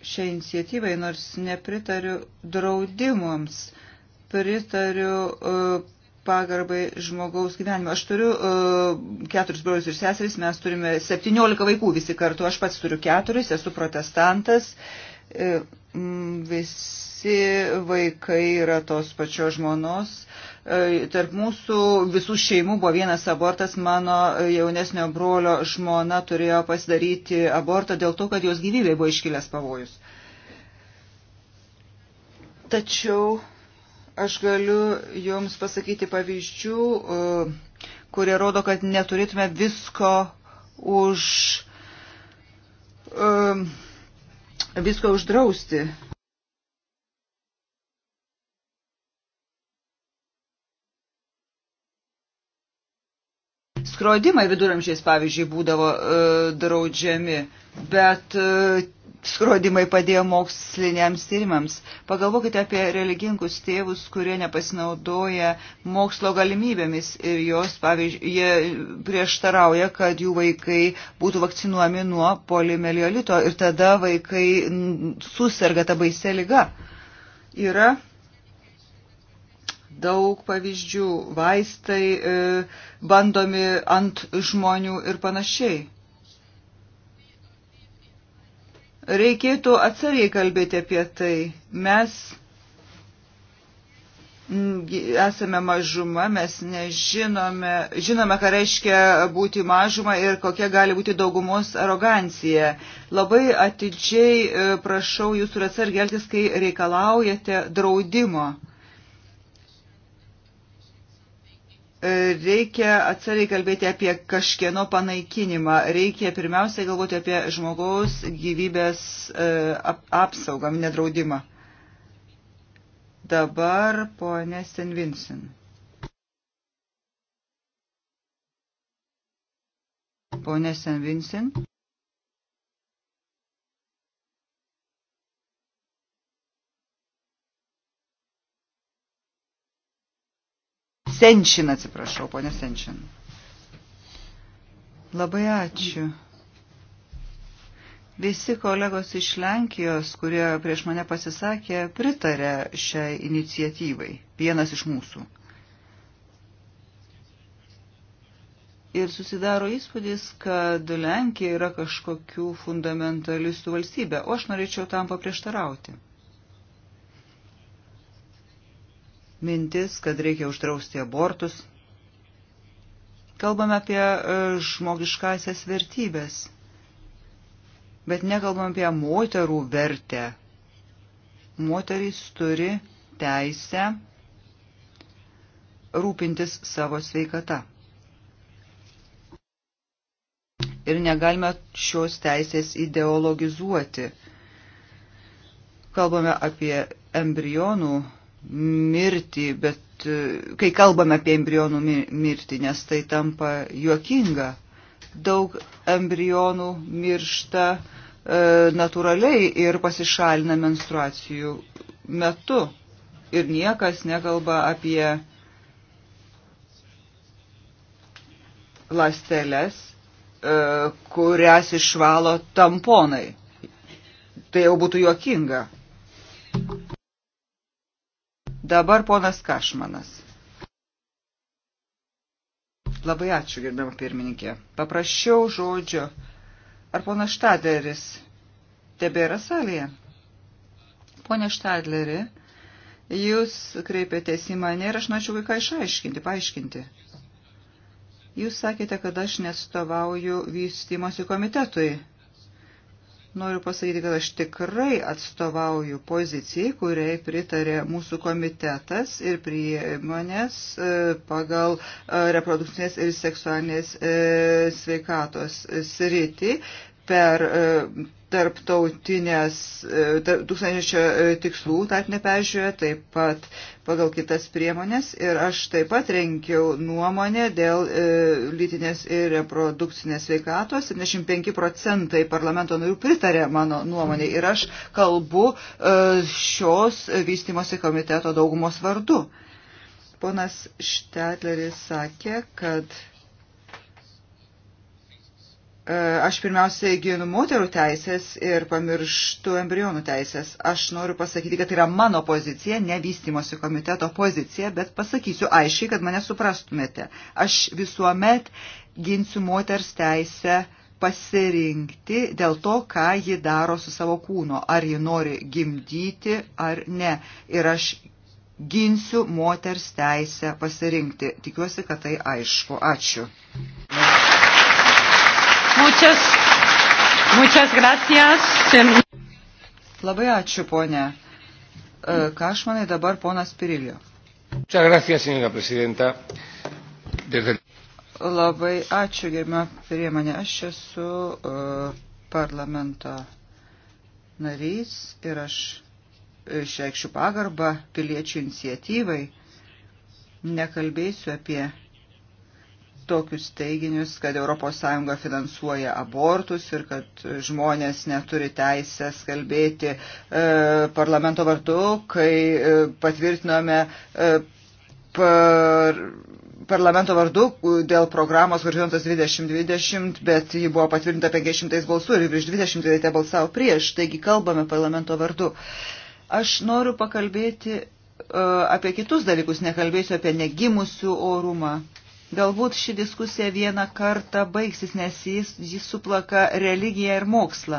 šiai iniciatyvai, nors nepritariu draudimams, pritariu e, pagarbai žmogaus gyvenimą. Aš turiu e, keturis brolius ir seseris, mes turime septyniolika vaikų visi kartu, aš pats turiu keturis, esu protestantas E, visi vaikai yra tos pačios žmonos. E, tarp mūsų visų šeimų buvo vienas abortas. Mano jaunesnio brolio žmona turėjo pasidaryti abortą dėl to, kad jos gyvybė buvo iškilęs pavojus. Tačiau aš galiu Jums pasakyti pavyzdžių, e, kurie rodo, kad neturėtume visko už. Um, visko uždrausti. Skrodimai viduramžiais, pavyzdžiui, būdavo e, draudžiami, bet e, skrodimai padėjo moksliniams tyrimams. Pagalvokite apie religingus tėvus, kurie nepasinaudoja mokslo galimybėmis ir jos, pavyzdžiui, jie prieštarauja, kad jų vaikai būtų vakcinuomi nuo polimeliolito ir tada vaikai susirga tą baisę lygą. Yra daug pavyzdžių, vaistai e, bandomi ant žmonių ir panašiai Reikėtų atsariai kalbėti apie tai. Mes esame mažuma, mes nežinome, žinome, ką reiškia būti mažuma ir kokia gali būti daugumos arogancija. Labai atidžiai e, prašau jūsų atsargeltis, kai reikalaujate draudimo. E, reikia atsariai kalbėti apie kažkieno panaikinimą. Reikia pirmiausiai galvoti apie žmogaus gyvybės e, apsaugą, nedraudimą. Dabar ponė St. Vincent. Ponė St. Vincent. Senšin, atsiprašau, ponė Senšin. Labai ačiū. Visi kolegos iš Lenkijos, kurie prieš mane pasisakė, pritarė šiai iniciatyvai. Vienas iš mūsų. Ir susidaro įspūdis, kad Lenkija yra kažkokių fundamentalistų valstybė, o aš norėčiau tam paprieštarauti. mintis, kad reikia uždrausti abortus. Kalbame apie e, žmogiškasias vertybės, bet nekalbame apie moterų vertę. Moterys turi teisę rūpintis savo sveikata. Ir negalime šios teisės ideologizuoti. Kalbame apie embrionų mirtį, bet e, kai kalbame apie embrionų mirtį, nes tai tampa juokinga, daug embrionų miršta e, natūraliai ir pasišalina menstruacijų metu. Ir niekas nekalba apie lasteles, e, kurias išvalo tamponai. Tai jau būtų juokinga. Dabar ponas Kašmanas. Labai ačiū, gerbiamą pirmininkė. Paprašiau žodžio. Ar ponas Štaderis tebėra salėje? Pone Štadleri, jūs kreipėtės į mane ir aš norėčiau kai ką išaiškinti, paaiškinti. Jūs sakėte, kad aš nestovauju vystimosi komitetui. Noriu pasakyti, kad aš tikrai atstovauju pozicijai, kuriai pritarė mūsų komitetas ir priemonės e, pagal e, reprodukcinės ir seksualinės e, sveikatos sritį per e, tarptautinės e, tūkstančio e, tikslų tarpinę peržiūrę, taip pat pagal kitas priemonės. Ir aš taip pat renkiau nuomonę dėl lytinės ir reprodukcinės veikatos. 75 procentai parlamento narių pritarė mano nuomonė ir aš kalbu šios vystimosi komiteto daugumos vardu. Ponas Štetleris sakė, kad E, aš pirmiausiai ginu moterų teisės ir pamirštu embrionų teisės. Aš noriu pasakyti, kad tai yra mano pozicija, ne vystimosi komiteto pozicija, bet pasakysiu aiškiai, kad mane suprastumėte. Aš visuomet ginsiu moters teisę pasirinkti dėl to, ką ji daro su savo kūno, ar ji nori gimdyti ar ne. Ir aš ginsiu moters teisę pasirinkti. Tikiuosi, kad tai aišku. Ačiū. Muchas, muchas gracias. Labai ačiū, ponė. E, ką aš manai dabar, ponas Pirilio? Muchas gracias, señora presidenta. Desde... Labai ačiū, gerbima priemonė. Aš esu uh, parlamento narys ir aš e, išreikščiu pagarbą piliečių iniciatyvai. Nekalbėsiu apie tokius teiginius, kad ES finansuoja abortus ir kad žmonės neturi teisės kalbėti e, parlamento vardu, kai e, patvirtinome e, par, parlamento vardu dėl programos Horizontas 2020, bet ji buvo patvirtinta 500 balsų ir virš 20 galite balsavo prieš, taigi kalbame parlamento vardu. Aš noriu pakalbėti uh, apie kitus dalykus, nekalbėsiu apie negimusių orumą. Uh, Galbūt ši diskusija vieną kartą baigsis, nes jis, jis suplaka religiją ir mokslą.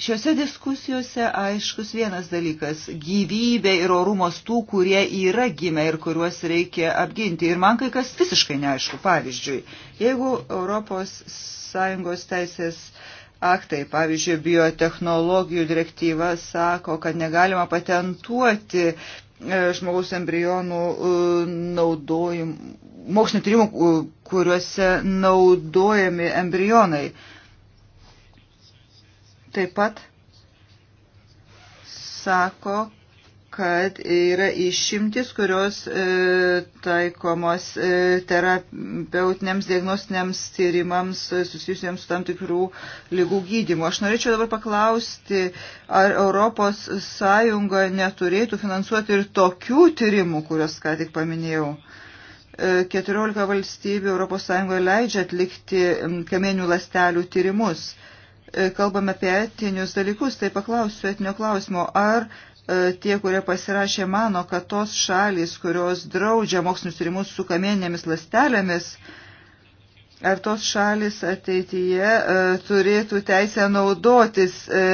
Šiuose diskusijose aiškus vienas dalykas - gyvybė ir orumas tų, kurie yra gimę ir kuriuos reikia apginti. Ir man kai kas visiškai neaišku. Pavyzdžiui, jeigu ES teisės aktai, pavyzdžiui, biotehnologijų direktyva sako, kad negalima patentuoti E, žmogaus embrionų e, naudojimų, mokslinio tyrimų, e, kuriuose naudojami embrionai. Taip pat sako, kad yra išimtis, kurios e, taikomos e, terapeutiniams diagnostiniams tyrimams e, susijusiems su tam tikrų lygų gydymu. Aš norėčiau dabar paklausti, ar Europos Sąjunga neturėtų finansuoti ir tokių tyrimų, kuriuos ką tik paminėjau. 14 e, valstybių ES leidžia atlikti kamienių lastelių tyrimus. E, kalbame apie etinius dalykus, tai paklausiu etinio klausimo, ar E, tie, kurie pasirašė, mano, kad tos šalys, kurios draudžia mokslinius tyrimus su kamieninėmis lastelėmis, ar tos šalis ateityje e, turėtų teisę naudotis e,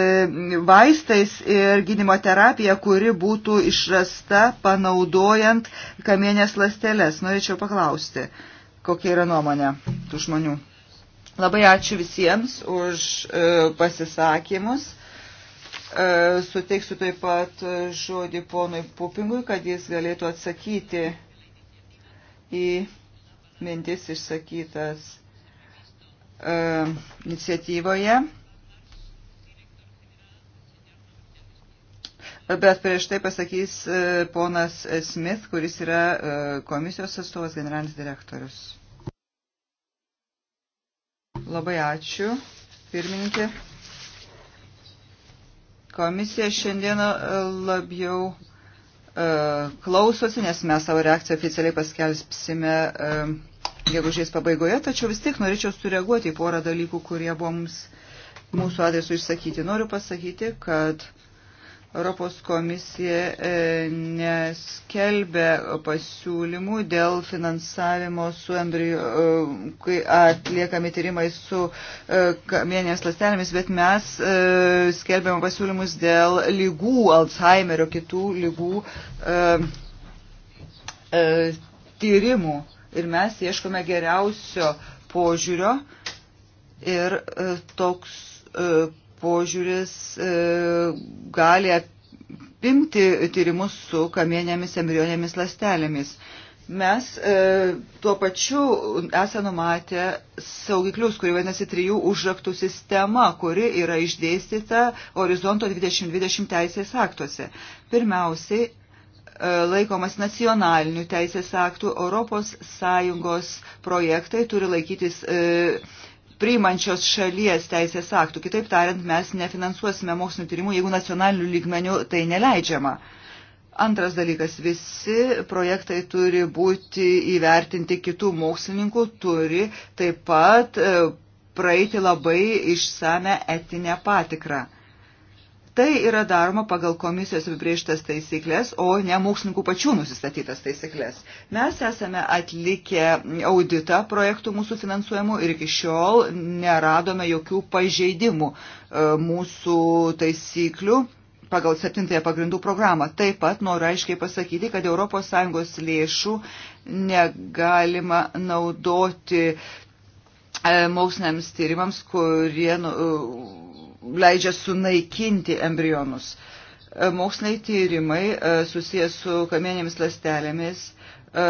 vaistais ir gydimo terapija, kuri būtų išrasta panaudojant kamienės lasteles. Norėčiau paklausti, kokia yra nuomonė tų žmonių. Labai ačiū visiems už pasisakymus. E, suteiksiu taip pat žodį ponui Pupingui, kad jis galėtų atsakyti į mintis išsakytas e, iniciatyvoje. Bet prieš tai pasakys e, ponas Smith, kuris yra komisijos atstovas generalinis direktorius. Labai ačiū, pirmininkė. Komisija šiandieną e, labiau e, klausosi, nes mes savo reakciją oficialiai paskelbsime e, gegužės pabaigoje, tačiau vis tik norėčiau sureaguoti į porą dalykų, kurie buvo mums, mūsų adresu išsakyti. Noriu pasakyti, kad uh, Europos komisija e, neskelbė pasiūlymų dėl finansavimo su embriju, e, kai atliekami tyrimai su e, kamienės lastelėmis, bet mes skelbėme pasiūlymus dėl lygų, Alzheimerio, kitų lygų tyrimų. Ir mes ieškome geriausio požiūrio ir toks požiūris e, gali apimti tyrimus su kamienėmis embrionėmis lastelėmis. Mes e, tuo pačiu esame numatę saugiklius, kurie vadinasi trijų užraktų sistema, kuri yra išdėstyta Horizonto 2020 teisės aktuose. Pirmiausiai, e, laikomas nacionalinių teisės aktų, Europos Sąjungos projektai turi laikytis priimančios šalies teisės aktų. Kitaip tariant, mes nefinansuosime mokslinio tyrimų, jeigu nacionalinių lygmenių tai neleidžiama. Antras dalykas, visi projektai turi būti įvertinti kitų mokslininkų, turi taip pat e, praeiti labai išsame etinę patikrą. Tai yra daroma pagal komisijos apibrieštas taisyklės, o ne mokslininkų pačių nusistatytas taisyklės. Mes esame atlikę auditą projektų mūsų finansuojamų ir iki šiol neradome jokių pažeidimų e, mūsų taisyklių pagal septintąją pagrindų programą. Taip pat noriu aiškiai pasakyti, kad ES lėšų negalima naudoti e, moksliniams tyrimams, kurie nu, leidžia sunaikinti embrionus. E, moksliniai tyrimai e, susijęs su kamienėmis lastelėmis e,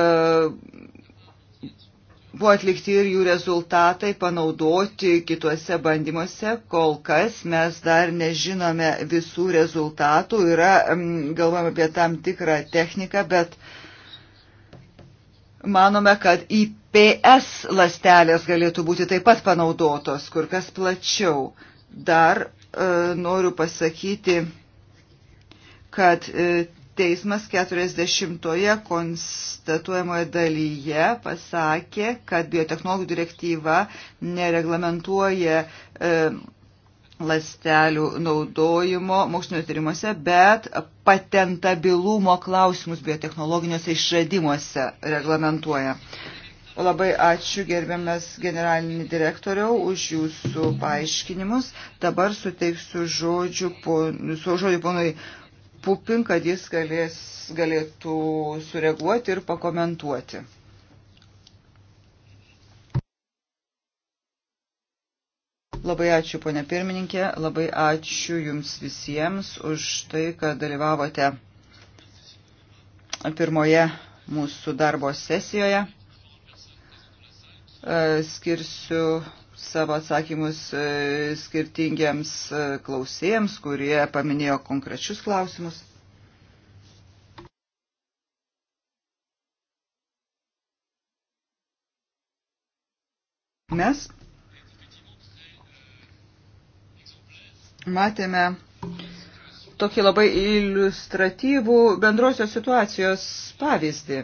buvo atlikti ir jų rezultatai panaudoti kituose bandymuose. Kol kas mes dar nežinome visų rezultatų, yra galvojame apie tam tikrą techniką, bet manome, kad IPS lastelės galėtų būti taip pat panaudotos kur kas plačiau. Dar e, noriu pasakyti, kad e, teismas 40 konstatuojamoje dalyje pasakė, kad biotechnologijų direktyva nereglamentuoja e, lastelių naudojimo mokslinio tyrimuose, bet patentabilumo klausimus biotechnologiniuose išradimuose reglamentuoja. Labai ačiū gerbiamas generalinį direktoriau už jūsų paaiškinimus. Dabar suteiksiu žodžių, su žodžiu ponui Pupin, kad jis galės, galėtų sureaguoti ir pakomentuoti. Labai ačiū, ponė pirmininkė, labai ačiū jums visiems už tai, kad dalyvavote pirmoje mūsų darbo sesijoje. E, skirsiu savo atsakymus e, skirtingiems e, klausėjams, kurie paminėjo konkrečius klausimus. Mes matėme tokį labai iliustratyvų bendrosios situacijos pavyzdį.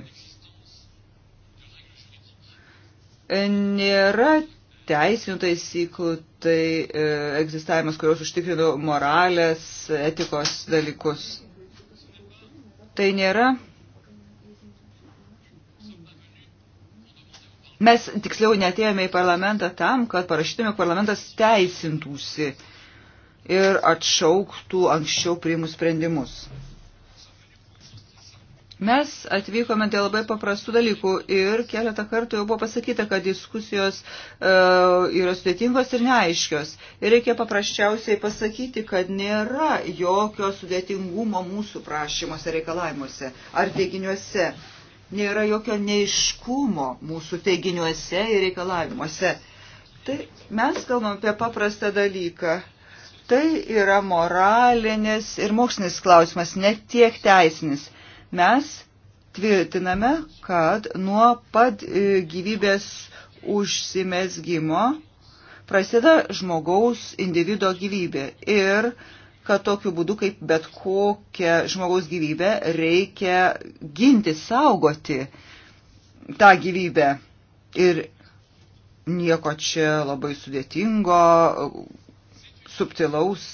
nėra teisinių taisyklų, tai e, egzistavimas, kurios užtikrino moralės, etikos dalykus. Tai nėra. Mes tiksliau netėjome į parlamentą tam, kad parašytume parlamentas teisintųsi ir atšauktų anksčiau priimus sprendimus. Mes atvykome dėl labai paprastų dalykų ir keletą kartų jau buvo pasakyta, kad diskusijos e, yra sudėtingos ir neaiškios. Ir reikia paprasčiausiai pasakyti, kad nėra jokio sudėtingumo mūsų prašymuose, reikalavimuose ar teiginiuose. Nėra jokio neiškumo mūsų teiginiuose ir reikalavimuose. Tai mes kalbam apie paprastą dalyką tai yra moralinis ir mokslinis klausimas, ne tiek teisinis. Mes tvirtiname, kad nuo pat e, gyvybės užsimesgymo prasideda žmogaus individo gyvybė ir kad tokiu būdu, kaip bet kokią žmogaus gyvybę, reikia ginti, saugoti tą gyvybę. Ir nieko čia labai sudėtingo, subtilaus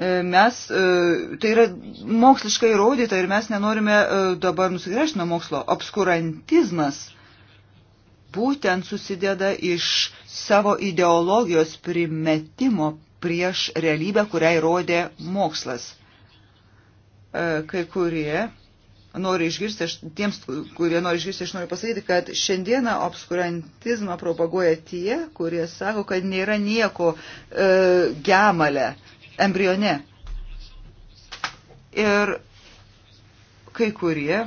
E, mes, e, tai yra moksliškai įrodyta ir mes nenorime e, dabar nusigręžti nuo mokslo. Obskurantizmas būtent susideda iš savo ideologijos primetimo prieš realybę, kurią įrodė mokslas. Kai kurie nori išgirsti, aš, tiems, kurie nori išgirsti, aš noriu pasakyti, kad šiandieną obskurantizmą propaguoja tie, kurie sako, kad nėra nieko e, gemale, embrione. Ir kai kurie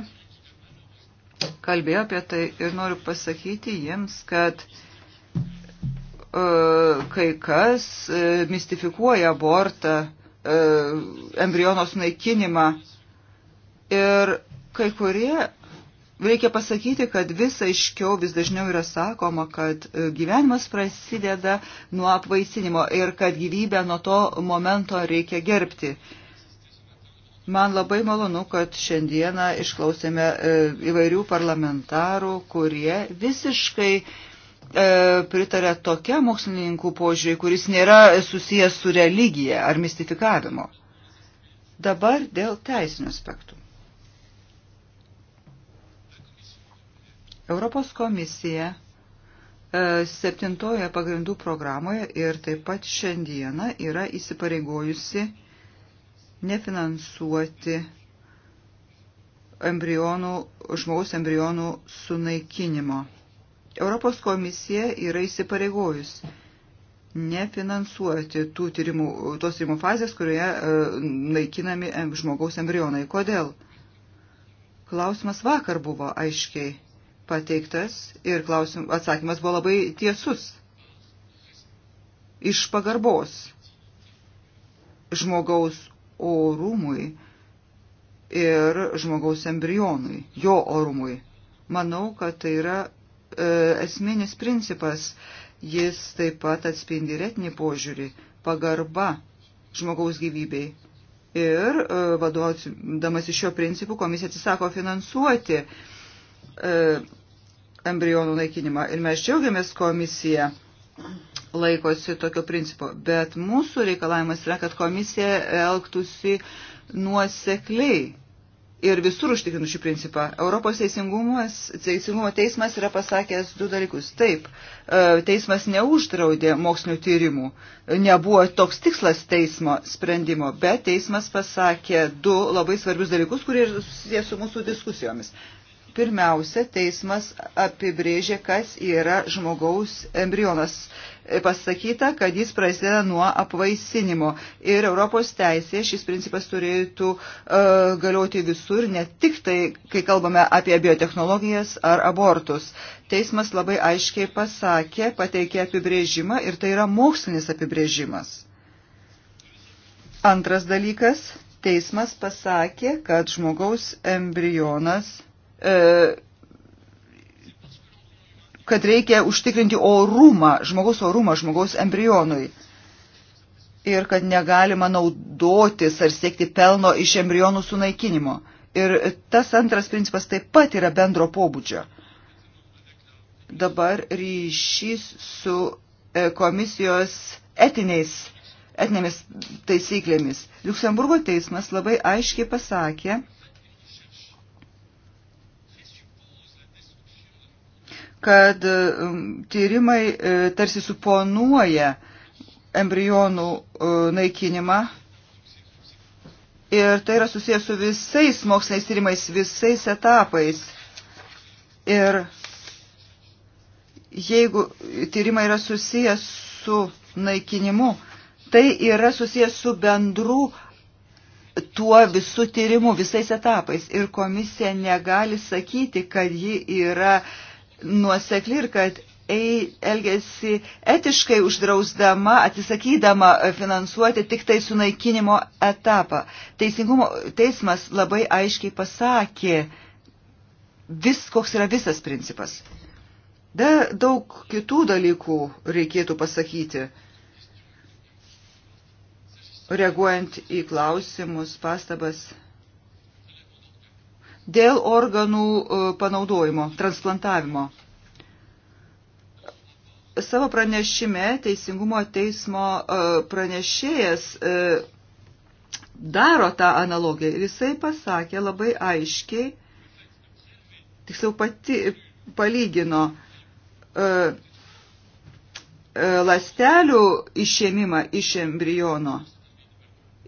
kalbėjo apie tai ir noriu pasakyti jiems, kad e, kai kas e, mistifikuoja abortą, e, embriono sunaikinimą ir kai kurie Reikia pasakyti, kad vis aiškiau, vis dažniau yra sakoma, kad e, gyvenimas prasideda nuo apvaisinimo ir kad gyvybę nuo to momento reikia gerbti. Man labai malonu, kad šiandieną išklausėme e, įvairių parlamentarų, kurie visiškai e, pritarė tokia mokslininkų požiūrį, kuris nėra susijęs su religija ar mistifikavimu. Dabar dėl teisinių aspektų. Europos komisija e, septintoje pagrindų programoje ir taip pat šiandieną yra įsipareigojusi nefinansuoti embrionų, žmogaus embrionų sunaikinimo. Europos komisija yra įsipareigojus nefinansuoti tų tyrimų, tos tyrimų fazės, kurioje e, naikinami žmogaus embrionai. Kodėl? Klausimas vakar buvo aiškiai pateiktas ir klausim, atsakymas buvo labai tiesus. Iš pagarbos žmogaus orumui ir žmogaus embrionui, jo orumui. Manau, kad tai yra e, esminis principas. Jis taip pat atspindi retinį požiūrį, pagarba žmogaus gyvybei. Ir e, vadovaudamas iš šio principų komisija atsisako finansuoti e, E, embrionų naikinimą. Ir mes džiaugiamės komisiją laikosi tokio principo. Bet mūsų reikalavimas yra, kad komisija elgtųsi nuosekliai ir visur užtikrinu šį principą. Europos teisingumo teismas yra pasakęs du dalykus. Taip, e, teismas neuždraudė mokslinio tyrimų, nebuvo toks tikslas teismo sprendimo, bet teismas pasakė du labai svarbius dalykus, kurie susijęs su mūsų diskusijomis. Pirmiausia, teismas apibrėžė, kas yra žmogaus embrionas. Pasakyta, kad jis prasideda nuo apvaisinimo. Ir Europos teisėje šis principas turėtų uh, galioti visur, ne tik tai, kai kalbame apie biotehnologijas ar abortus. Teismas labai aiškiai pasakė, pateikė apibrėžimą ir tai yra mokslinis apibrėžimas. Antras dalykas. Teismas pasakė, kad žmogaus embrionas E, kad reikia užtikrinti orumą, žmogaus orumą, žmogaus embrionui. Ir kad negalima naudotis ar siekti pelno iš embrionų sunaikinimo. Ir tas antras principas taip pat yra bendro pobūdžio. Dabar ryšys su e, komisijos etiniais, etinėmis taisyklėmis. Luksemburgo teismas labai aiškiai pasakė, kad um, tyrimai e, tarsi suponuoja embrionų e, naikinimą ir tai yra susijęs su visais moksliniais tyrimais, visais etapais. Ir jeigu tyrimai yra susijęs su naikinimu, tai yra susijęs su bendru tuo visų tyrimu, visais etapais. Ir komisija negali sakyti, kad ji yra uh, nuosekli ir kad elgesi etiškai uždrausdama, atsisakydama finansuoti tik tai sunaikinimo etapą. Teisingumo teismas labai aiškiai pasakė, vis, koks yra visas principas. Da, daug kitų dalykų reikėtų pasakyti. Reaguojant į klausimus, pastabas dėl organų e, panaudojimo, transplantavimo. Savo pranešime Teisingumo teismo e, pranešėjas e, daro tą analogiją. Jisai pasakė labai aiškiai, tiksliau pati palygino lastelių išėmimą iš embriono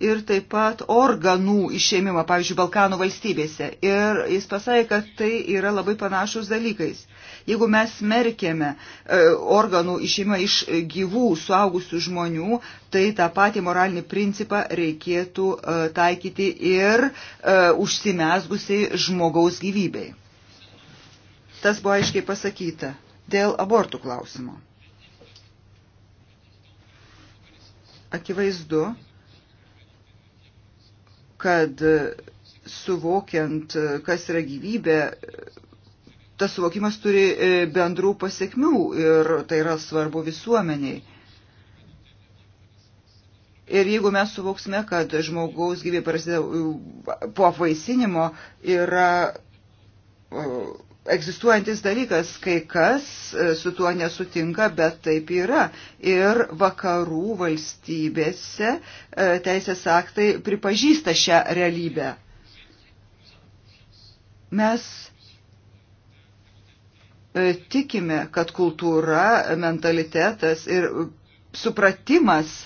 ir taip pat organų išėmimą, pavyzdžiui, Balkanų valstybėse. Ir jis pasakė, kad tai yra labai panašus dalykais. Jeigu mes smerkėme e, organų išėmimą iš gyvų, suaugusių žmonių, tai tą patį moralinį principą reikėtų e, taikyti ir e, užsimesgusiai žmogaus gyvybei. Tas buvo aiškiai pasakyta dėl abortų klausimo. Akivaizdu, kad suvokiant, kas yra gyvybė, tas suvokimas turi e, bendrų pasiekmių ir tai yra svarbu visuomeniai. Ir jeigu mes suvoksime, kad žmogaus gyvybė prasideda po apvaisinimo, yra egzistuojantis dalykas, kai kas e, su tuo nesutinka, bet taip yra. Ir vakarų valstybėse e, teisės aktai pripažįsta šią realybę. Mes e, tikime, kad kultūra, mentalitetas ir supratimas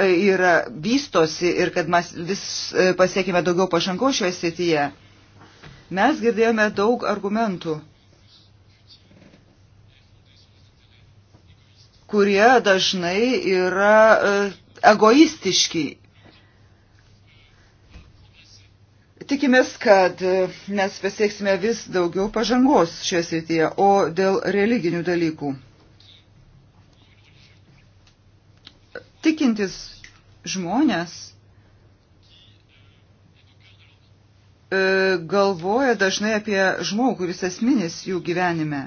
yra vystosi ir kad mes vis pasiekime daugiau pažangos šioje srityje. Mes girdėjome daug argumentų, kurie dažnai yra e, egoistiški. Tikimės, kad e, mes pasieksime vis daugiau pažangos šioje srityje, o dėl religinių dalykų. Tikintis žmonės E, galvoja dažnai apie žmogų, kuris esminis jų gyvenime.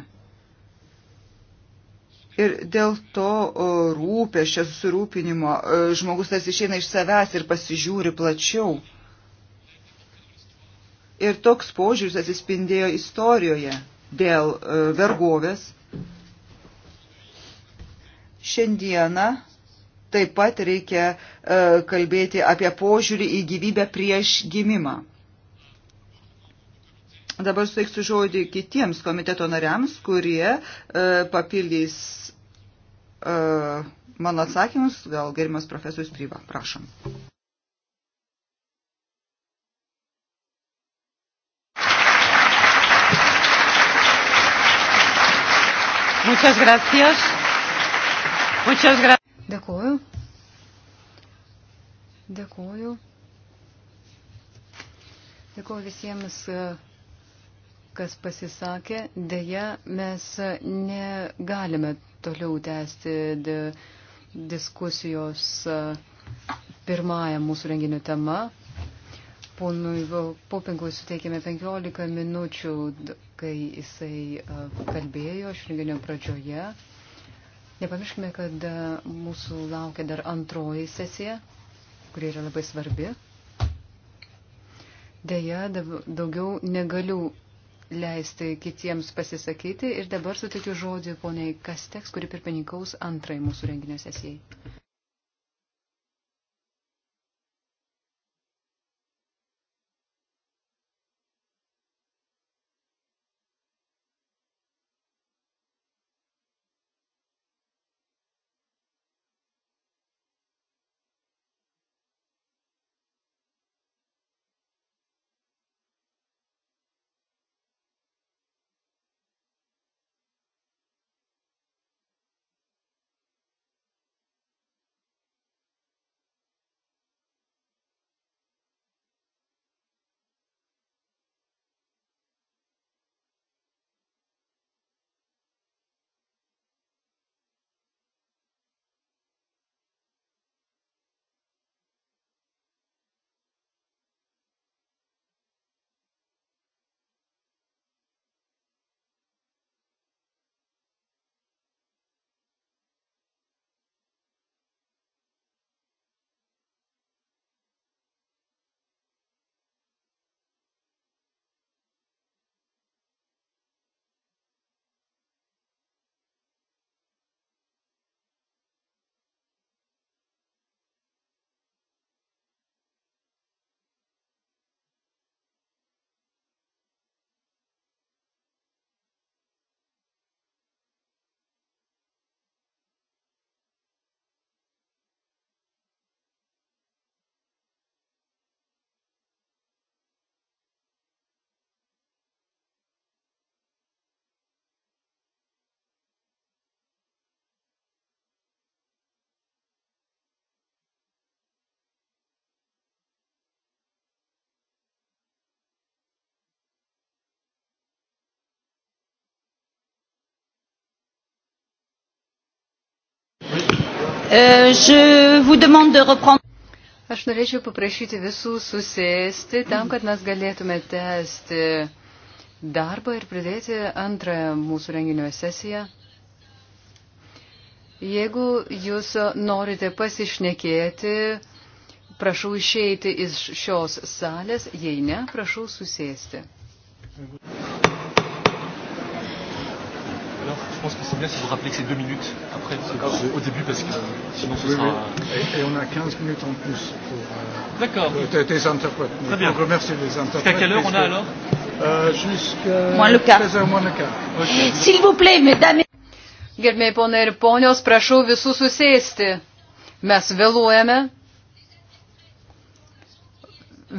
Ir dėl to rūpešio susirūpinimo e, žmogus tas išeina iš savęs ir pasižiūri plačiau. Ir toks požiūris atsispindėjo istorijoje dėl e, vergovės. Šiandieną taip pat reikia kalbėti apie požiūrį į gyvybę prieš gimimą. Dabar suteiksiu žodį kitiems komiteto nariams, kurie e, papildys e, mano atsakymus. Gal gerimas profesorius Pryva, prašom. Muchas gracias. Muchas gra Dėkuoju. Dėkuoju. Dėkuoju visiems. Uh, kas pasisakė, dėja mes negalime toliau tęsti diskusijos pirmąją mūsų renginio temą. Ponui Popingui suteikėme 15 minučių, kai jisai kalbėjo iš renginio pradžioje. Nepamirškime, kad mūsų laukia dar antroji sesija, kuri yra labai svarbi. Deja, daugiau negaliu leisti kitiems pasisakyti ir dabar sutikiu žodį poniai Kasteks, kuri pirmininkaus antrai mūsų renginio sesijai. Euh, Aš norėčiau paprašyti visų susėsti tam, kad mes galėtume tęsti darbą ir pridėti antrąją mūsų renginio sesiją. Jeigu jūs norite pasišnekėti, prašau išeiti iš šios salės, jei ne, prašau susėsti. pense que c'est bien si vous rappelez que c'est deux minutes après, au début, parce que euh, sinon ce oui, sera... Oui. Et, et on a 15 minutes en plus pour euh, D'accord. Des, des interprètes. Très bien. Donc, remercie les interprètes. Jusqu'à quelle heure on a alors euh, Jusqu'à... Moins le quart. 13h moins le quart. Okay. S'il vous plaît, mesdames et... Gerbėjai ponai ir ponios, prašau visus susėsti. Mes vėluojame.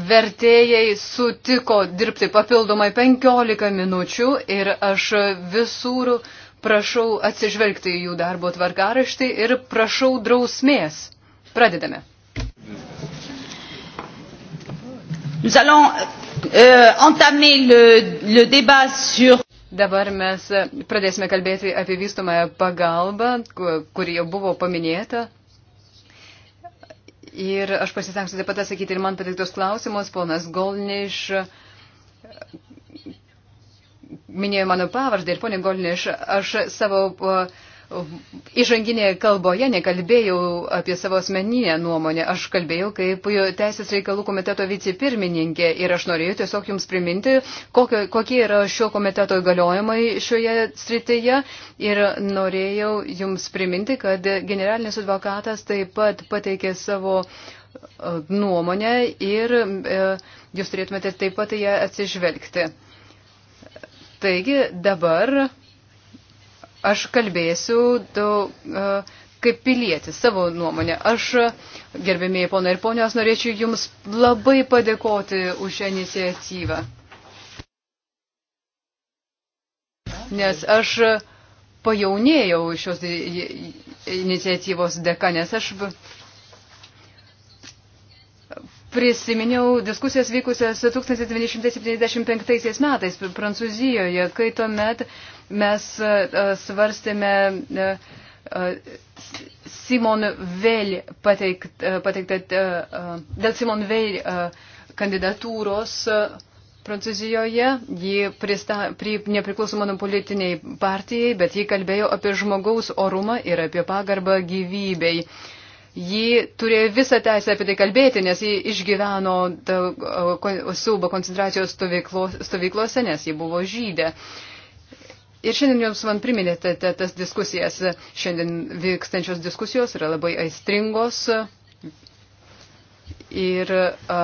Vertėjai sutiko dirbti papildomai 15 minučių ir aš visur Prašau atsižvelgti į jų darbo tvarkaraštį ir prašau drausmės. Pradedame. Nous allons euh, entamer le, le débat sur Dabar mes pradėsime kalbėti apie vystomąją pagalbą, kuri jau buvo paminėta. Ir aš pasistengsiu taip pat atsakyti ir man patiktos klausimus. Ponas Golniš minėjo mano pavardę ir ponė Golniš, aš savo Įžanginėje kalboje nekalbėjau apie savo asmeninę nuomonę, aš kalbėjau kaip Teisės reikalų komiteto vicepirmininkė ir aš norėjau tiesiog jums priminti, kokio, kokie yra šio komiteto įgaliojimai šioje srityje ir norėjau jums priminti, kad generalinis advokatas taip pat pateikė savo nuomonę ir e, jūs turėtumėte taip pat ją atsižvelgti. Taigi dabar aš kalbėsiu to, kaip pilietis savo nuomonę. Aš, gerbėmėjai ponai ir ponios, norėčiau Jums labai padėkoti už šią iniciatyvą. Nes aš pajaunėjau šios iniciatyvos dėka, nes aš prisiminiau diskusijas vykusias 1975 metais Prancūzijoje, kai tuomet mes e, e, svarstėme e, Simon Veil pateiktą dėl Simon Veil kandidatūros Prancūzijoje. Ji prista, pri, nepriklausoma nuo politiniai partijai, bet ji kalbėjo apie žmogaus orumą ir apie pagarbą gyvybei. Uh, Ji turėjo visą teisę apie tai kalbėti, nes ji išgyveno siaubo koncentracijos stovyklose, nes ji buvo žydė. Ir šiandien jums man priminėte tas diskusijas. Šiandien vykstančios diskusijos yra labai aistringos. Ir a,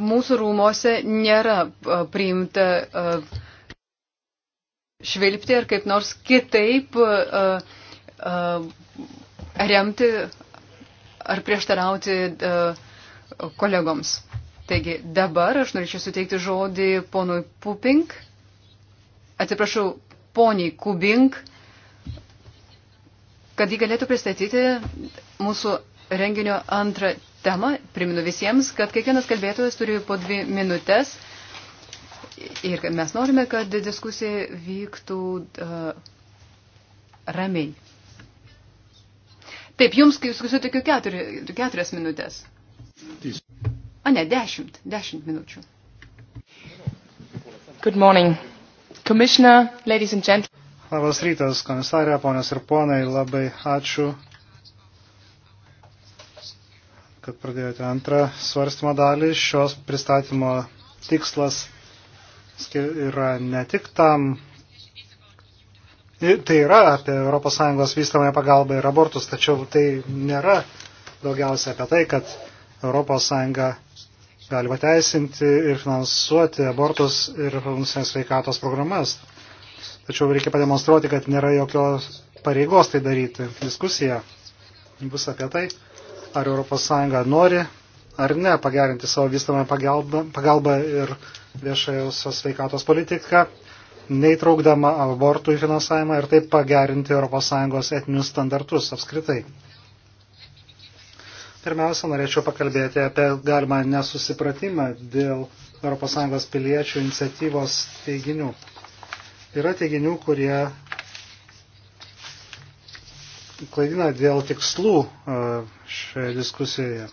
mūsų rūmose nėra a, priimta a, švilpti ar kaip nors kitaip. A, a, remti ar prieštarauti e, kolegoms. Taigi dabar aš norėčiau suteikti žodį ponui Pupink. Atsiprašau, poniai Kubink, kad jį galėtų pristatyti mūsų renginio antrą temą. Priminu visiems, kad kiekvienas kalbėtojas turi po dvi minutės. Ir mes norime, kad diskusija vyktų uh, ramiai. Taip, jums, kai jūs sutikiu keturi, keturias minutės. O ne, dešimt, dešimt minučių. Good morning. Commissioner, ladies and gentlemen. Labas rytas, komisarė, ponios ir ponai, labai ačiū, kad pradėjote antrą svarstymo dalį. Šios pristatymo tikslas yra ne tik tam Tai yra apie ES vystamąją pagalbą ir abortus, tačiau tai nėra daugiausia apie tai, kad ES gali pateisinti ir finansuoti abortus ir funkcinės sveikatos programas. Tačiau reikia pademonstruoti, kad nėra jokios pareigos tai daryti. Diskusija bus apie tai, ar ES nori ar ne pagerinti savo vystamą pagalbą, pagalbą ir viešajosios sveikatos politiką, neįtraukdama abortų į finansavimą ir taip pagerinti ES etinius standartus apskritai. Pirmiausia, norėčiau pakalbėti apie galimą nesusipratimą dėl ES piliečių iniciatyvos teiginių. Yra teiginių, kurie klaidina dėl tikslų e, šioje diskusijoje.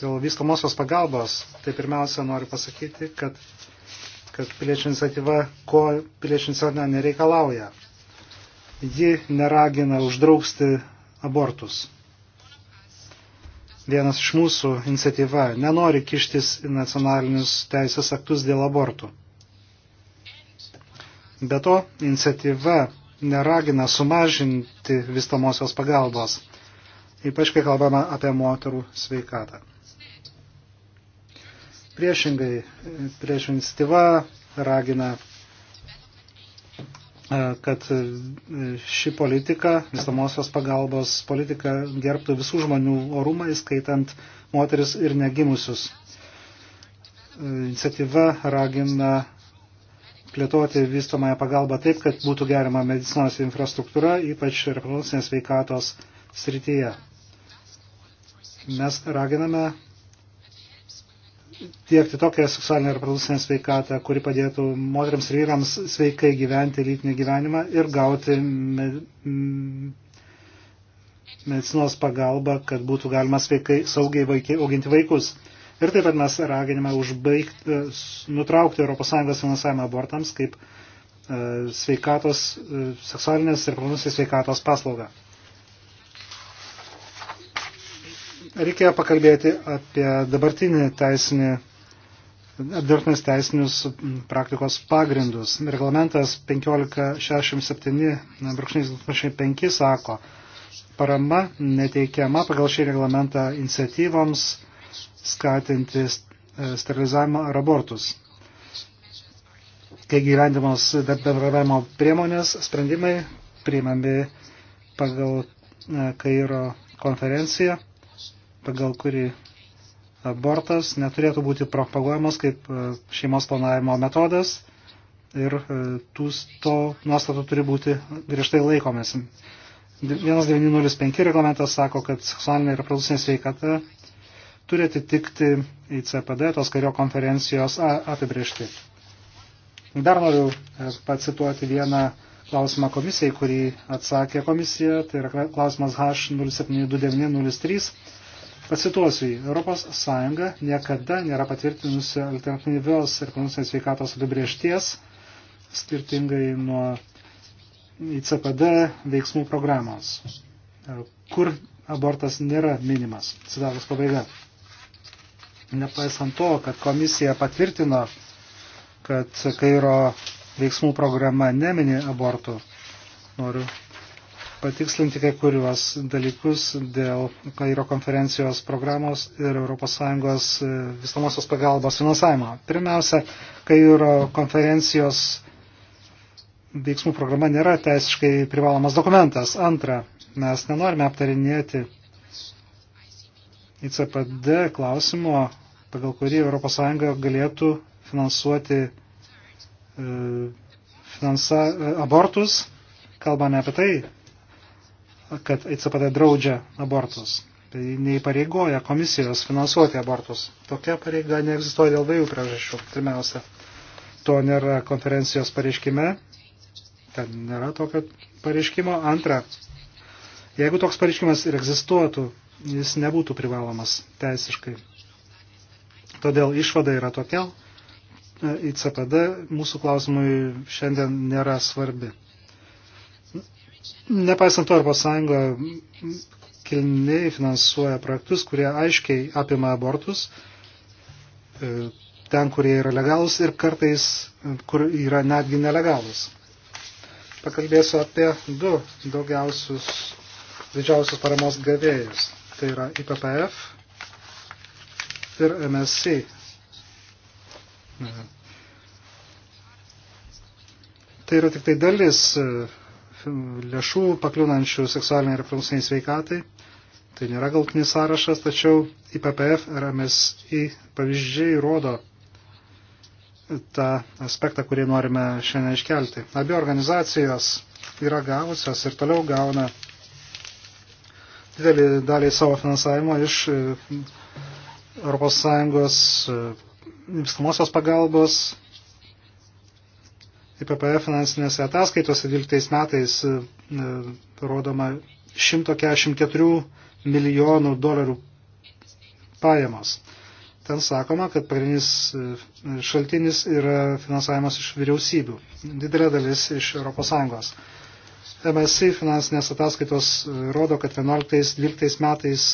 Dėl vystomosios pagalbos, tai pirmiausia noriu pasakyti, kad kad piliečių iniciatyva, ko piliečių iniciatyva nereikalauja. Ji neragina uždrausti abortus. Vienas iš mūsų iniciatyva nenori kištis į nacionalinius teisės aktus dėl abortų. Be to, iniciatyva neragina sumažinti vystamosios pagalbos, ypač kai kalbame apie moterų sveikatą. Priešingai, prieš iniciatyva ragina, e, kad ši politika, visamosios pagalbos politika gerbtų visų žmonių orumą, įskaitant moteris ir negimusius. E, iniciatyva ragina plėtoti vystomąją pagalbą taip, kad būtų gerima medicinos infrastruktūra, ypač reprodukcinės veikatos srityje. Mes raginame tiekti tokią seksualinę ir produkcinę sveikatą, kuri padėtų moteriams ir vyrams sveikai gyventi lytinį gyvenimą ir gauti me, medicinos pagalbą, kad būtų galima sveikai, saugiai vaikai, auginti vaikus. Ir taip pat mes raginime užbaigti, e, nutraukti ES finansavimą abortams kaip e, sveikatos, e, seksualinės ir produkcinės sveikatos paslaugą. Reikėjo pakalbėti apie dabartinį teisinį, dabartinis teisinius praktikos pagrindus. Reglamentas 1567-2005 sako, parama neteikiama pagal šį reglamentą iniciatyvoms skatinti sterilizavimą ar abortus. Kai gyvendimos bendravimo priemonės, sprendimai priimami pagal e, Kairo konferenciją pagal kurį abortas neturėtų būti propaguojamas kaip e, šeimos planavimo metodas ir e, tų, to nuostatų turi būti griežtai laikomės. 1905 reglamentas sako, kad seksualinė ir reproducinė sveikata turi atitikti į CPD tos kario konferencijos apibriešti. Dar noriu e, pacituoti vieną klausimą komisijai, kurį atsakė komisija, tai yra klausimas H0729903 Pacituosiu jį. Europos Sąjunga niekada nėra patvirtinusi alternatyvios ekonominės veikatos apibriešties, skirtingai nuo ICPD veiksmų programos, kur abortas nėra minimas. Citatos pabaiga. Nepaisant to, kad komisija patvirtino, kad Kairo veiksmų programa nemini abortų, noriu patikslinti kai kuriuos dalykus dėl Kairo konferencijos programos ir ES e, visomosios pagalbos finansavimo. Pirmiausia, Kairo konferencijos veiksmų programa nėra teisiškai privalomas dokumentas. Antra, mes nenorime aptarinėti ICPD klausimo, pagal kurį ES galėtų finansuoti e, finansa, e, abortus. Kalbame apie tai, kad ICPD draudžia abortus. Tai neįpareigoja komisijos finansuoti abortus. Tokia pareiga neegzistuoja dėl dviejų priežasčių. Pirmiausia, to nėra konferencijos pareiškime. Ten nėra tokio pareiškimo. Antra, jeigu toks pareiškimas ir egzistuotų, jis nebūtų privalomas teisiškai. Todėl išvada yra tokia, į e, CPD mūsų klausimui šiandien nėra svarbi. Nepaisant to, Europos Sąjunga kilniai finansuoja projektus, kurie aiškiai apima abortus, e, ten, kurie yra legalus ir kartais, e, kur yra netgi nelegalus. Pakalbėsiu apie du daugiausius, didžiausius paramos gavėjus. Tai yra IPPF ir MSC. Mhm. Tai yra tik tai dalis e, lėšų pakliūnančių seksualiniai ir reprodukciniai sveikatai. Tai nėra galtinis sąrašas, tačiau IPPF ir MSI pavyzdžiai rodo tą aspektą, kurį norime šiandien iškelti. Abi organizacijos yra gavusios ir toliau gauna didelį dalį savo finansavimo iš ES e, vystamosios pagalbos IPP finansinėse ataskaitose 12 metais e, rodoma 144 milijonų dolerių pajamos. Ten sakoma, kad pagrindinis e, šaltinis yra finansavimas iš vyriausybių, didelė dalis iš ES. MSI finansinės ataskaitos e, rodo, kad 11-12 metais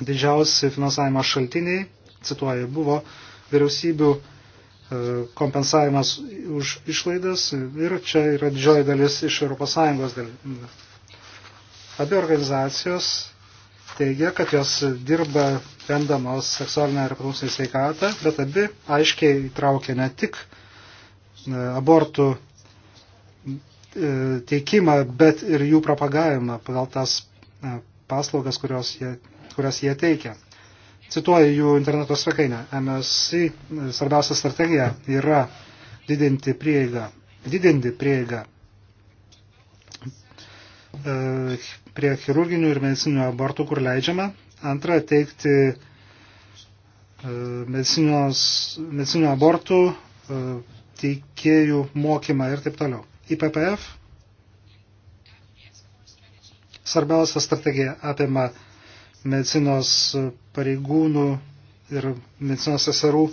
didžiausi finansavimo šaltiniai, cituoju, buvo vyriausybių E, kompensavimas už išlaidas ir čia yra didžioji dalis iš ES dalis. Abi organizacijos teigia, kad jos dirba rendamos seksualinę ir reprodukcinę sveikatą, bet abi aiškiai įtraukia ne tik e, abortų e, teikimą, bet ir jų propagavimą pagal tas paslaugas, kurios jie, kurias jie teikia. Cituoju jų interneto svekainę. MSI e, svarbiausia strategija yra didinti prieigą, didinti prieigą e, prie chirurginių ir medicininių abortų, kur leidžiama. Antra, teikti e, medicininių abortų, teikėjų mokymą ir taip toliau. IPPF svarbiausia strategija apima medicinos pareigūnų ir medicinos seserų e,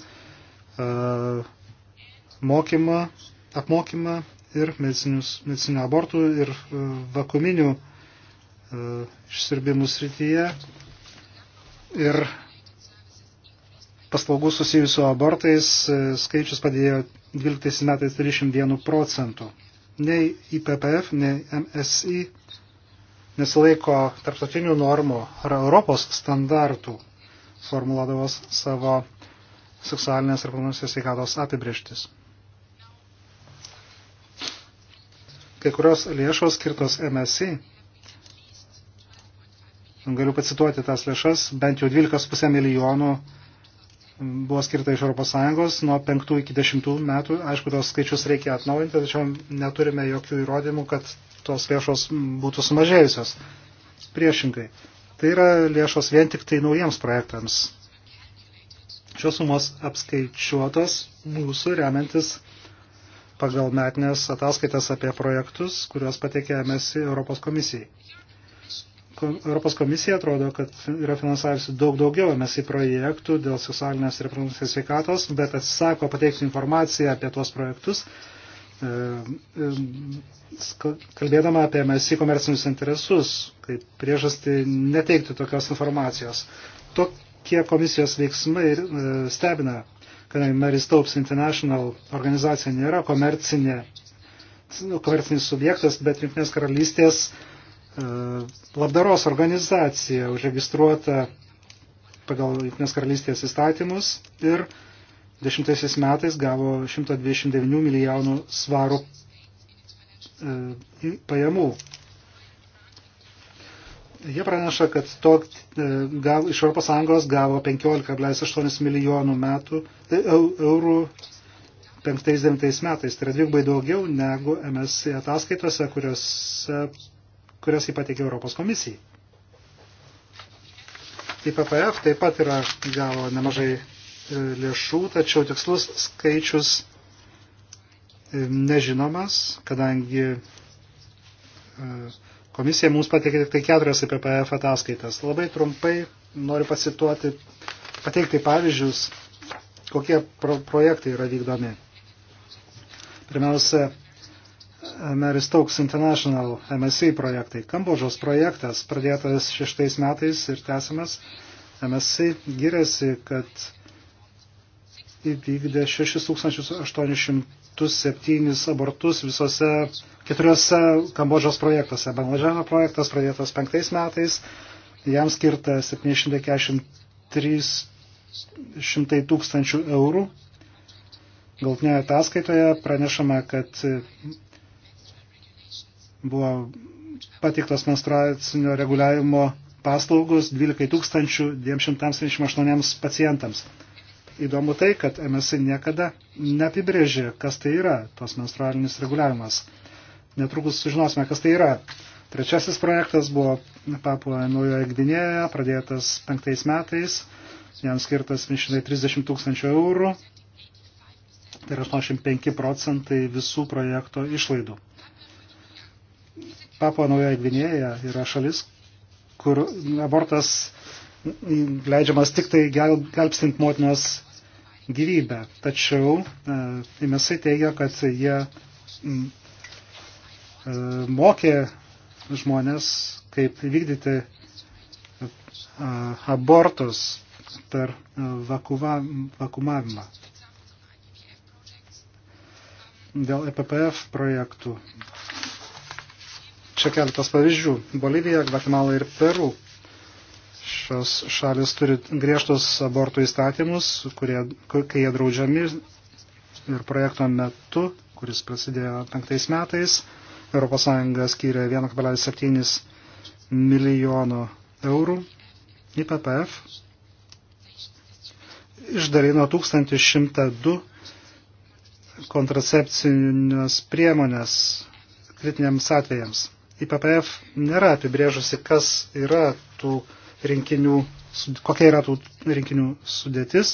mokymą, apmokymą ir medicininių abortų ir e, vakuminių e, išsirbimų srityje ir paslaugų susijusių abortais skaičius padėjo 12 metais 31 procentų. Nei IPPF, nei MSI nesilaiko tarptautinių normų ar Europos standartų, formuluodavos savo seksualinės ir panašios sveikatos apibrieštis. Kai kurios lėšos skirtos MSI, galiu pacituoti tas lėšas, bent jau 12,5 milijonų buvo skirta iš ES nuo 5 iki 10 metų. Aišku, tos skaičius reikia atnaujinti, tačiau neturime jokių įrodymų, kad tos lėšos būtų sumažėjusios. Priešingai. Tai yra lėšos vien tik tai naujiems projektams. Šios sumos apskaičiuotos mūsų remiantis pagal metinės ataskaitas apie projektus, kuriuos pateikėmės Europos komisijai. Europos komisija atrodo, kad yra finansavusi daug daugiau MSI projektų dėl seksualinės ir reprodukcinės sveikatos, bet atsisako pateikti informaciją apie tuos projektus, e, e, kalbėdama apie MSI komercinius interesus, kaip priežasti neteikti tokios informacijos. Tokie komisijos veiksmai e, stebina, kadangi Mary Stopes International organizacija nėra komercinė, komercinis subjektas, bet Junktinės karalystės uh, E, labdaros organizacija užregistruota pagal Junktinės karalystės įstatymus ir 10 metais gavo 129 milijonų svarų e, pajamų. Jie praneša, kad to, e, gal, iš ES gavo 15,8 milijonų metų, eurų 5-9 metais. Tai yra dvigubai daugiau negu MSI ataskaitose, kurios kurias jį pateikė Europos komisijai. IPPF taip pat yra gavo nemažai e, lėšų, tačiau tikslus skaičius e, nežinomas, kadangi e, komisija mums pateikė tik tai keturias IPPF ataskaitas. Labai trumpai noriu pasituoti, pateikti pavyzdžius, kokie pro projektai yra vykdomi. Pirmiausia, Mary Stokes International MSI projektai. Kambodžos projektas pradėtas šeštais metais ir tęsiamas. MSI giriasi, kad įvykdė 6807 abortus visose keturiose Kambodžos projektuose. Bangladžano projektas pradėtas penktais metais, jam skirta 743 tūkstančių eurų. Galtinėje ataskaitoje pranešama, kad buvo patiktos menstruacinio reguliavimo paslaugus 12 278 pacientams. Įdomu tai, kad MSI niekada neapibrėžė, kas tai yra tos menstrualinis reguliavimas. Netrukus sužinosime, kas tai yra. Trečiasis projektas buvo Papuo Naujoje Gvinėje, pradėtas penktais metais, jam skirtas 130 tūkstančių eurų, tai yra 85 procentai visų projekto išlaidų. Papua Naujoje Gvinėje yra šalis, kur abortas leidžiamas tik tai gel, gelbstint motinos gyvybę. Tačiau e, imesai teigia, kad jie m, e, mokė žmonės, kaip vykdyti e, abortus per vakuva, vakumavimą. Dėl EPPF projektų Čia keletas pavyzdžių. Bolivija, Gvatemala ir Peru. Šios šalis turi griežtus abortų įstatymus, kurie, kai jie draudžiami ir projekto metu, kuris prasidėjo penktais metais, ES skyrė 1,7 milijono eurų į PPF. Išdalino 1102 kontracepcinės priemonės kritiniams atvejams. IPPF nėra apibrėžusi, kas yra tų rinkinių, kokia yra tų rinkinių sudėtis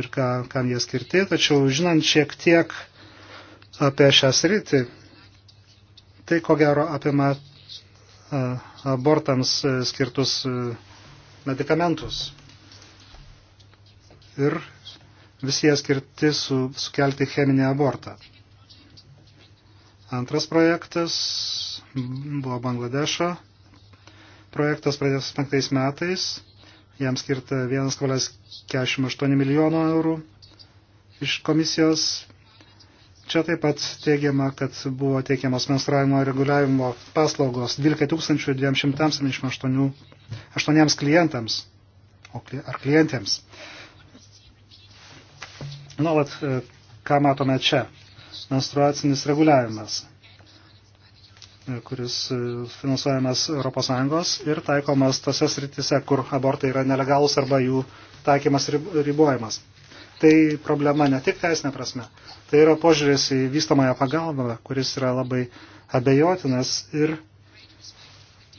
ir ką, kam jie skirti, tačiau žinant šiek tiek apie šią sritį, tai ko gero apima abortams skirtus medikamentus. Ir visi jie skirti su, sukelti cheminį abortą. Antras projektas buvo Bangladešo. Projektas pradės penktais metais, jam skirta 1,48 milijono eurų iš komisijos. Čia taip pat teigiama, kad buvo teikiamos menstruavimo reguliavimo paslaugos 12 278 klientams ar klientėms. Nuolat, e, ką matome čia? Menstruacinis reguliavimas kuris e, finansuojamas ES ir taikomas tose sritise, kur abortai yra nelegalus arba jų taikymas ribojamas. Tai problema ne tik teisinė prasme, tai yra požiūrės į vystamąją pagalbą, kuris yra labai abejotinas ir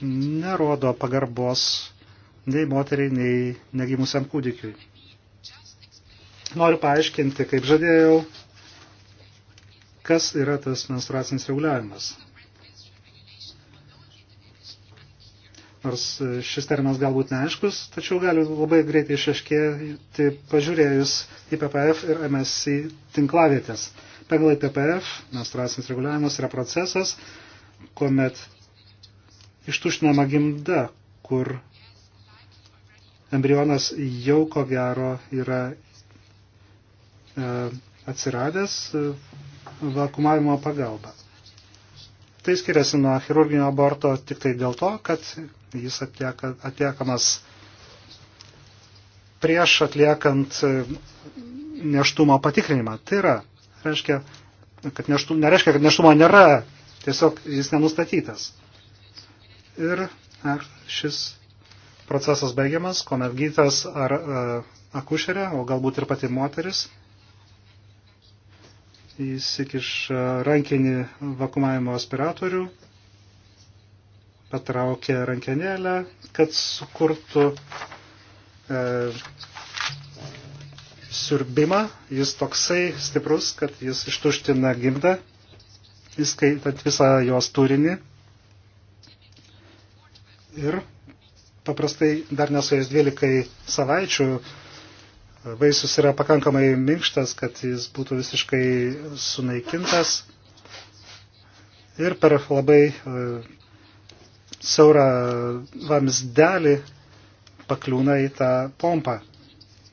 nerodo pagarbos nei moteriai, nei negimusiam kūdikiui. Noriu paaiškinti, kaip žadėjau, kas yra tas menstruacinis reguliavimas. nors e, šis terminas galbūt neaiškus, tačiau gali labai greitai išaiškėti pažiūrėjus į PPF ir MSI tinklavietės. Pagal IPPF, menstruacinis reguliavimas yra procesas, kuomet ištuštinama gimda, kur embrionas jau ko gero yra e, atsiradęs e, vakumavimo pagalba. Tai skiriasi nuo chirurginio aborto tik tai dėl to, kad jis atlieka, atliekamas prieš atliekant e, neštumo patikrinimą. Tai yra, reiškia, kad neštum, nereiškia, kad neštumo nėra, tiesiog jis nenustatytas. Ir ar šis procesas baigiamas, kuomet gytas ar a, e, akušerė, o galbūt ir pati moteris įsikiša rankinį vakumavimo aspiratorių, patraukia rankinėlę, kad sukurtų e, siurbimą. Jis toksai stiprus, kad jis ištuština gimdą, įskaitant visą jos turinį. Ir paprastai dar nesuės 12 savaičių vaisius yra pakankamai minkštas, kad jis būtų visiškai sunaikintas. Ir per labai e, siaurą vamsdelį pakliūna į tą pompą.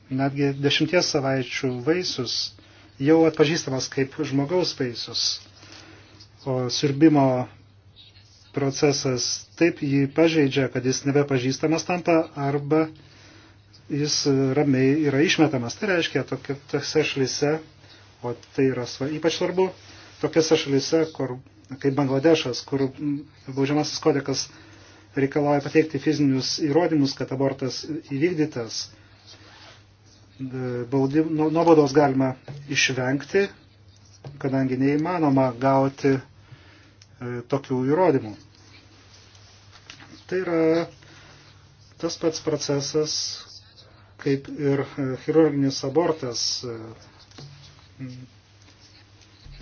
Netgi dešimties savaičių vaisius jau atpažįstamas kaip žmogaus vaisius. O sirbimo procesas taip jį pažeidžia, kad jis nebepažįstamas tampa arba jis ramiai yra išmetamas. Tai reiškia, tokiose šalyse, o tai yra ypač svarbu, tokiose šalyse, kur, kaip Bangladešas, kur baudžiamasis kodekas reikalauja pateikti fizinius įrodymus, kad abortas įvykdytas, e, nu, nuobodos galima išvengti, kadangi neįmanoma gauti e, tokių įrodymų. Tai yra tas pats procesas, kaip ir e, chirurginis abortas. E,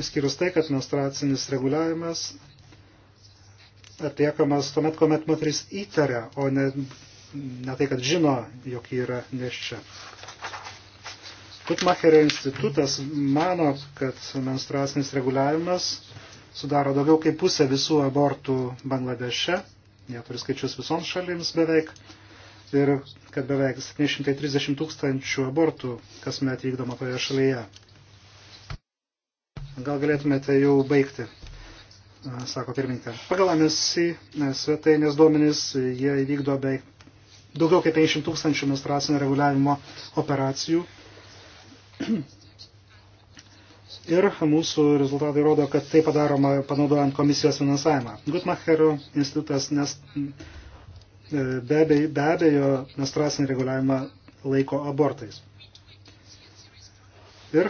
išskyrus tai, kad menstruacinis reguliavimas atliekamas tuomet, kuomet moteris įtaria, o ne, ne tai, kad žino, jog ji yra neščia. Kutmacherio institutas mano, kad menstruacinis reguliavimas sudaro daugiau kaip pusę visų abortų Bangladeše. Jie turi skaičius visoms šalims beveik ir kad beveik 730 tūkstančių abortų kasmet vykdoma toje šalyje. Gal galėtumėte jau baigti, sako pirmininkė. Pagal AMSI svetainės duomenys, jie įvykdo beveik daugiau kaip 50 tūkstančių administracinio reguliavimo operacijų. Ir mūsų rezultatai rodo, kad tai padaroma panaudojant komisijos finansavimą. Gutmacherio institutas nes E, be abejo, be abejo menstruacinį reguliavimą laiko abortais. Ir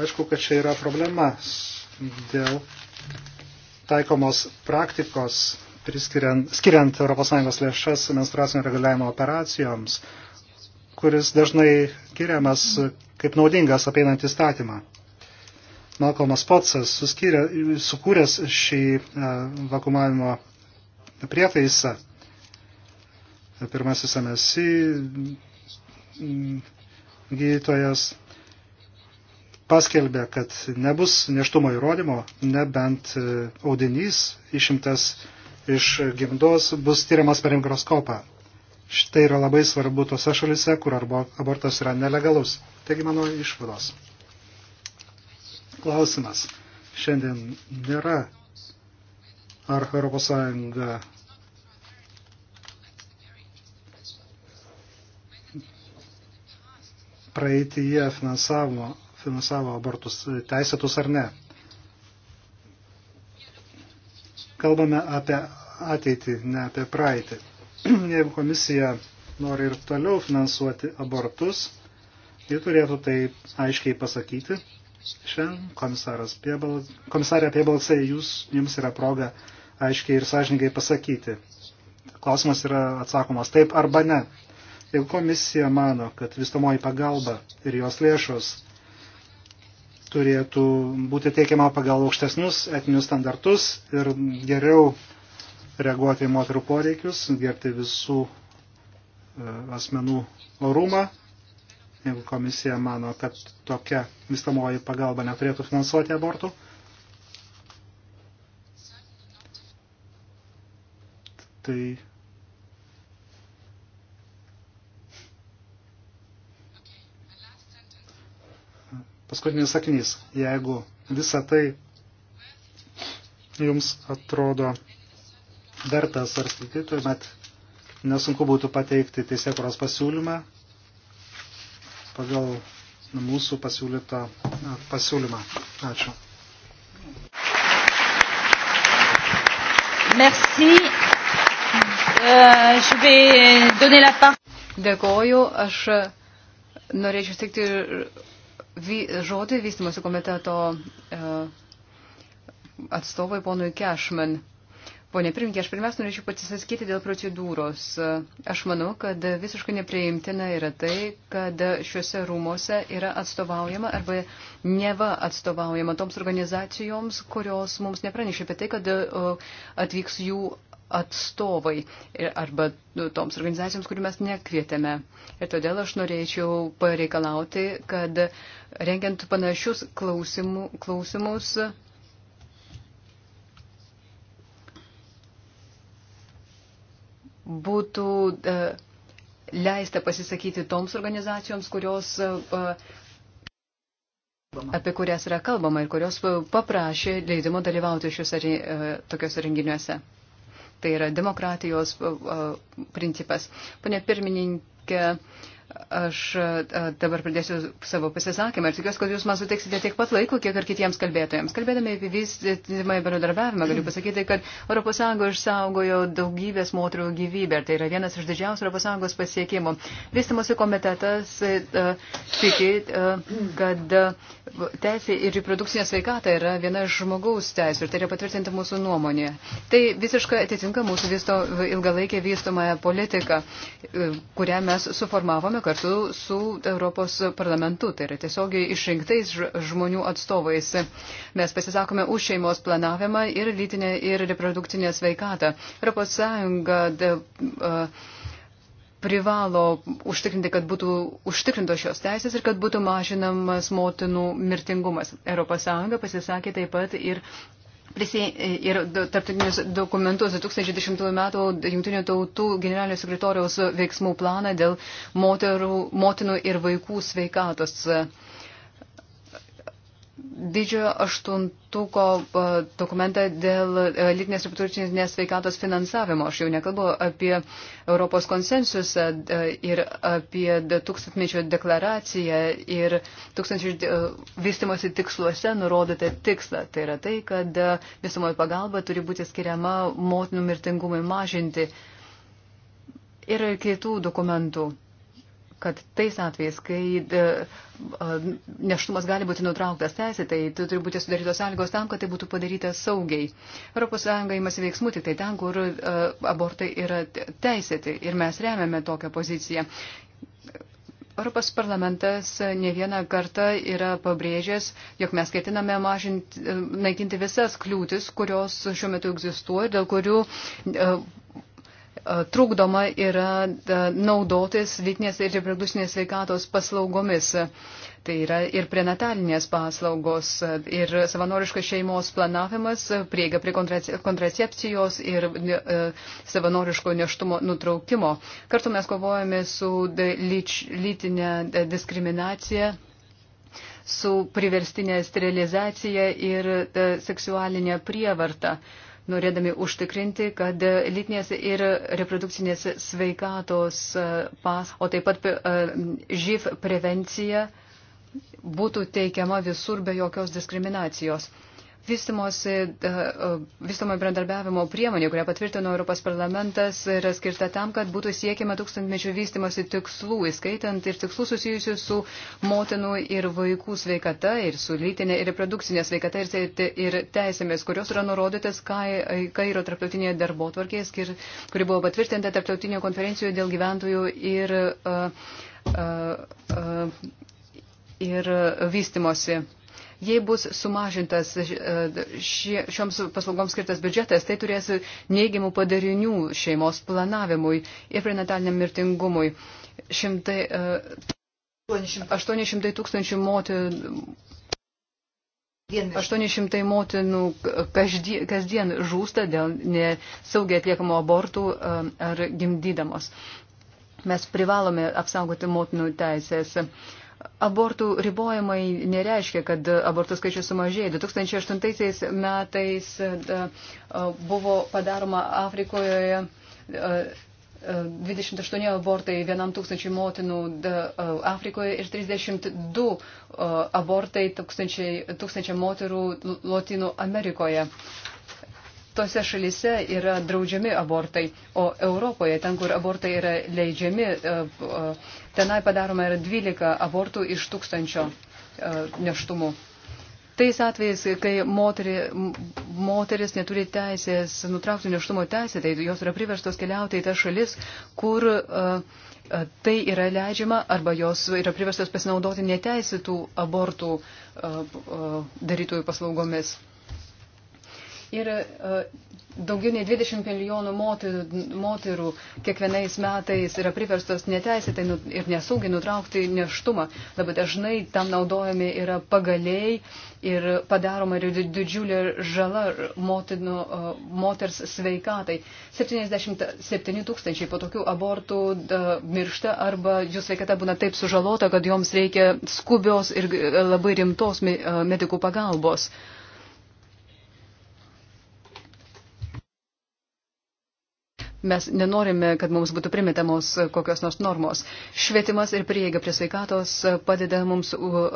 aišku, kad čia yra problema dėl taikomos praktikos, skiriant ES lėšas menstruacinio reguliavimo operacijoms, kuris dažnai skiriamas kaip naudingas apeinant įstatymą. Malcolmas Potsas suskyrė, sukūręs šį e, vakumavimo prietaisą pirmasis MSI mm, gydytojas paskelbė, kad nebus neštumo įrodymo, nebent e, audinys išimtas iš gimdos bus tyriamas per mikroskopą. Štai yra labai svarbu tose šalise, kur abortas yra nelegalus. Taigi mano išvados. Klausimas šiandien nėra, ar ES praeitįje finansavo, finansavo abortus e, teisėtus ar ne. Kalbame apie ateitį, ne apie praeitį. Jeigu komisija nori ir toliau finansuoti abortus, ji turėtų tai aiškiai pasakyti. Šiandien komisaras Piebal, komisarė Piebalsai, jūs, jums yra proga aiškiai ir sąžininkai pasakyti. Klausimas yra atsakomas taip arba ne. Jeigu komisija mano, kad vystomoji pagalba ir jos lėšos turėtų būti teikiama pagal aukštesnius etinius standartus ir geriau reaguoti į moterų poreikius, gerti visų e, asmenų orumą. Jeigu komisija mano, kad tokia vystamoji pagalba neturėtų finansuoti abortų, tai Paskutinis sakinys. Jeigu visa tai jums atrodo verta svarstyti, tuomet nesunku būtų pateikti teisėkuros pasiūlymą pagal mūsų pasiūlytą pasiūlymą. Ačiū. Merci. Uh, je vais donner la part. Dėkoju. Aš norėčiau steikti vy, žodį vystimosi komiteto e, atstovai ponui Kešman. Pone Primkė, aš pirmiausia norėčiau pasisaskyti dėl procedūros. E, aš manau, kad visiškai nepriimtina yra tai, kad šiuose rūmose yra atstovaujama arba neva atstovaujama toms organizacijoms, kurios mums nepranešė apie tai, kad e, atvyks jų atstovai arba nu, toms organizacijoms, kurių mes nekvietėme. Ir todėl aš norėčiau pareikalauti, kad rengiant panašius klausimų, klausimus. būtų e, leista pasisakyti toms organizacijoms, kurios e, apie kurias yra kalbama ir kurios paprašė leidimo dalyvauti šiuose e, tokiuose renginiuose. Tai yra demokratijos principas. Pane pirmininkė, Aš e, e, dabar pradėsiu savo pasisakymą ir tikiuosi, kad jūs man suteiksite tiek pat laiko, kiek ir kitiems kalbėtojams. Kalbėdami apie vystymą ir bendradarbiavimą, galiu mm. pasakyti, kad ES išsaugojo daugybės moterų gyvybę ir tai yra vienas iš didžiausių ES pasiekimų. Vystymosi komitetas e, tiki, kad teisė ir reprodukcinė sveikata yra viena iš žmogaus teisų ir tai yra patvirtinta mūsų nuomonė. Tai visiškai atitinka mūsų vysto, ilgalaikė vystomąją politiką, kurią mes suformavome kartu su Europos parlamentu, tai yra tiesiogiai išrinktais žmonių atstovais. Mes pasisakome už šeimos planavimą ir lytinę ir reprodukcinę sveikatą. Europos Sąjunga de, uh, privalo užtikrinti, kad būtų užtikrintos šios teisės ir kad būtų mažinamas motinų mirtingumas. ES pasisakė taip pat ir Prisi, e, ir tarptautinius dokumentus 2010 m. Junktinių tautų generalinio sekretoriaus veiksmų planą dėl moterų, motinų ir vaikų sveikatos. Uh, didžiojo aštuntuko e, dokumentą dėl lytinės reprodukcinės sveikatos finansavimo. Aš jau nekalbu apie Europos konsensusą e, ir apie tūkstantmečio deklaraciją ir tūkstančių e, vystimosi tiksluose nurodytą tikslą. Tai yra tai, kad visumoji pagalba turi būti skiriama motinų mirtingumui mažinti. Yra ir kitų dokumentų kad tais atvejais, kai e, e, neštumas gali būti nutrauktas teisė, tai turi būti sudarytos sąlygos tam, kad tai būtų padaryta saugiai. ES įmasi veiksmų tik tai ten, kur e, abortai yra teisėti ir mes remiame tokią poziciją. Europos parlamentas ne vieną kartą yra pabrėžęs, jog mes ketiname mažinti, naikinti visas kliūtis, kurios šiuo metu egzistuoja, dėl kurių E, trukdoma yra e, naudotis lytinės ir reproducinės sveikatos paslaugomis. Tai yra ir prenatalinės paslaugos, e, ir savanoriškas šeimos planavimas, prieiga prie kontracepcijos ir savanoriško neštumo nutraukimo. Kartu mes kovojame su lyč, lytinė diskriminacija su priverstinė sterilizacija ir seksualinė prievarta. Uh, norėdami užtikrinti, kad lytinės ir reprodukcinės sveikatos e, pas, o taip pat e, živ prevencija būtų teikiama visur be jokios diskriminacijos. Vystomo bendradarbiavimo priemonė, kurią patvirtino Europos parlamentas, yra skirta tam, kad būtų siekiama tūkstantmečių vystimosi tikslų, įskaitant ir tikslų susijusių su motinų ir vaikų sveikata, ir su lytinė ir reprodukcinė sveikata ir, ir teisėmis, kurios yra nurodytas Kairo tarptautinėje darbo tvarkės, kuri buvo patvirtinta tarptautinėje konferencijoje dėl gyventojų ir, uh, uh, uh, ir vystimosi. Jei bus sumažintas e, šie, šioms paslaugoms skirtas biudžetas, tai turės neigiamų padarinių šeimos planavimui ir prenataliniam mirtingumui. Šimtai, 800 e, tūkstančių moterų. 800 motinų kasdien, kasdien žūsta dėl nesaugiai atliekamų abortų e, ar gimdydamos. Mes privalome apsaugoti motinų teisės. Uh, abortų ribojimai nereiškia, kad abortų skaičius sumažėjo. 2008 metais buvo padaroma Afrikoje 28 abortai vienam tūkstančiai motinų Afrikoje ir 32 abortai tūkstančiai, tūkstančiai moterų Lotynų Amerikoje tose šalise yra draudžiami abortai, o Europoje, ten, kur abortai yra leidžiami, e, e, tenai padaroma yra 12 abortų iš tūkstančio e, neštumų. Tais atvejais, kai moteri, moteris neturi teisės nutraukti neštumo teisę, tai jos yra priverstos keliauti į tas šalis, kur uh, tai yra leidžiama arba jos yra priverstos pasinaudoti neteisėtų abortų uh, uh, darytųjų paslaugomis. Uh, Ir e, daugiau nei 20 milijonų moterų, moterų kiekvienais metais yra priverstos neteisėtai nu, ir nesaugiai nutraukti neštumą. Labai dažnai tam naudojami yra pagaliai ir padaroma ir didžiulė žala motino, e, moters sveikatai. 77 tūkstančiai po tokių abortų miršta arba jų sveikata būna taip sužalota, kad joms reikia skubios ir e, labai rimtos medikų pagalbos. Mes nenorime, kad mums būtų primetamos kokios nors normos. Švietimas ir prieiga prie sveikatos padeda mums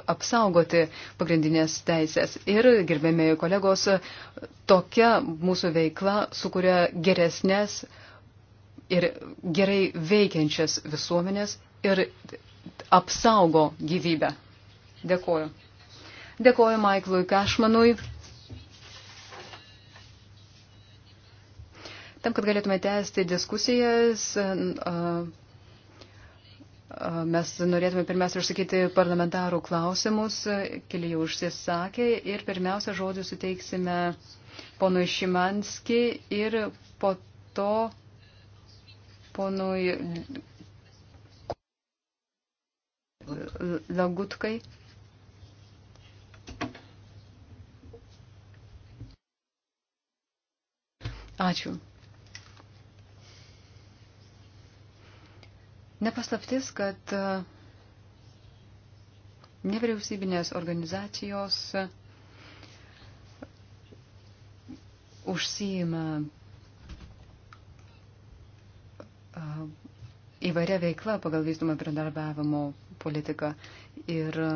apsaugoti pagrindinės teisės. Ir, gerbėmėjai kolegos, tokia mūsų veikla sukuria geresnės ir gerai veikiančias visuomenės ir apsaugo gyvybę. Dėkuoju. Dėkuoju Maiklui Kašmanui. Tam, kad galėtume tęsti diskusijas, mes norėtume pirmiausia užsakyti parlamentarų klausimus, keli jau užsisakė ir pirmiausia žodį suteiksime ponui Šimanski ir po to ponui Lagutkai. Ačiū. Nepaslaptis, kad e, nevyriausybinės organizacijos e, užsijima e, įvairia veikla pagal vystumą bendradarbiavimo politiką ir uh,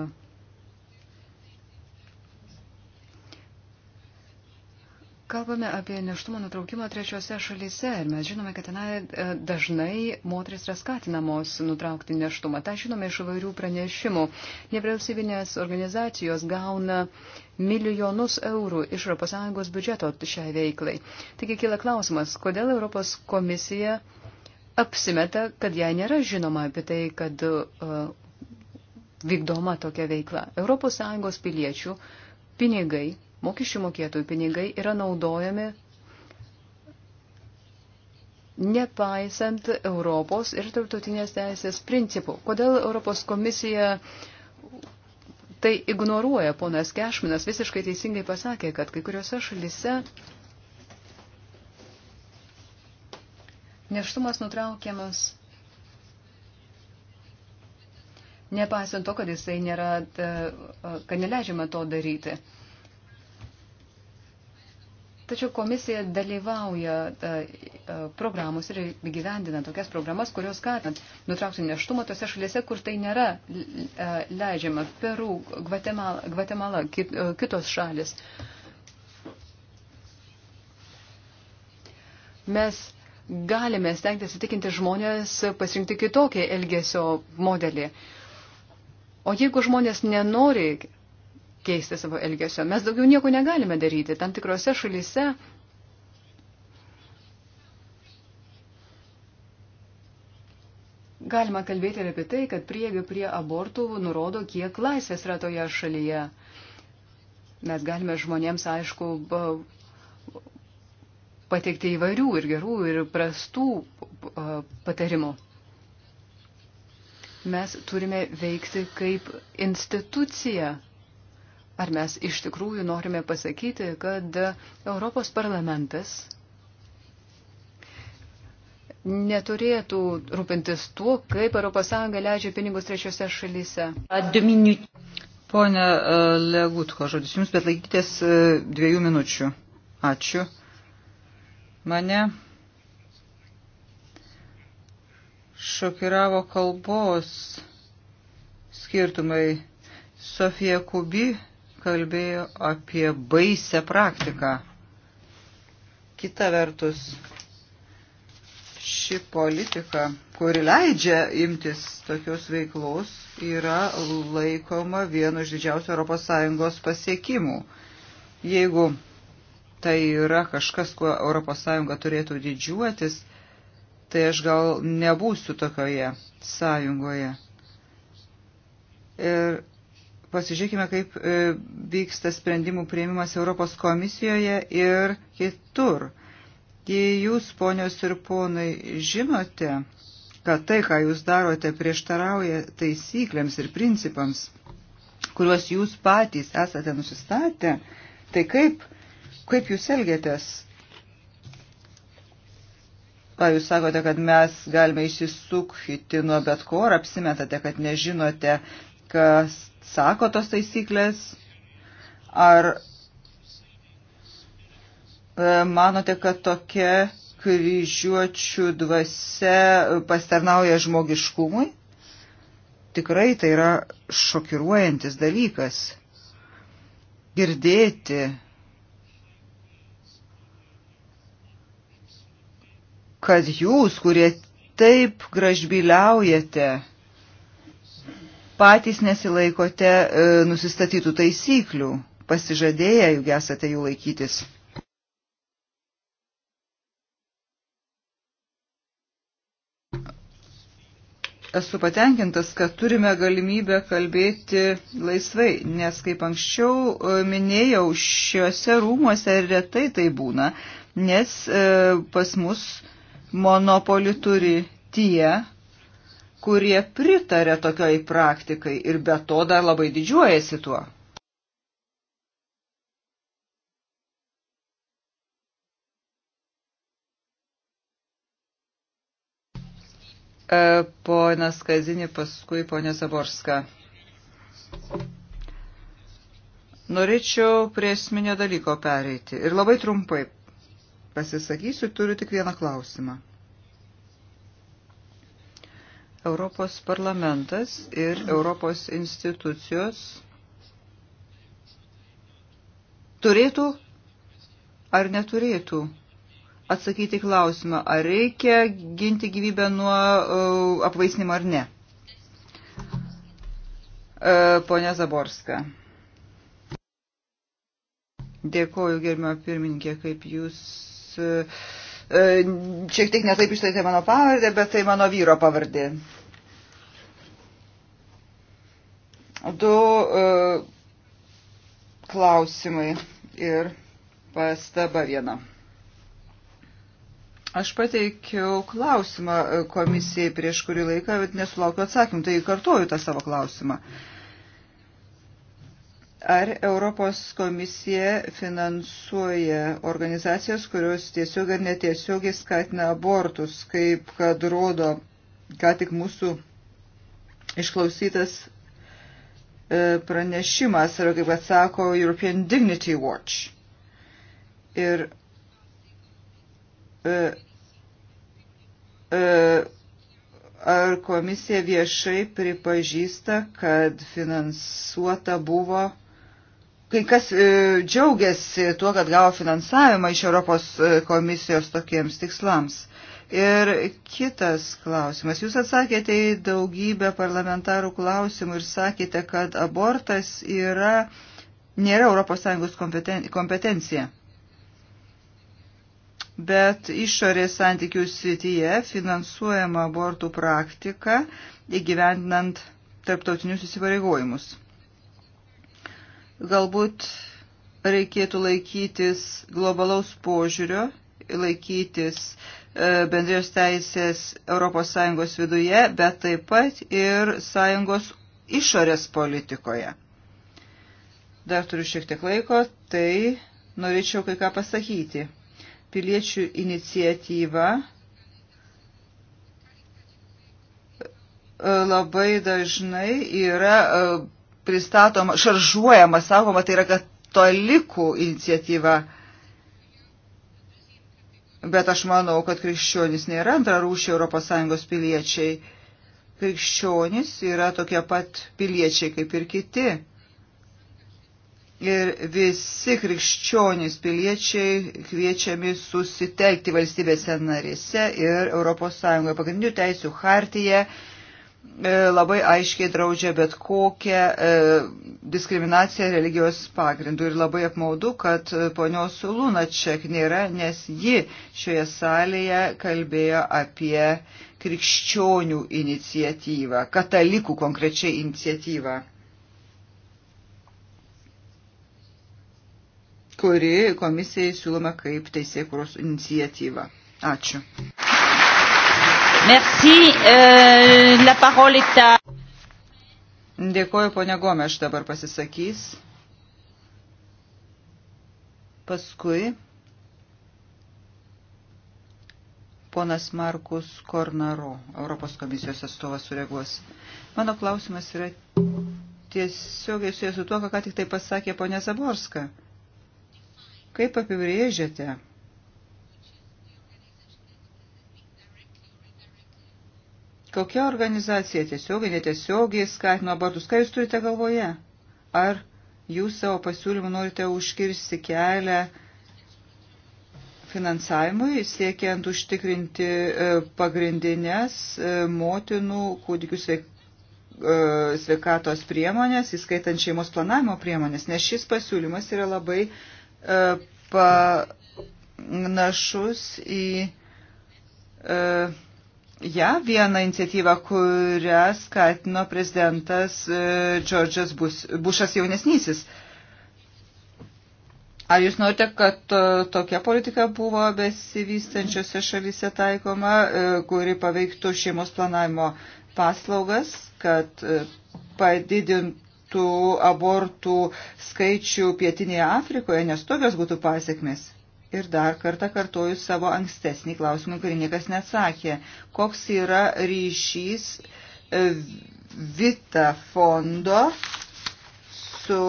Kalbame apie neštumo nutraukimą trečiose šalyse ir mes žinome, kad tenai e, dažnai moteris yra skatinamos nutraukti neštumą. Ta žinome iš įvairių pranešimų. Nevyriausybinės organizacijos gauna milijonus eurų iš ES biudžeto šiai veiklai. Taigi kyla klausimas, kodėl Europos komisija apsimeta, kad jai nėra žinoma apie tai, kad uh, vykdoma tokia veikla. ES piliečių pinigai mokesčių mokėtojų pinigai yra naudojami nepaisant Europos ir tarptautinės teisės principų. Kodėl Europos komisija tai ignoruoja? Ponas Kešminas visiškai teisingai pasakė, kad kai kuriuose šalise neštumas nutraukiamas nepaisant to, kad jisai nėra, kad neleidžiama to daryti. Tačiau komisija dalyvauja e, e, programos ir gyvendina tokias programas, kurios skatinant nutraukti neštumą tose šalyse, kur tai nėra e, leidžiama. Peru, Gvatemala, Gvatemala kitos šalis. Mes galime stengtis įtikinti žmonės pasirinkti kitokį elgesio modelį. O jeigu žmonės nenori keisti savo elgesio. Mes daugiau nieko negalime daryti. Tam tikrose šalyse galima kalbėti ir apie tai, kad prieiga prie abortų nurodo, kiek laisvės yra toje šalyje. Mes galime žmonėms, aišku, pateikti įvairių ir gerų ir prastų patarimų. Mes turime veikti kaip institucija Ar mes iš tikrųjų norime pasakyti, kad Europos parlamentas neturėtų rūpintis tuo, kaip ES leidžia pinigus trečiose šalyse. Pone e, Legutko, žodis jums, bet laikytės e, dviejų minučių. Ačiū. Mane šokiravo kalbos skirtumai. Sofija Kubi kalbėjo apie baisę praktiką. Kita vertus, ši politika, kuri leidžia imtis tokios veiklos, yra laikoma vienu iš didžiausių ES pasiekimų. Jeigu tai yra kažkas, kuo ES turėtų didžiuotis, tai aš gal nebūsiu tokioje sąjungoje. Ir pasižiūrėkime, kaip e, vyksta sprendimų prieimimas Europos komisijoje ir kitur. Jei jūs, ponios ir ponai, žinote, kad tai, ką jūs darote, prieštarauja taisyklėms ir principams, kuriuos jūs patys esate nusistatę, tai kaip, kaip jūs elgiatės? Ką jūs sakote, kad mes galime išsisukti nuo bet ko, ar apsimetate, kad nežinote, kas sako tos taisyklės, ar e, manote, kad tokia kryžiuočių dvasia pastarnauja žmogiškumui? Tikrai tai yra šokiruojantis dalykas. Girdėti, kad jūs, kurie taip gražbiliaujate, patys nesilaikote e, nusistatytų taisyklių, pasižadėję, juk esate jų laikytis. esu patenkintas, kad turime galimybę kalbėti laisvai, nes kaip anksčiau e, minėjau, šiuose rūmuose retai tai būna, nes e, pas mus monopolį turi tie, kurie pritarė tokioj praktikai ir be to dar labai didžiuojasi tuo. E, ponas Kazinė, paskui ponė Zaborska. Norėčiau prie esminio dalyko pereiti ir labai trumpai pasisakysiu, turiu tik vieną klausimą. Europos parlamentas ir Europos institucijos turėtų ar neturėtų atsakyti klausimą, ar reikia ginti gyvybę nuo uh, apvaisnimo ar ne. Uh, e, Pone Zaborska. Dėkoju, gerbimo pirmininkė, kaip jūs uh, E, šiek tiek netaip ištaitė mano pavardę, bet tai mano vyro pavardė. Du e, klausimai ir pastaba viena. Aš pateikiau klausimą e, komisijai prieš kurį laiką, bet nesulaukiu atsakymų, tai kartuoju tą savo klausimą. Uh, Ar Europos komisija finansuoja organizacijas, kurios tiesiog ar netiesiogiai skatina abortus, kaip kad rodo ką tik mūsų išklausytas e, pranešimas, ar kaip atsako European Dignity Watch. Ir e, e, ar komisija viešai pripažįsta, kad finansuota buvo Kai kas e, džiaugiasi tuo, kad gavo finansavimą iš Europos e, komisijos tokiems tikslams. Ir kitas klausimas. Jūs atsakėte į daugybę parlamentarų klausimų ir sakėte, kad abortas yra, nėra ES kompetencija. Bet išorės santykių srityje finansuojama abortų praktika įgyvendinant tarptautinius įsivareigojimus. Galbūt reikėtų laikytis globalaus požiūrio, laikytis e, bendrijos teisės ES viduje, bet taip pat ir sąjungos išorės politikoje. Dar turiu šiek tiek laiko, tai norėčiau kai ką pasakyti. Piliečių iniciatyva e, labai dažnai yra e, pristatoma, šaržuojama, sakoma, tai yra katalikų iniciatyva. Bet aš manau, kad krikščionys nėra antrarūšiai ES piliečiai. Krikščionys yra tokie pat piliečiai kaip ir kiti. Ir visi krikščionys piliečiai kviečiami susitelkti valstybėse narėse ir ES pagrindinių teisių hartyje E, labai aiškiai draudžia bet kokią e, diskriminaciją religijos pagrindų. Ir labai apmaudu, kad e, ponios Lunačiak nėra, nes ji šioje salėje kalbėjo apie krikščionių iniciatyvą, katalikų konkrečiai iniciatyvą, kuri komisijai siūloma kaip teisėkuros iniciatyva. Ačiū. Merci. Euh, la parole est à... Dėkoju, ponia Gomeš dabar pasisakys. Paskui ponas Markus Kornaro, Europos komisijos atstovas, sureaguos. Mano klausimas yra tiesiogiai susijęs su tuo, ką tik tai pasakė ponia Zaborska. Kaip apibrėžiate Kokia organizacija tiesiogiai, netiesiogiai skatino abortus? Ką jūs turite galvoje? Ar jūs savo pasiūlymu norite užkirsti kelią finansavimui, siekiant užtikrinti e, pagrindinės e, motinų kūdikių e, sveikatos priemonės, įskaitant šeimos planavimo priemonės, nes šis pasiūlymas yra labai panašus į ją ja, vieną iniciatyvą, kurią skatino prezidentas e, Džordžas Bušas jaunesnysis. Ar jūs norite, kad e, tokia politika buvo besivystančiose šalyse taikoma, e, kuri paveiktų šeimos planavimo paslaugas, kad padidintų abortų skaičių pietinėje Afrikoje, nes tokios būtų pasiekmes? ir dar kartą kartoju savo ankstesnį klausimą, kurį niekas nesakė. Koks yra ryšys e, Vita fondo su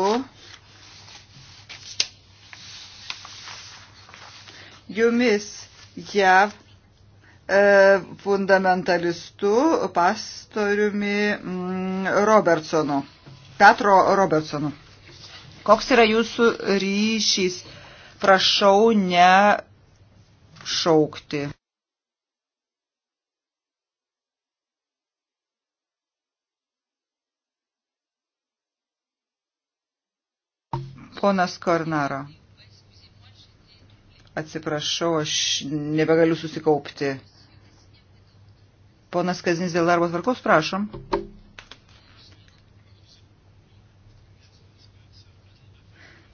jumis JAV e, fundamentalistu pastoriumi mm, Robertsonu, Petro Robertsonu. Koks yra jūsų ryšys? prašau ne šaukti. Ponas Kornaro. Atsiprašau, aš nebegaliu susikaupti. Ponas Kaznis dėl darbo tvarkos, prašom.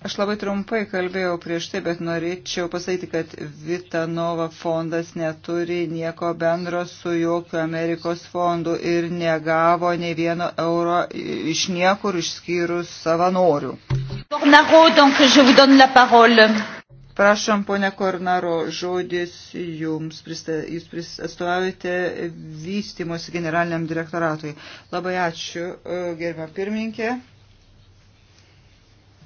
Aš labai trumpai kalbėjau prieš tai, bet norėčiau pasakyti, kad Vitanova fondas neturi nieko bendro su jokiu Amerikos fondu ir negavo nei vieno euro iš niekur išskyrus savanorių. Kornaro, donc, Prašom, ponia Kornaro, žodis jums. Jūs atstovaujate vystimosi generaliniam direktoratui. Labai ačiū, gerbė pirmininkė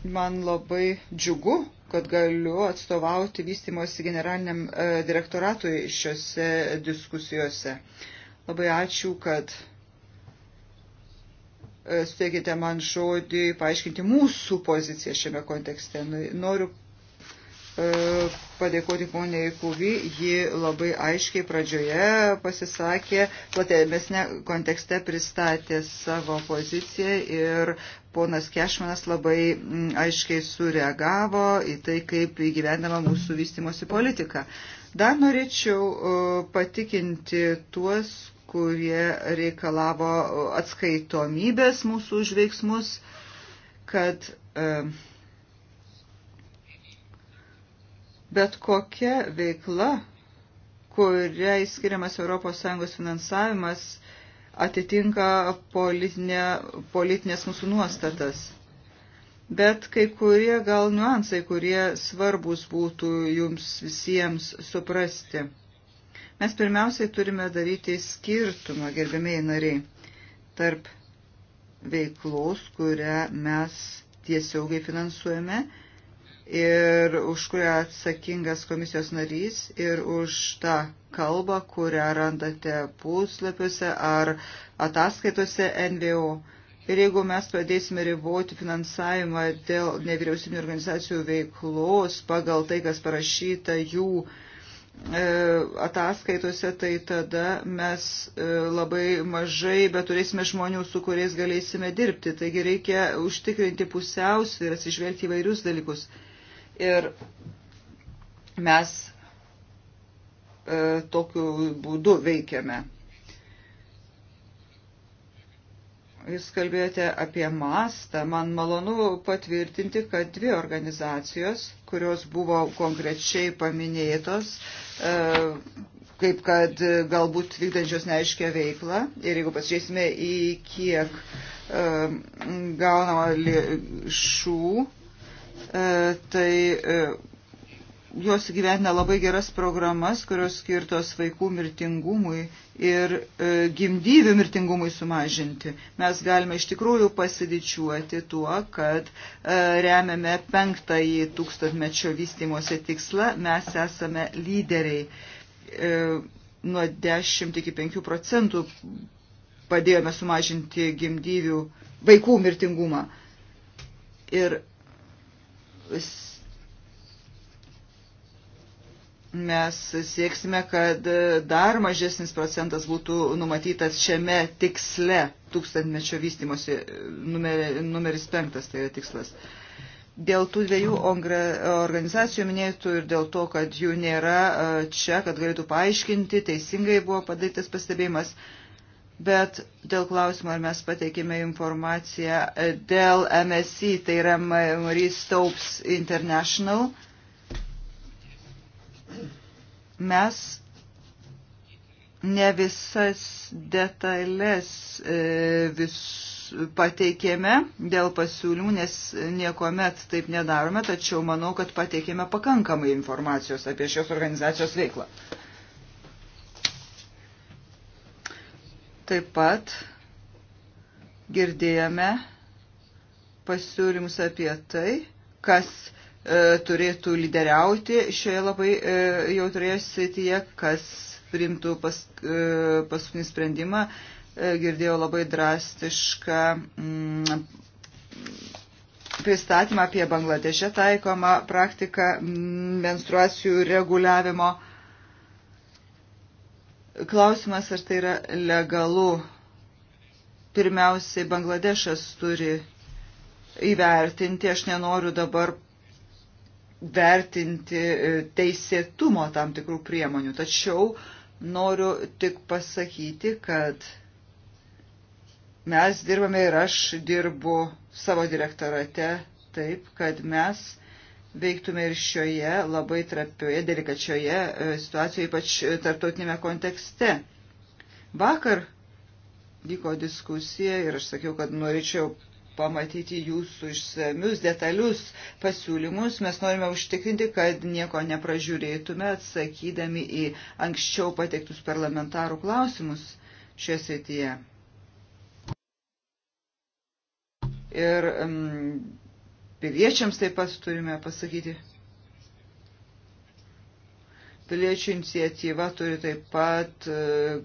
man labai džiugu, kad galiu atstovauti vystimosi generaliniam e, direktoratui šiuose diskusijose. Labai ačiū, kad e, suteikite man žodį paaiškinti mūsų poziciją šiame kontekste. Nu, noriu e, padėkoti poniai Kuvi, ji labai aiškiai pradžioje pasisakė, platėmėsne kontekste pristatė savo poziciją ir ponas Kešmanas labai mm, aiškiai sureagavo į tai, kaip įgyvendama mūsų vystimosi politika. Dar norėčiau patikinti tuos, kurie reikalavo atskaitomybės mūsų už veiksmus, kad e, bet kokia veikla, kuriai skiriamas ES finansavimas, atitinka politinė, politinės mūsų nuostatas. Bet kai kurie gal niuansai, kurie svarbus būtų jums visiems suprasti. Mes pirmiausiai turime daryti skirtumą, gerbėmiai nariai, tarp veiklos, kurią mes tiesiogiai finansuojame ir už kurią atsakingas komisijos narys ir už tą kalbą, kurią randate puslapiuose ar ataskaitose NVO. Ir jeigu mes pradėsime riboti finansavimą dėl nevyriausybinio organizacijų veiklos pagal tai, kas parašyta jų e, ataskaitose, tai tada mes e, labai mažai, bet turėsime žmonių, su kuriais galėsime dirbti. Taigi reikia užtikrinti pusiausvyrą, atsižvelgti įvairius dalykus. E, Ir mes e, tokiu būdu veikiame. Jūs kalbėjote apie mastą. Man malonu patvirtinti, kad dvi organizacijos, kurios buvo konkrečiai paminėtos, e, kaip kad galbūt vykdančios neaiškia veikla. Ir jeigu pasižiūrėsime į kiek e, gaunama lėšų E, tai e, jos gyvena labai geras programas, kurios skirtos vaikų mirtingumui ir e, gimdyvių mirtingumui sumažinti. Mes galime iš tikrųjų pasidičiuoti tuo, kad remiame penktąjį tūkstantmečio vystimuose tikslą, mes esame lyderiai. Nuo 10 iki 5 procentų padėjome sumažinti gimdyvių vaikų mirtingumą. Ir mes sieksime, kad dar mažesnis procentas būtų numatytas šiame tiksle tūkstantmečio vystimosi numeris, numeris penktas, tai yra tikslas. Dėl tų dviejų organizacijų minėtų ir dėl to, kad jų nėra čia, kad galėtų paaiškinti, teisingai buvo padarytas pastebėjimas bet dėl klausimo, ar mes pateikėme informaciją e, dėl MSI, tai yra Marie Stopes International, mes ne visas detalės e, vis pateikėme dėl pasiūlymų, nes niekuomet taip nedarome, tačiau manau, kad pateikėme pakankamai informacijos apie šios organizacijos veiklą. Taip pat girdėjome pasiūlymus apie tai, kas e, turėtų lyderiauti šioje labai e, jautrioje srityje, kas priimtų pas, e, paskutinį sprendimą. E, girdėjau labai drastišką mm, pristatymą apie Bangladeše taikomą praktiką menstruacijų reguliavimo. E, Klausimas, ar tai yra legalu. Pirmiausiai Bangladešas turi įvertinti, aš nenoriu dabar vertinti e, teisėtumo tam tikrų priemonių, tačiau noriu tik pasakyti, kad mes dirbame ir aš dirbu savo direktorate taip, kad mes veiktume ir šioje labai trapioje, delikačioje e, situacijoje, ypač e, tarptautinėme kontekste. Vakar vyko diskusija ir aš sakiau, kad norėčiau pamatyti jūsų išsamius, detalius pasiūlymus. Mes norime užtikrinti, kad nieko nepražiūrėtume atsakydami į anksčiau pateiktus parlamentarų klausimus šioje srityje. Ir um, Piliečiams taip pat turime pasakyti. Piliečių iniciatyva turi taip pat e,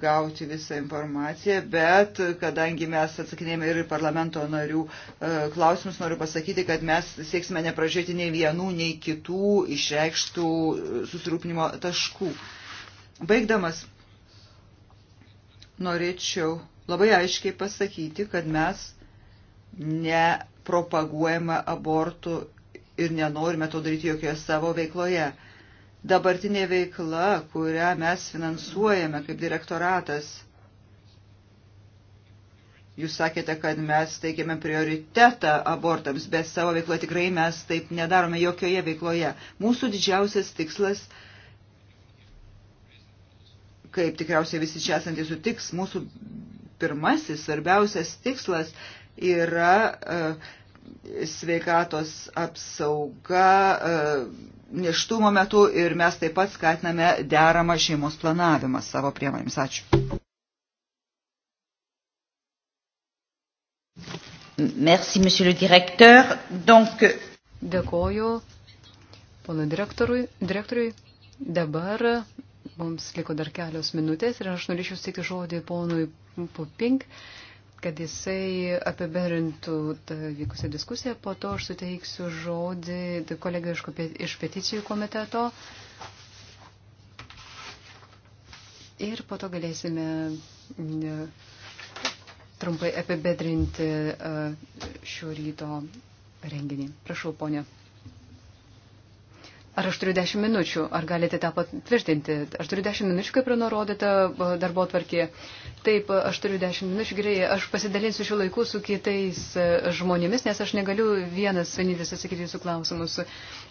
gauti visą informaciją, bet kadangi mes atsakinėjame ir parlamento narių e, klausimus, noriu pasakyti, kad mes sieksime nepražėti nei vienų, nei kitų išreikštų e, susirūpinimo taškų. Baigdamas, norėčiau labai aiškiai pasakyti, kad mes ne propaguojama abortų ir nenorime to daryti jokioje savo veikloje. Dabartinė veikla, kurią mes finansuojame kaip direktoratas, jūs sakėte, kad mes teikiame prioritetą abortams, bet savo veikloje tikrai mes taip nedarome jokioje veikloje. Mūsų didžiausias tikslas kaip tikriausiai visi čia esantys sutiks, mūsų pirmasis svarbiausias tikslas yra e, sveikatos apsauga e, neštumo metu ir mes taip pat skatiname deramą šeimos planavimą savo priemonėms. Ačiū. Merci, monsieur le directeur. Donc... Dėkoju pono direktoriui. direktoriui. Dabar mums liko dar kelios minutės ir aš norėčiau steikti žodį ponui Pupink. Po kad jisai apibendrintų vykusią diskusiją, po to aš suteiksiu žodį kolegai iš peticijų komiteto. Ir po to galėsime trumpai apibendrinti šio ryto renginį. Prašau, ponė. Ar aš turiu 10 minučių, ar galite tą patvirtinti? Aš turiu 10 minučių, kaip yra nurodyta e, darbo tvarkė. Taip, aš turiu 10 minučių, gerai, aš pasidalinsiu šiuo laiku su kitais e, žmonėmis, nes aš negaliu vienas vienintis atsakyti jūsų klausimus.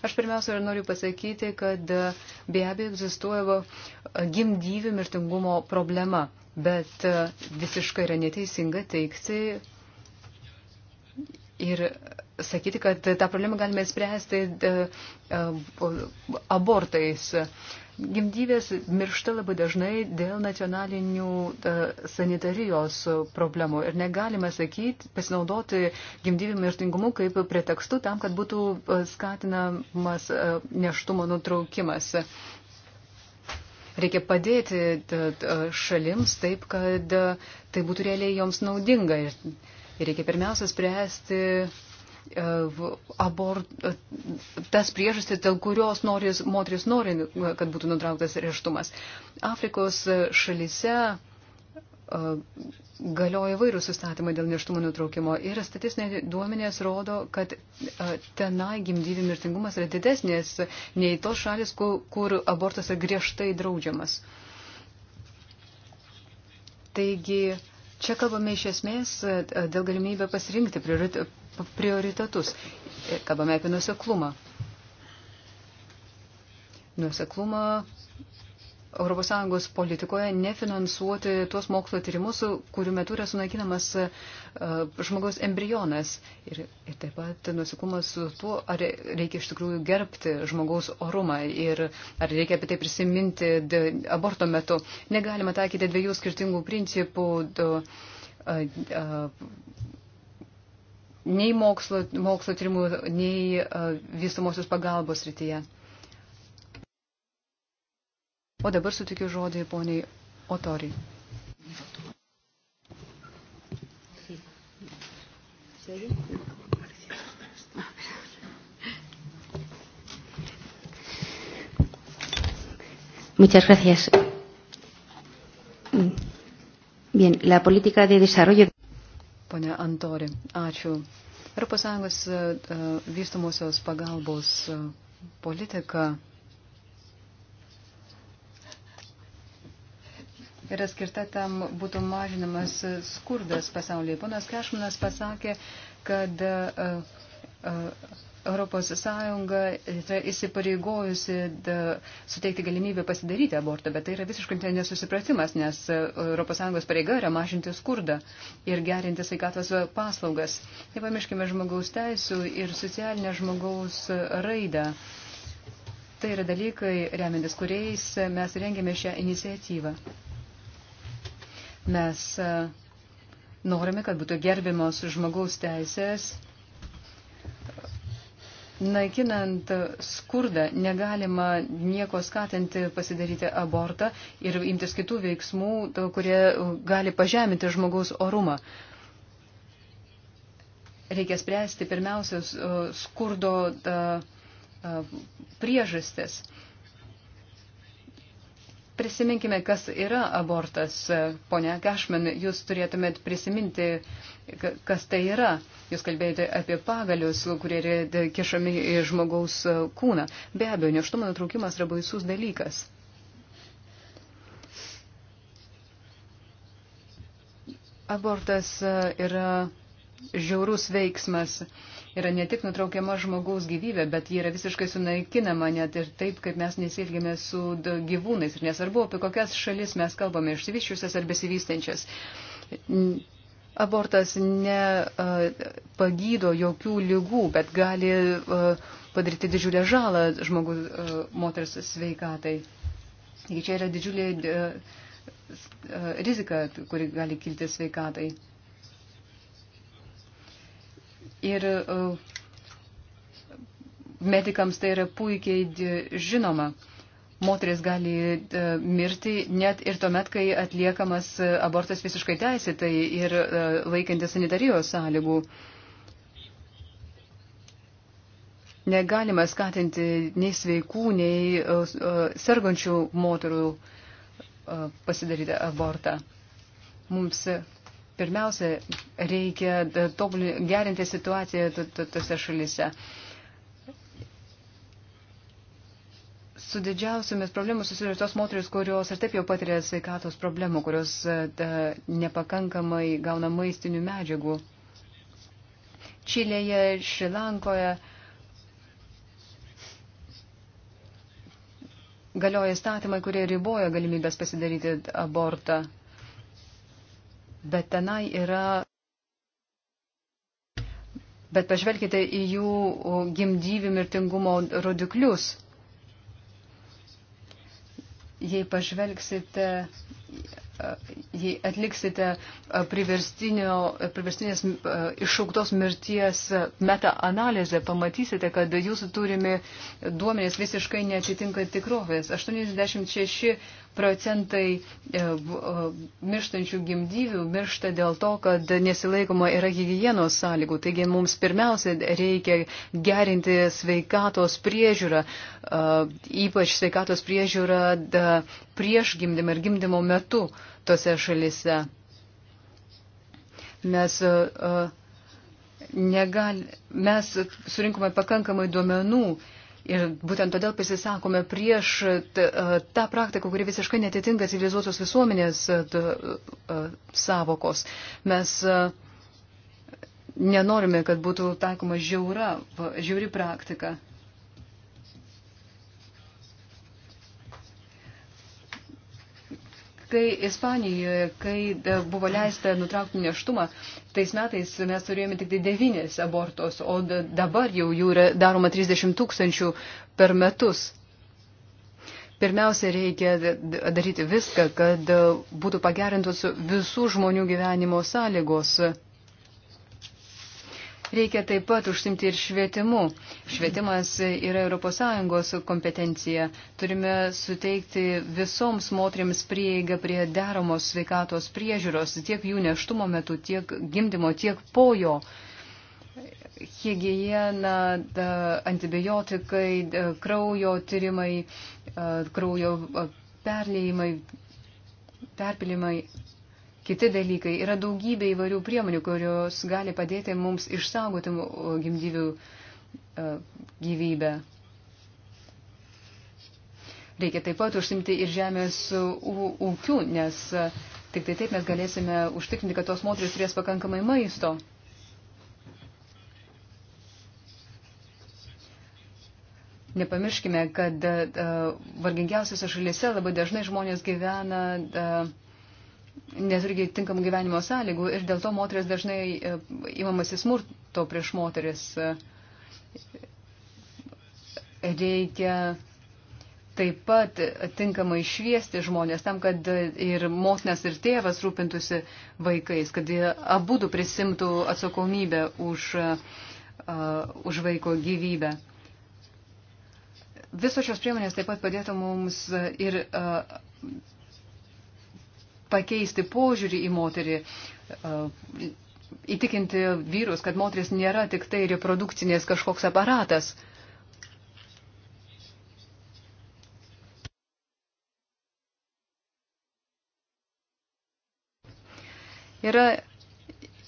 Aš pirmiausia noriu pasakyti, kad e, be abejo egzistuoja gimdyvių mirtingumo problema, bet visiškai yra neteisinga teikti ir sakyti, kad tą problemą galime spręsti e, e, abortais. Gimdybės miršta labai dažnai dėl nacionalinių e, sanitarijos problemų ir negalime sakyti, pasinaudoti gimdybių mirtingumu kaip pretekstu tam, kad būtų skatinamas neštumo nutraukimas. Reikia padėti šalims taip, kad tai būtų realiai joms naudinga. Ir reikia pirmiausia spręsti E, abor, e, tas priežastis, dėl kurios noris, moteris nori, e, kad būtų nutrauktas reštumas. Afrikos šalise galioja vairūs įstatymai dėl neštumo nutraukimo ir statistiniai duomenės rodo, kad tenai gimdyvių mirtingumas yra didesnės nei tos šalis, kur, kur abortas yra griežtai draudžiamas. Taigi, Čia kalbame iš esmės dėl galimybę pasirinkti prioritetus. Kalbame apie nuseklumą. Nuseklumą ES politikoje nefinansuoti tuos mokslo tyrimus, kurių metu yra sunaikinamas e, žmogaus embrionas. Ir, ir taip pat nusikumas su tuo, ar reikia iš tikrųjų gerbti žmogaus orumą ir ar reikia apie tai prisiminti de, aborto metu. Negalima taikyti dviejų skirtingų principų. De, a, a, nei mokslo, mokslo tyrimų, nei uh, e, vystamosios pagalbos rytyje. O dabar sutikiu žodį poniai Otori. Muchas gracias. Bien, la política de desarrollo ponė Antori. Ačiū. ES e, e, vystamosios pagalbos e, politika yra skirta tam būtų mažinamas skurdas pasaulyje. Ponas Kešmanas pasakė, kad ES yra e, tai įsipareigojusi suteikti galimybę pasidaryti abortą, bet tai yra visiškai nesusipratimas, nes ES pareiga yra mažinti skurdą ir gerinti sveikatos paslaugas. Nepamirškime tai žmogaus teisų ir socialinę žmogaus raidą. Tai yra dalykai, remiantis kuriais mes rengėme šią iniciatyvą. Mes e, norime, kad būtų gerbiamos žmogaus teisės Naikinant skurdą negalima nieko skatinti pasidaryti abortą ir imtis kitų veiksmų, kurie gali pažeminti žmogaus orumą. Reikia spręsti pirmiausias skurdo priežastis. Prisiminkime, kas yra abortas. Pone Gašman, jūs turėtumėt prisiminti, kas tai yra. Jūs kalbėjote apie pagalius, kurie yra kišami į žmogaus kūną. Be abejo, neštumo nutraukimas yra baisus dalykas. Abortas e, yra žiaurus veiksmas yra ne tik nutraukiama žmogaus gyvybė, bet ji yra visiškai sunaikinama net ir taip, kaip mes nesilgime su gyvūnais. Ir nesvarbu, apie kokias šalis mes kalbame, išsivyščiusias ar besivystančias. Abortas nepagydo jokių lygų, bet gali padaryti didžiulę žalą žmogus, moters sveikatai. Taigi čia yra didžiulė rizika, kuri gali kilti sveikatai. Ir e, medikams tai yra puikiai žinoma. Moteris gali e, mirti net ir tuomet, kai atliekamas e, abortas visiškai teisėtai ir laikantis sanitarijos sąlygų. Negalima skatinti nei sveikų, nei sergančių moterų pasidaryti abortą. Mums pirmiausia, reikia e, tobulį, gerinti situaciją tose šalise. Su didžiausiamis problemus susiduria tos moteris, kurios ir taip jau patiria sveikatos problemų, kurios e, da, nepakankamai gauna maistinių medžiagų. Čilėje, Šilankoje galioja įstatymai, kurie riboja galimybės pasidaryti abortą bet tenai yra. Bet pažvelkite į jų gimdyvių mirtingumo rodiklius. Jei pažvelgsite jei atliksite priverstinės iššauktos mirties metaanalizę, pamatysite, kad jūsų turimi duomenys visiškai neatitinka tikrovės. 86 procentai e, mirštančių gimdyvių miršta dėl to, kad nesilaikoma yra hygienos sąlygų. Taigi mums pirmiausia reikia gerinti sveikatos priežiūrą, ypač sveikatos priežiūrą prieš gimdymą ir gimdymo metu tose šalise. Mes, e, e, negal, mes surinkome pakankamai duomenų ir būtent todėl pasisakome prieš e, tą praktiką, kuri visiškai netitinka civilizuotos visuomenės savokos. Mes nenorime, kad būtų taikoma žiaura, žiauri praktika. Kai Ispanijoje, kai e, buvo leista nutraukti neštumą, tais metais mes turėjome tik tai devynis abortus, o dabar jau jų yra daroma 30 tūkstančių per metus. Pirmiausia, reikia daryti viską, kad e, būtų pagerintos visų žmonių gyvenimo sąlygos. Reikia taip pat užsimti ir švietimu. Švietimas yra ES kompetencija. Turime suteikti visoms moteriams prieigą prie deramos sveikatos priežiūros tiek jų neštumo metu, tiek gimdymo, tiek po jo. Higiena, antibiotikai, kraujo tyrimai, kraujo perlėjimai, perpilimai kiti dalykai. Yra daugybė įvairių priemonių, kurios gali padėti mums išsaugoti gimdyvių e, gyvybę. Reikia taip pat užsimti ir žemės ūkių, nes e, tik tai taip mes galėsime užtikrinti, kad tos moteris turės pakankamai maisto. Nepamirškime, kad uh, vargingiausiose šalyse labai dažnai žmonės gyvena uh, neturgi tinkamų gyvenimo sąlygų ir dėl to moteris dažnai įmamasi e, smurto prieš moteris. Reikia taip pat tinkamai šviesti žmonės tam, kad ir motinas ir tėvas rūpintųsi vaikais, kad abu prisimtų atsakomybę už, uh, už vaiko gyvybę. Visos šios priemonės taip pat padėtų mums ir uh, pakeisti požiūrį į moterį, e, įtikinti vyrus, kad moteris nėra tik tai reprodukcinės kažkoks aparatas. Yra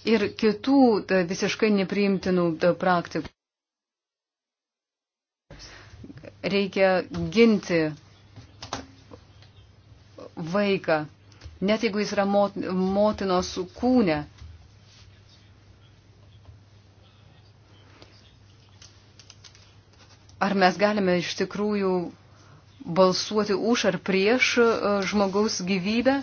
ir kitų e, visiškai nepriimtinų e, praktikų. Reikia ginti vaiką net jeigu jis yra mot, motinos kūne. Ar mes galime iš tikrųjų balsuoti už ar prieš e, žmogaus gyvybę?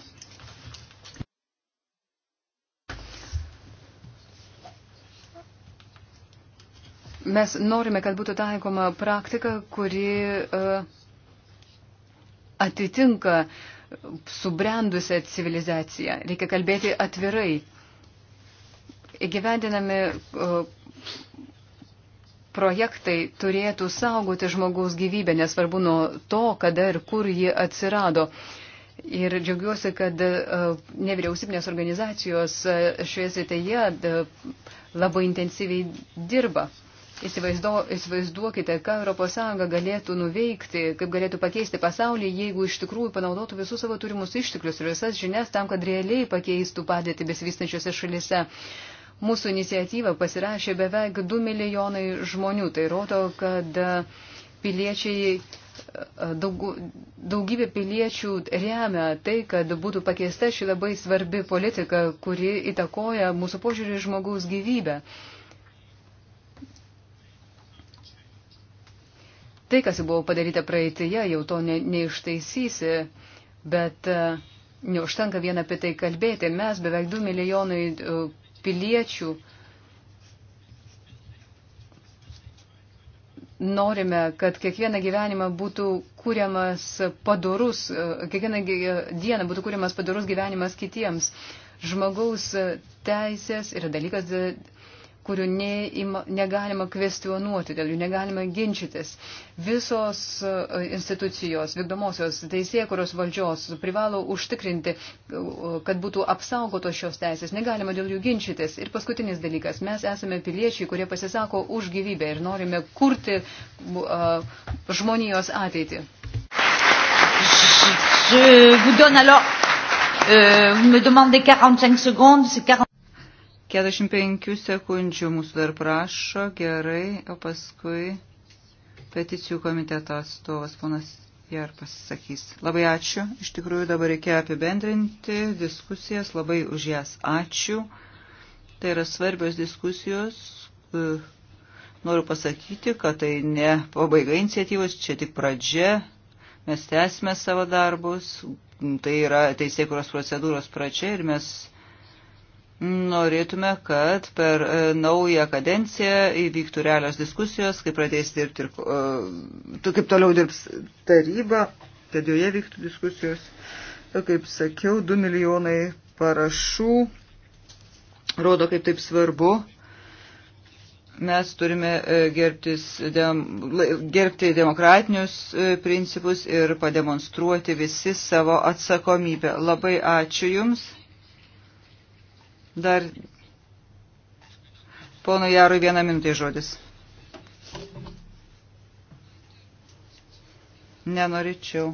Mes norime, kad būtų taikoma praktika, kuri e, atitinka uh, subrendusią civilizaciją. Reikia kalbėti atvirai. Įgyvendinami projektai turėtų saugoti žmogaus gyvybę, nesvarbu nuo to, kada ir kur ji atsirado. Ir džiaugiuosi, kad nevyriausybinės organizacijos e, šioje srityje e, labai intensyviai dirba. Įsivaizduo, įsivaizduokite, ką ES galėtų nuveikti, kaip galėtų pakeisti pasaulį, jeigu iš tikrųjų panaudotų visus savo turimus išteklius ir visas žinias tam, kad realiai pakeistų padėtį besivystančiose šalise. Mūsų iniciatyvą pasirašė beveik 2 milijonai žmonių. Tai rodo, kad e, piliečiai, e, daug, daugybė piliečių remia tai, kad būtų pakeista ši labai svarbi politika, kuri įtakoja mūsų požiūrį žmogaus gyvybę. Tai, kas buvo padaryta praeitėje, jau to ne, neištaisysi, bet e, neužtenka vien apie tai kalbėti. Mes beveik 2 milijonai e, piliečių norime, kad kiekvieną gyvenimą būtų kūriamas padorus, e, kiekvieną dieną būtų kūriamas padorus gyvenimas kitiems. Žmogaus teisės yra dalykas, kurių negalima kvestionuoti, dėl jų negalima ginčytis. Visos e, institucijos, vykdomosios teisėkuros valdžios privalo užtikrinti, e, kad būtų apsaugotos šios teisės, negalima dėl jų ginčytis. Ir paskutinis dalykas, mes esame piliečiai, kurie pasisako už gyvybę ir norime kurti uh, žmonijos ateitį. Je vous donne alors, euh, vous me demandez 45 secondes, c'est 40. 45 sekundžių mūsų dar prašo, gerai, o paskui peticijų komiteto atstovas ponas ir pasisakys. Labai ačiū. Iš tikrųjų dabar reikia apibendrinti diskusijas. Labai už jas ačiū. Tai yra svarbios diskusijos. Noriu pasakyti, kad tai ne pabaiga iniciatyvos, čia tik pradžia. Mes tęsime savo darbus. Tai yra teisėkuros procedūros pradžia ir mes norėtume, kad per e, naują kadenciją įvyktų realios diskusijos, kaip pradės dirbti ir e, kaip toliau dirbs taryba, kad joje vyktų diskusijos. E, kaip sakiau, 2 milijonai parašų rodo, kaip taip svarbu. Mes turime gerbtis, dem, gerbti demokratinius principus ir pademonstruoti visi savo atsakomybę. Labai ačiū Jums. Dar pono Jarui vieną minutę žodis. Nenorėčiau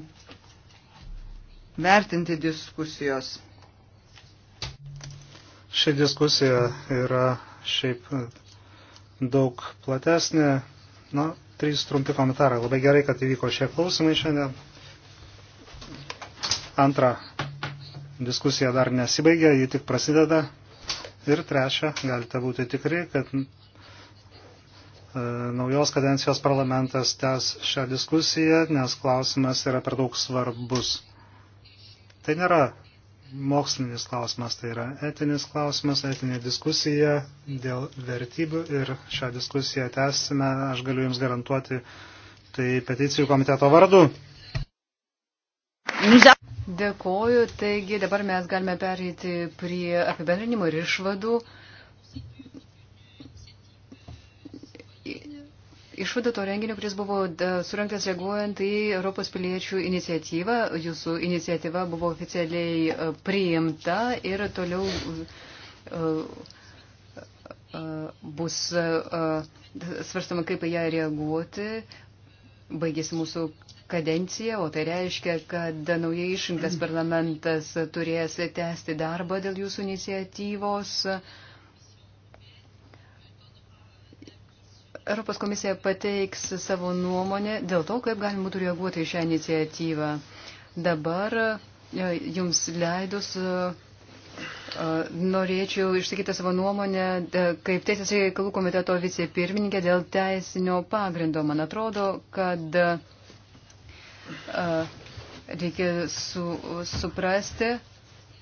vertinti diskusijos. Ši diskusija yra šiaip daug platesnė. Na, trys trumpi komentarai. Labai gerai, kad įvyko šie klausimai šiandien. Antra, diskusija dar nesibaigė, ji tik prasideda. Ir trečia, galite būti tikri, kad e, naujos kadencijos parlamentas tęs šią diskusiją, nes klausimas yra per daug svarbus. Tai nėra mokslinis klausimas, tai yra etinis klausimas, etinė diskusija dėl vertybių ir šią diskusiją tęsime, aš galiu Jums garantuoti, tai peticijų komiteto vardu. Dėkoju. Taigi dabar mes galime perėti prie apibendrinimo ir išvadų. Išvada to renginio, kuris buvo surinktas reaguojant į Europos piliečių iniciatyvą. Jūsų iniciatyva buvo oficialiai e, priimta ir toliau e, e, bus svarstama, kaip į ją reaguoti. Baigėsi mūsų kadenciją, o tai reiškia, kad naujai išrinktas parlamentas turės tęsti darbą dėl jūsų iniciatyvos. Europos komisija pateiks savo nuomonę dėl to, kaip galima būtų reaguoti į šią iniciatyvą. Dabar e, jums leidus e, e, norėčiau išsakyti savo nuomonę kaip Teisės reikalų komiteto vicepirmininkė dėl teisinio pagrindo. Man atrodo, kad reikia su, suprasti,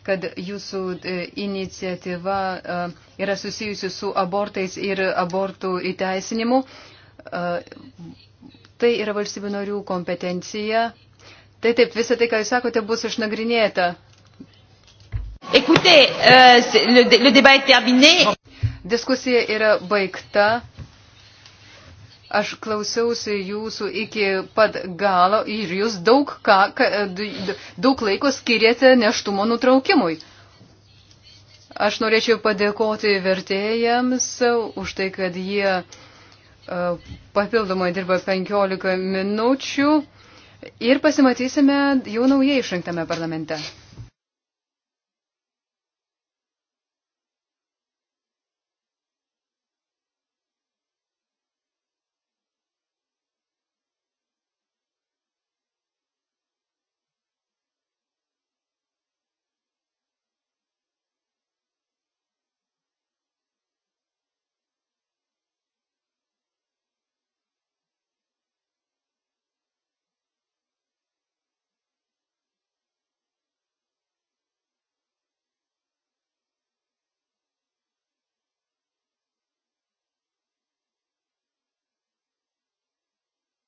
kad jūsų e, iniciatyva yra susijusi su abortais ir abortų įteisinimu. Tai yra valstybių narių kompetencija. Tai taip, visą tai, ką jūs sakote, bus išnagrinėta. Écoutez, euh, le, le débat est terminé. Diskusija yra baigta. Aš klausiausi jūsų iki pat galo ir jūs daug, ką, daug laiko skiriate neštumo nutraukimui. Aš norėčiau padėkoti vertėjams už tai, kad jie e, papildomai dirba 15 minučių ir pasimatysime jau naujai išrinktame parlamente.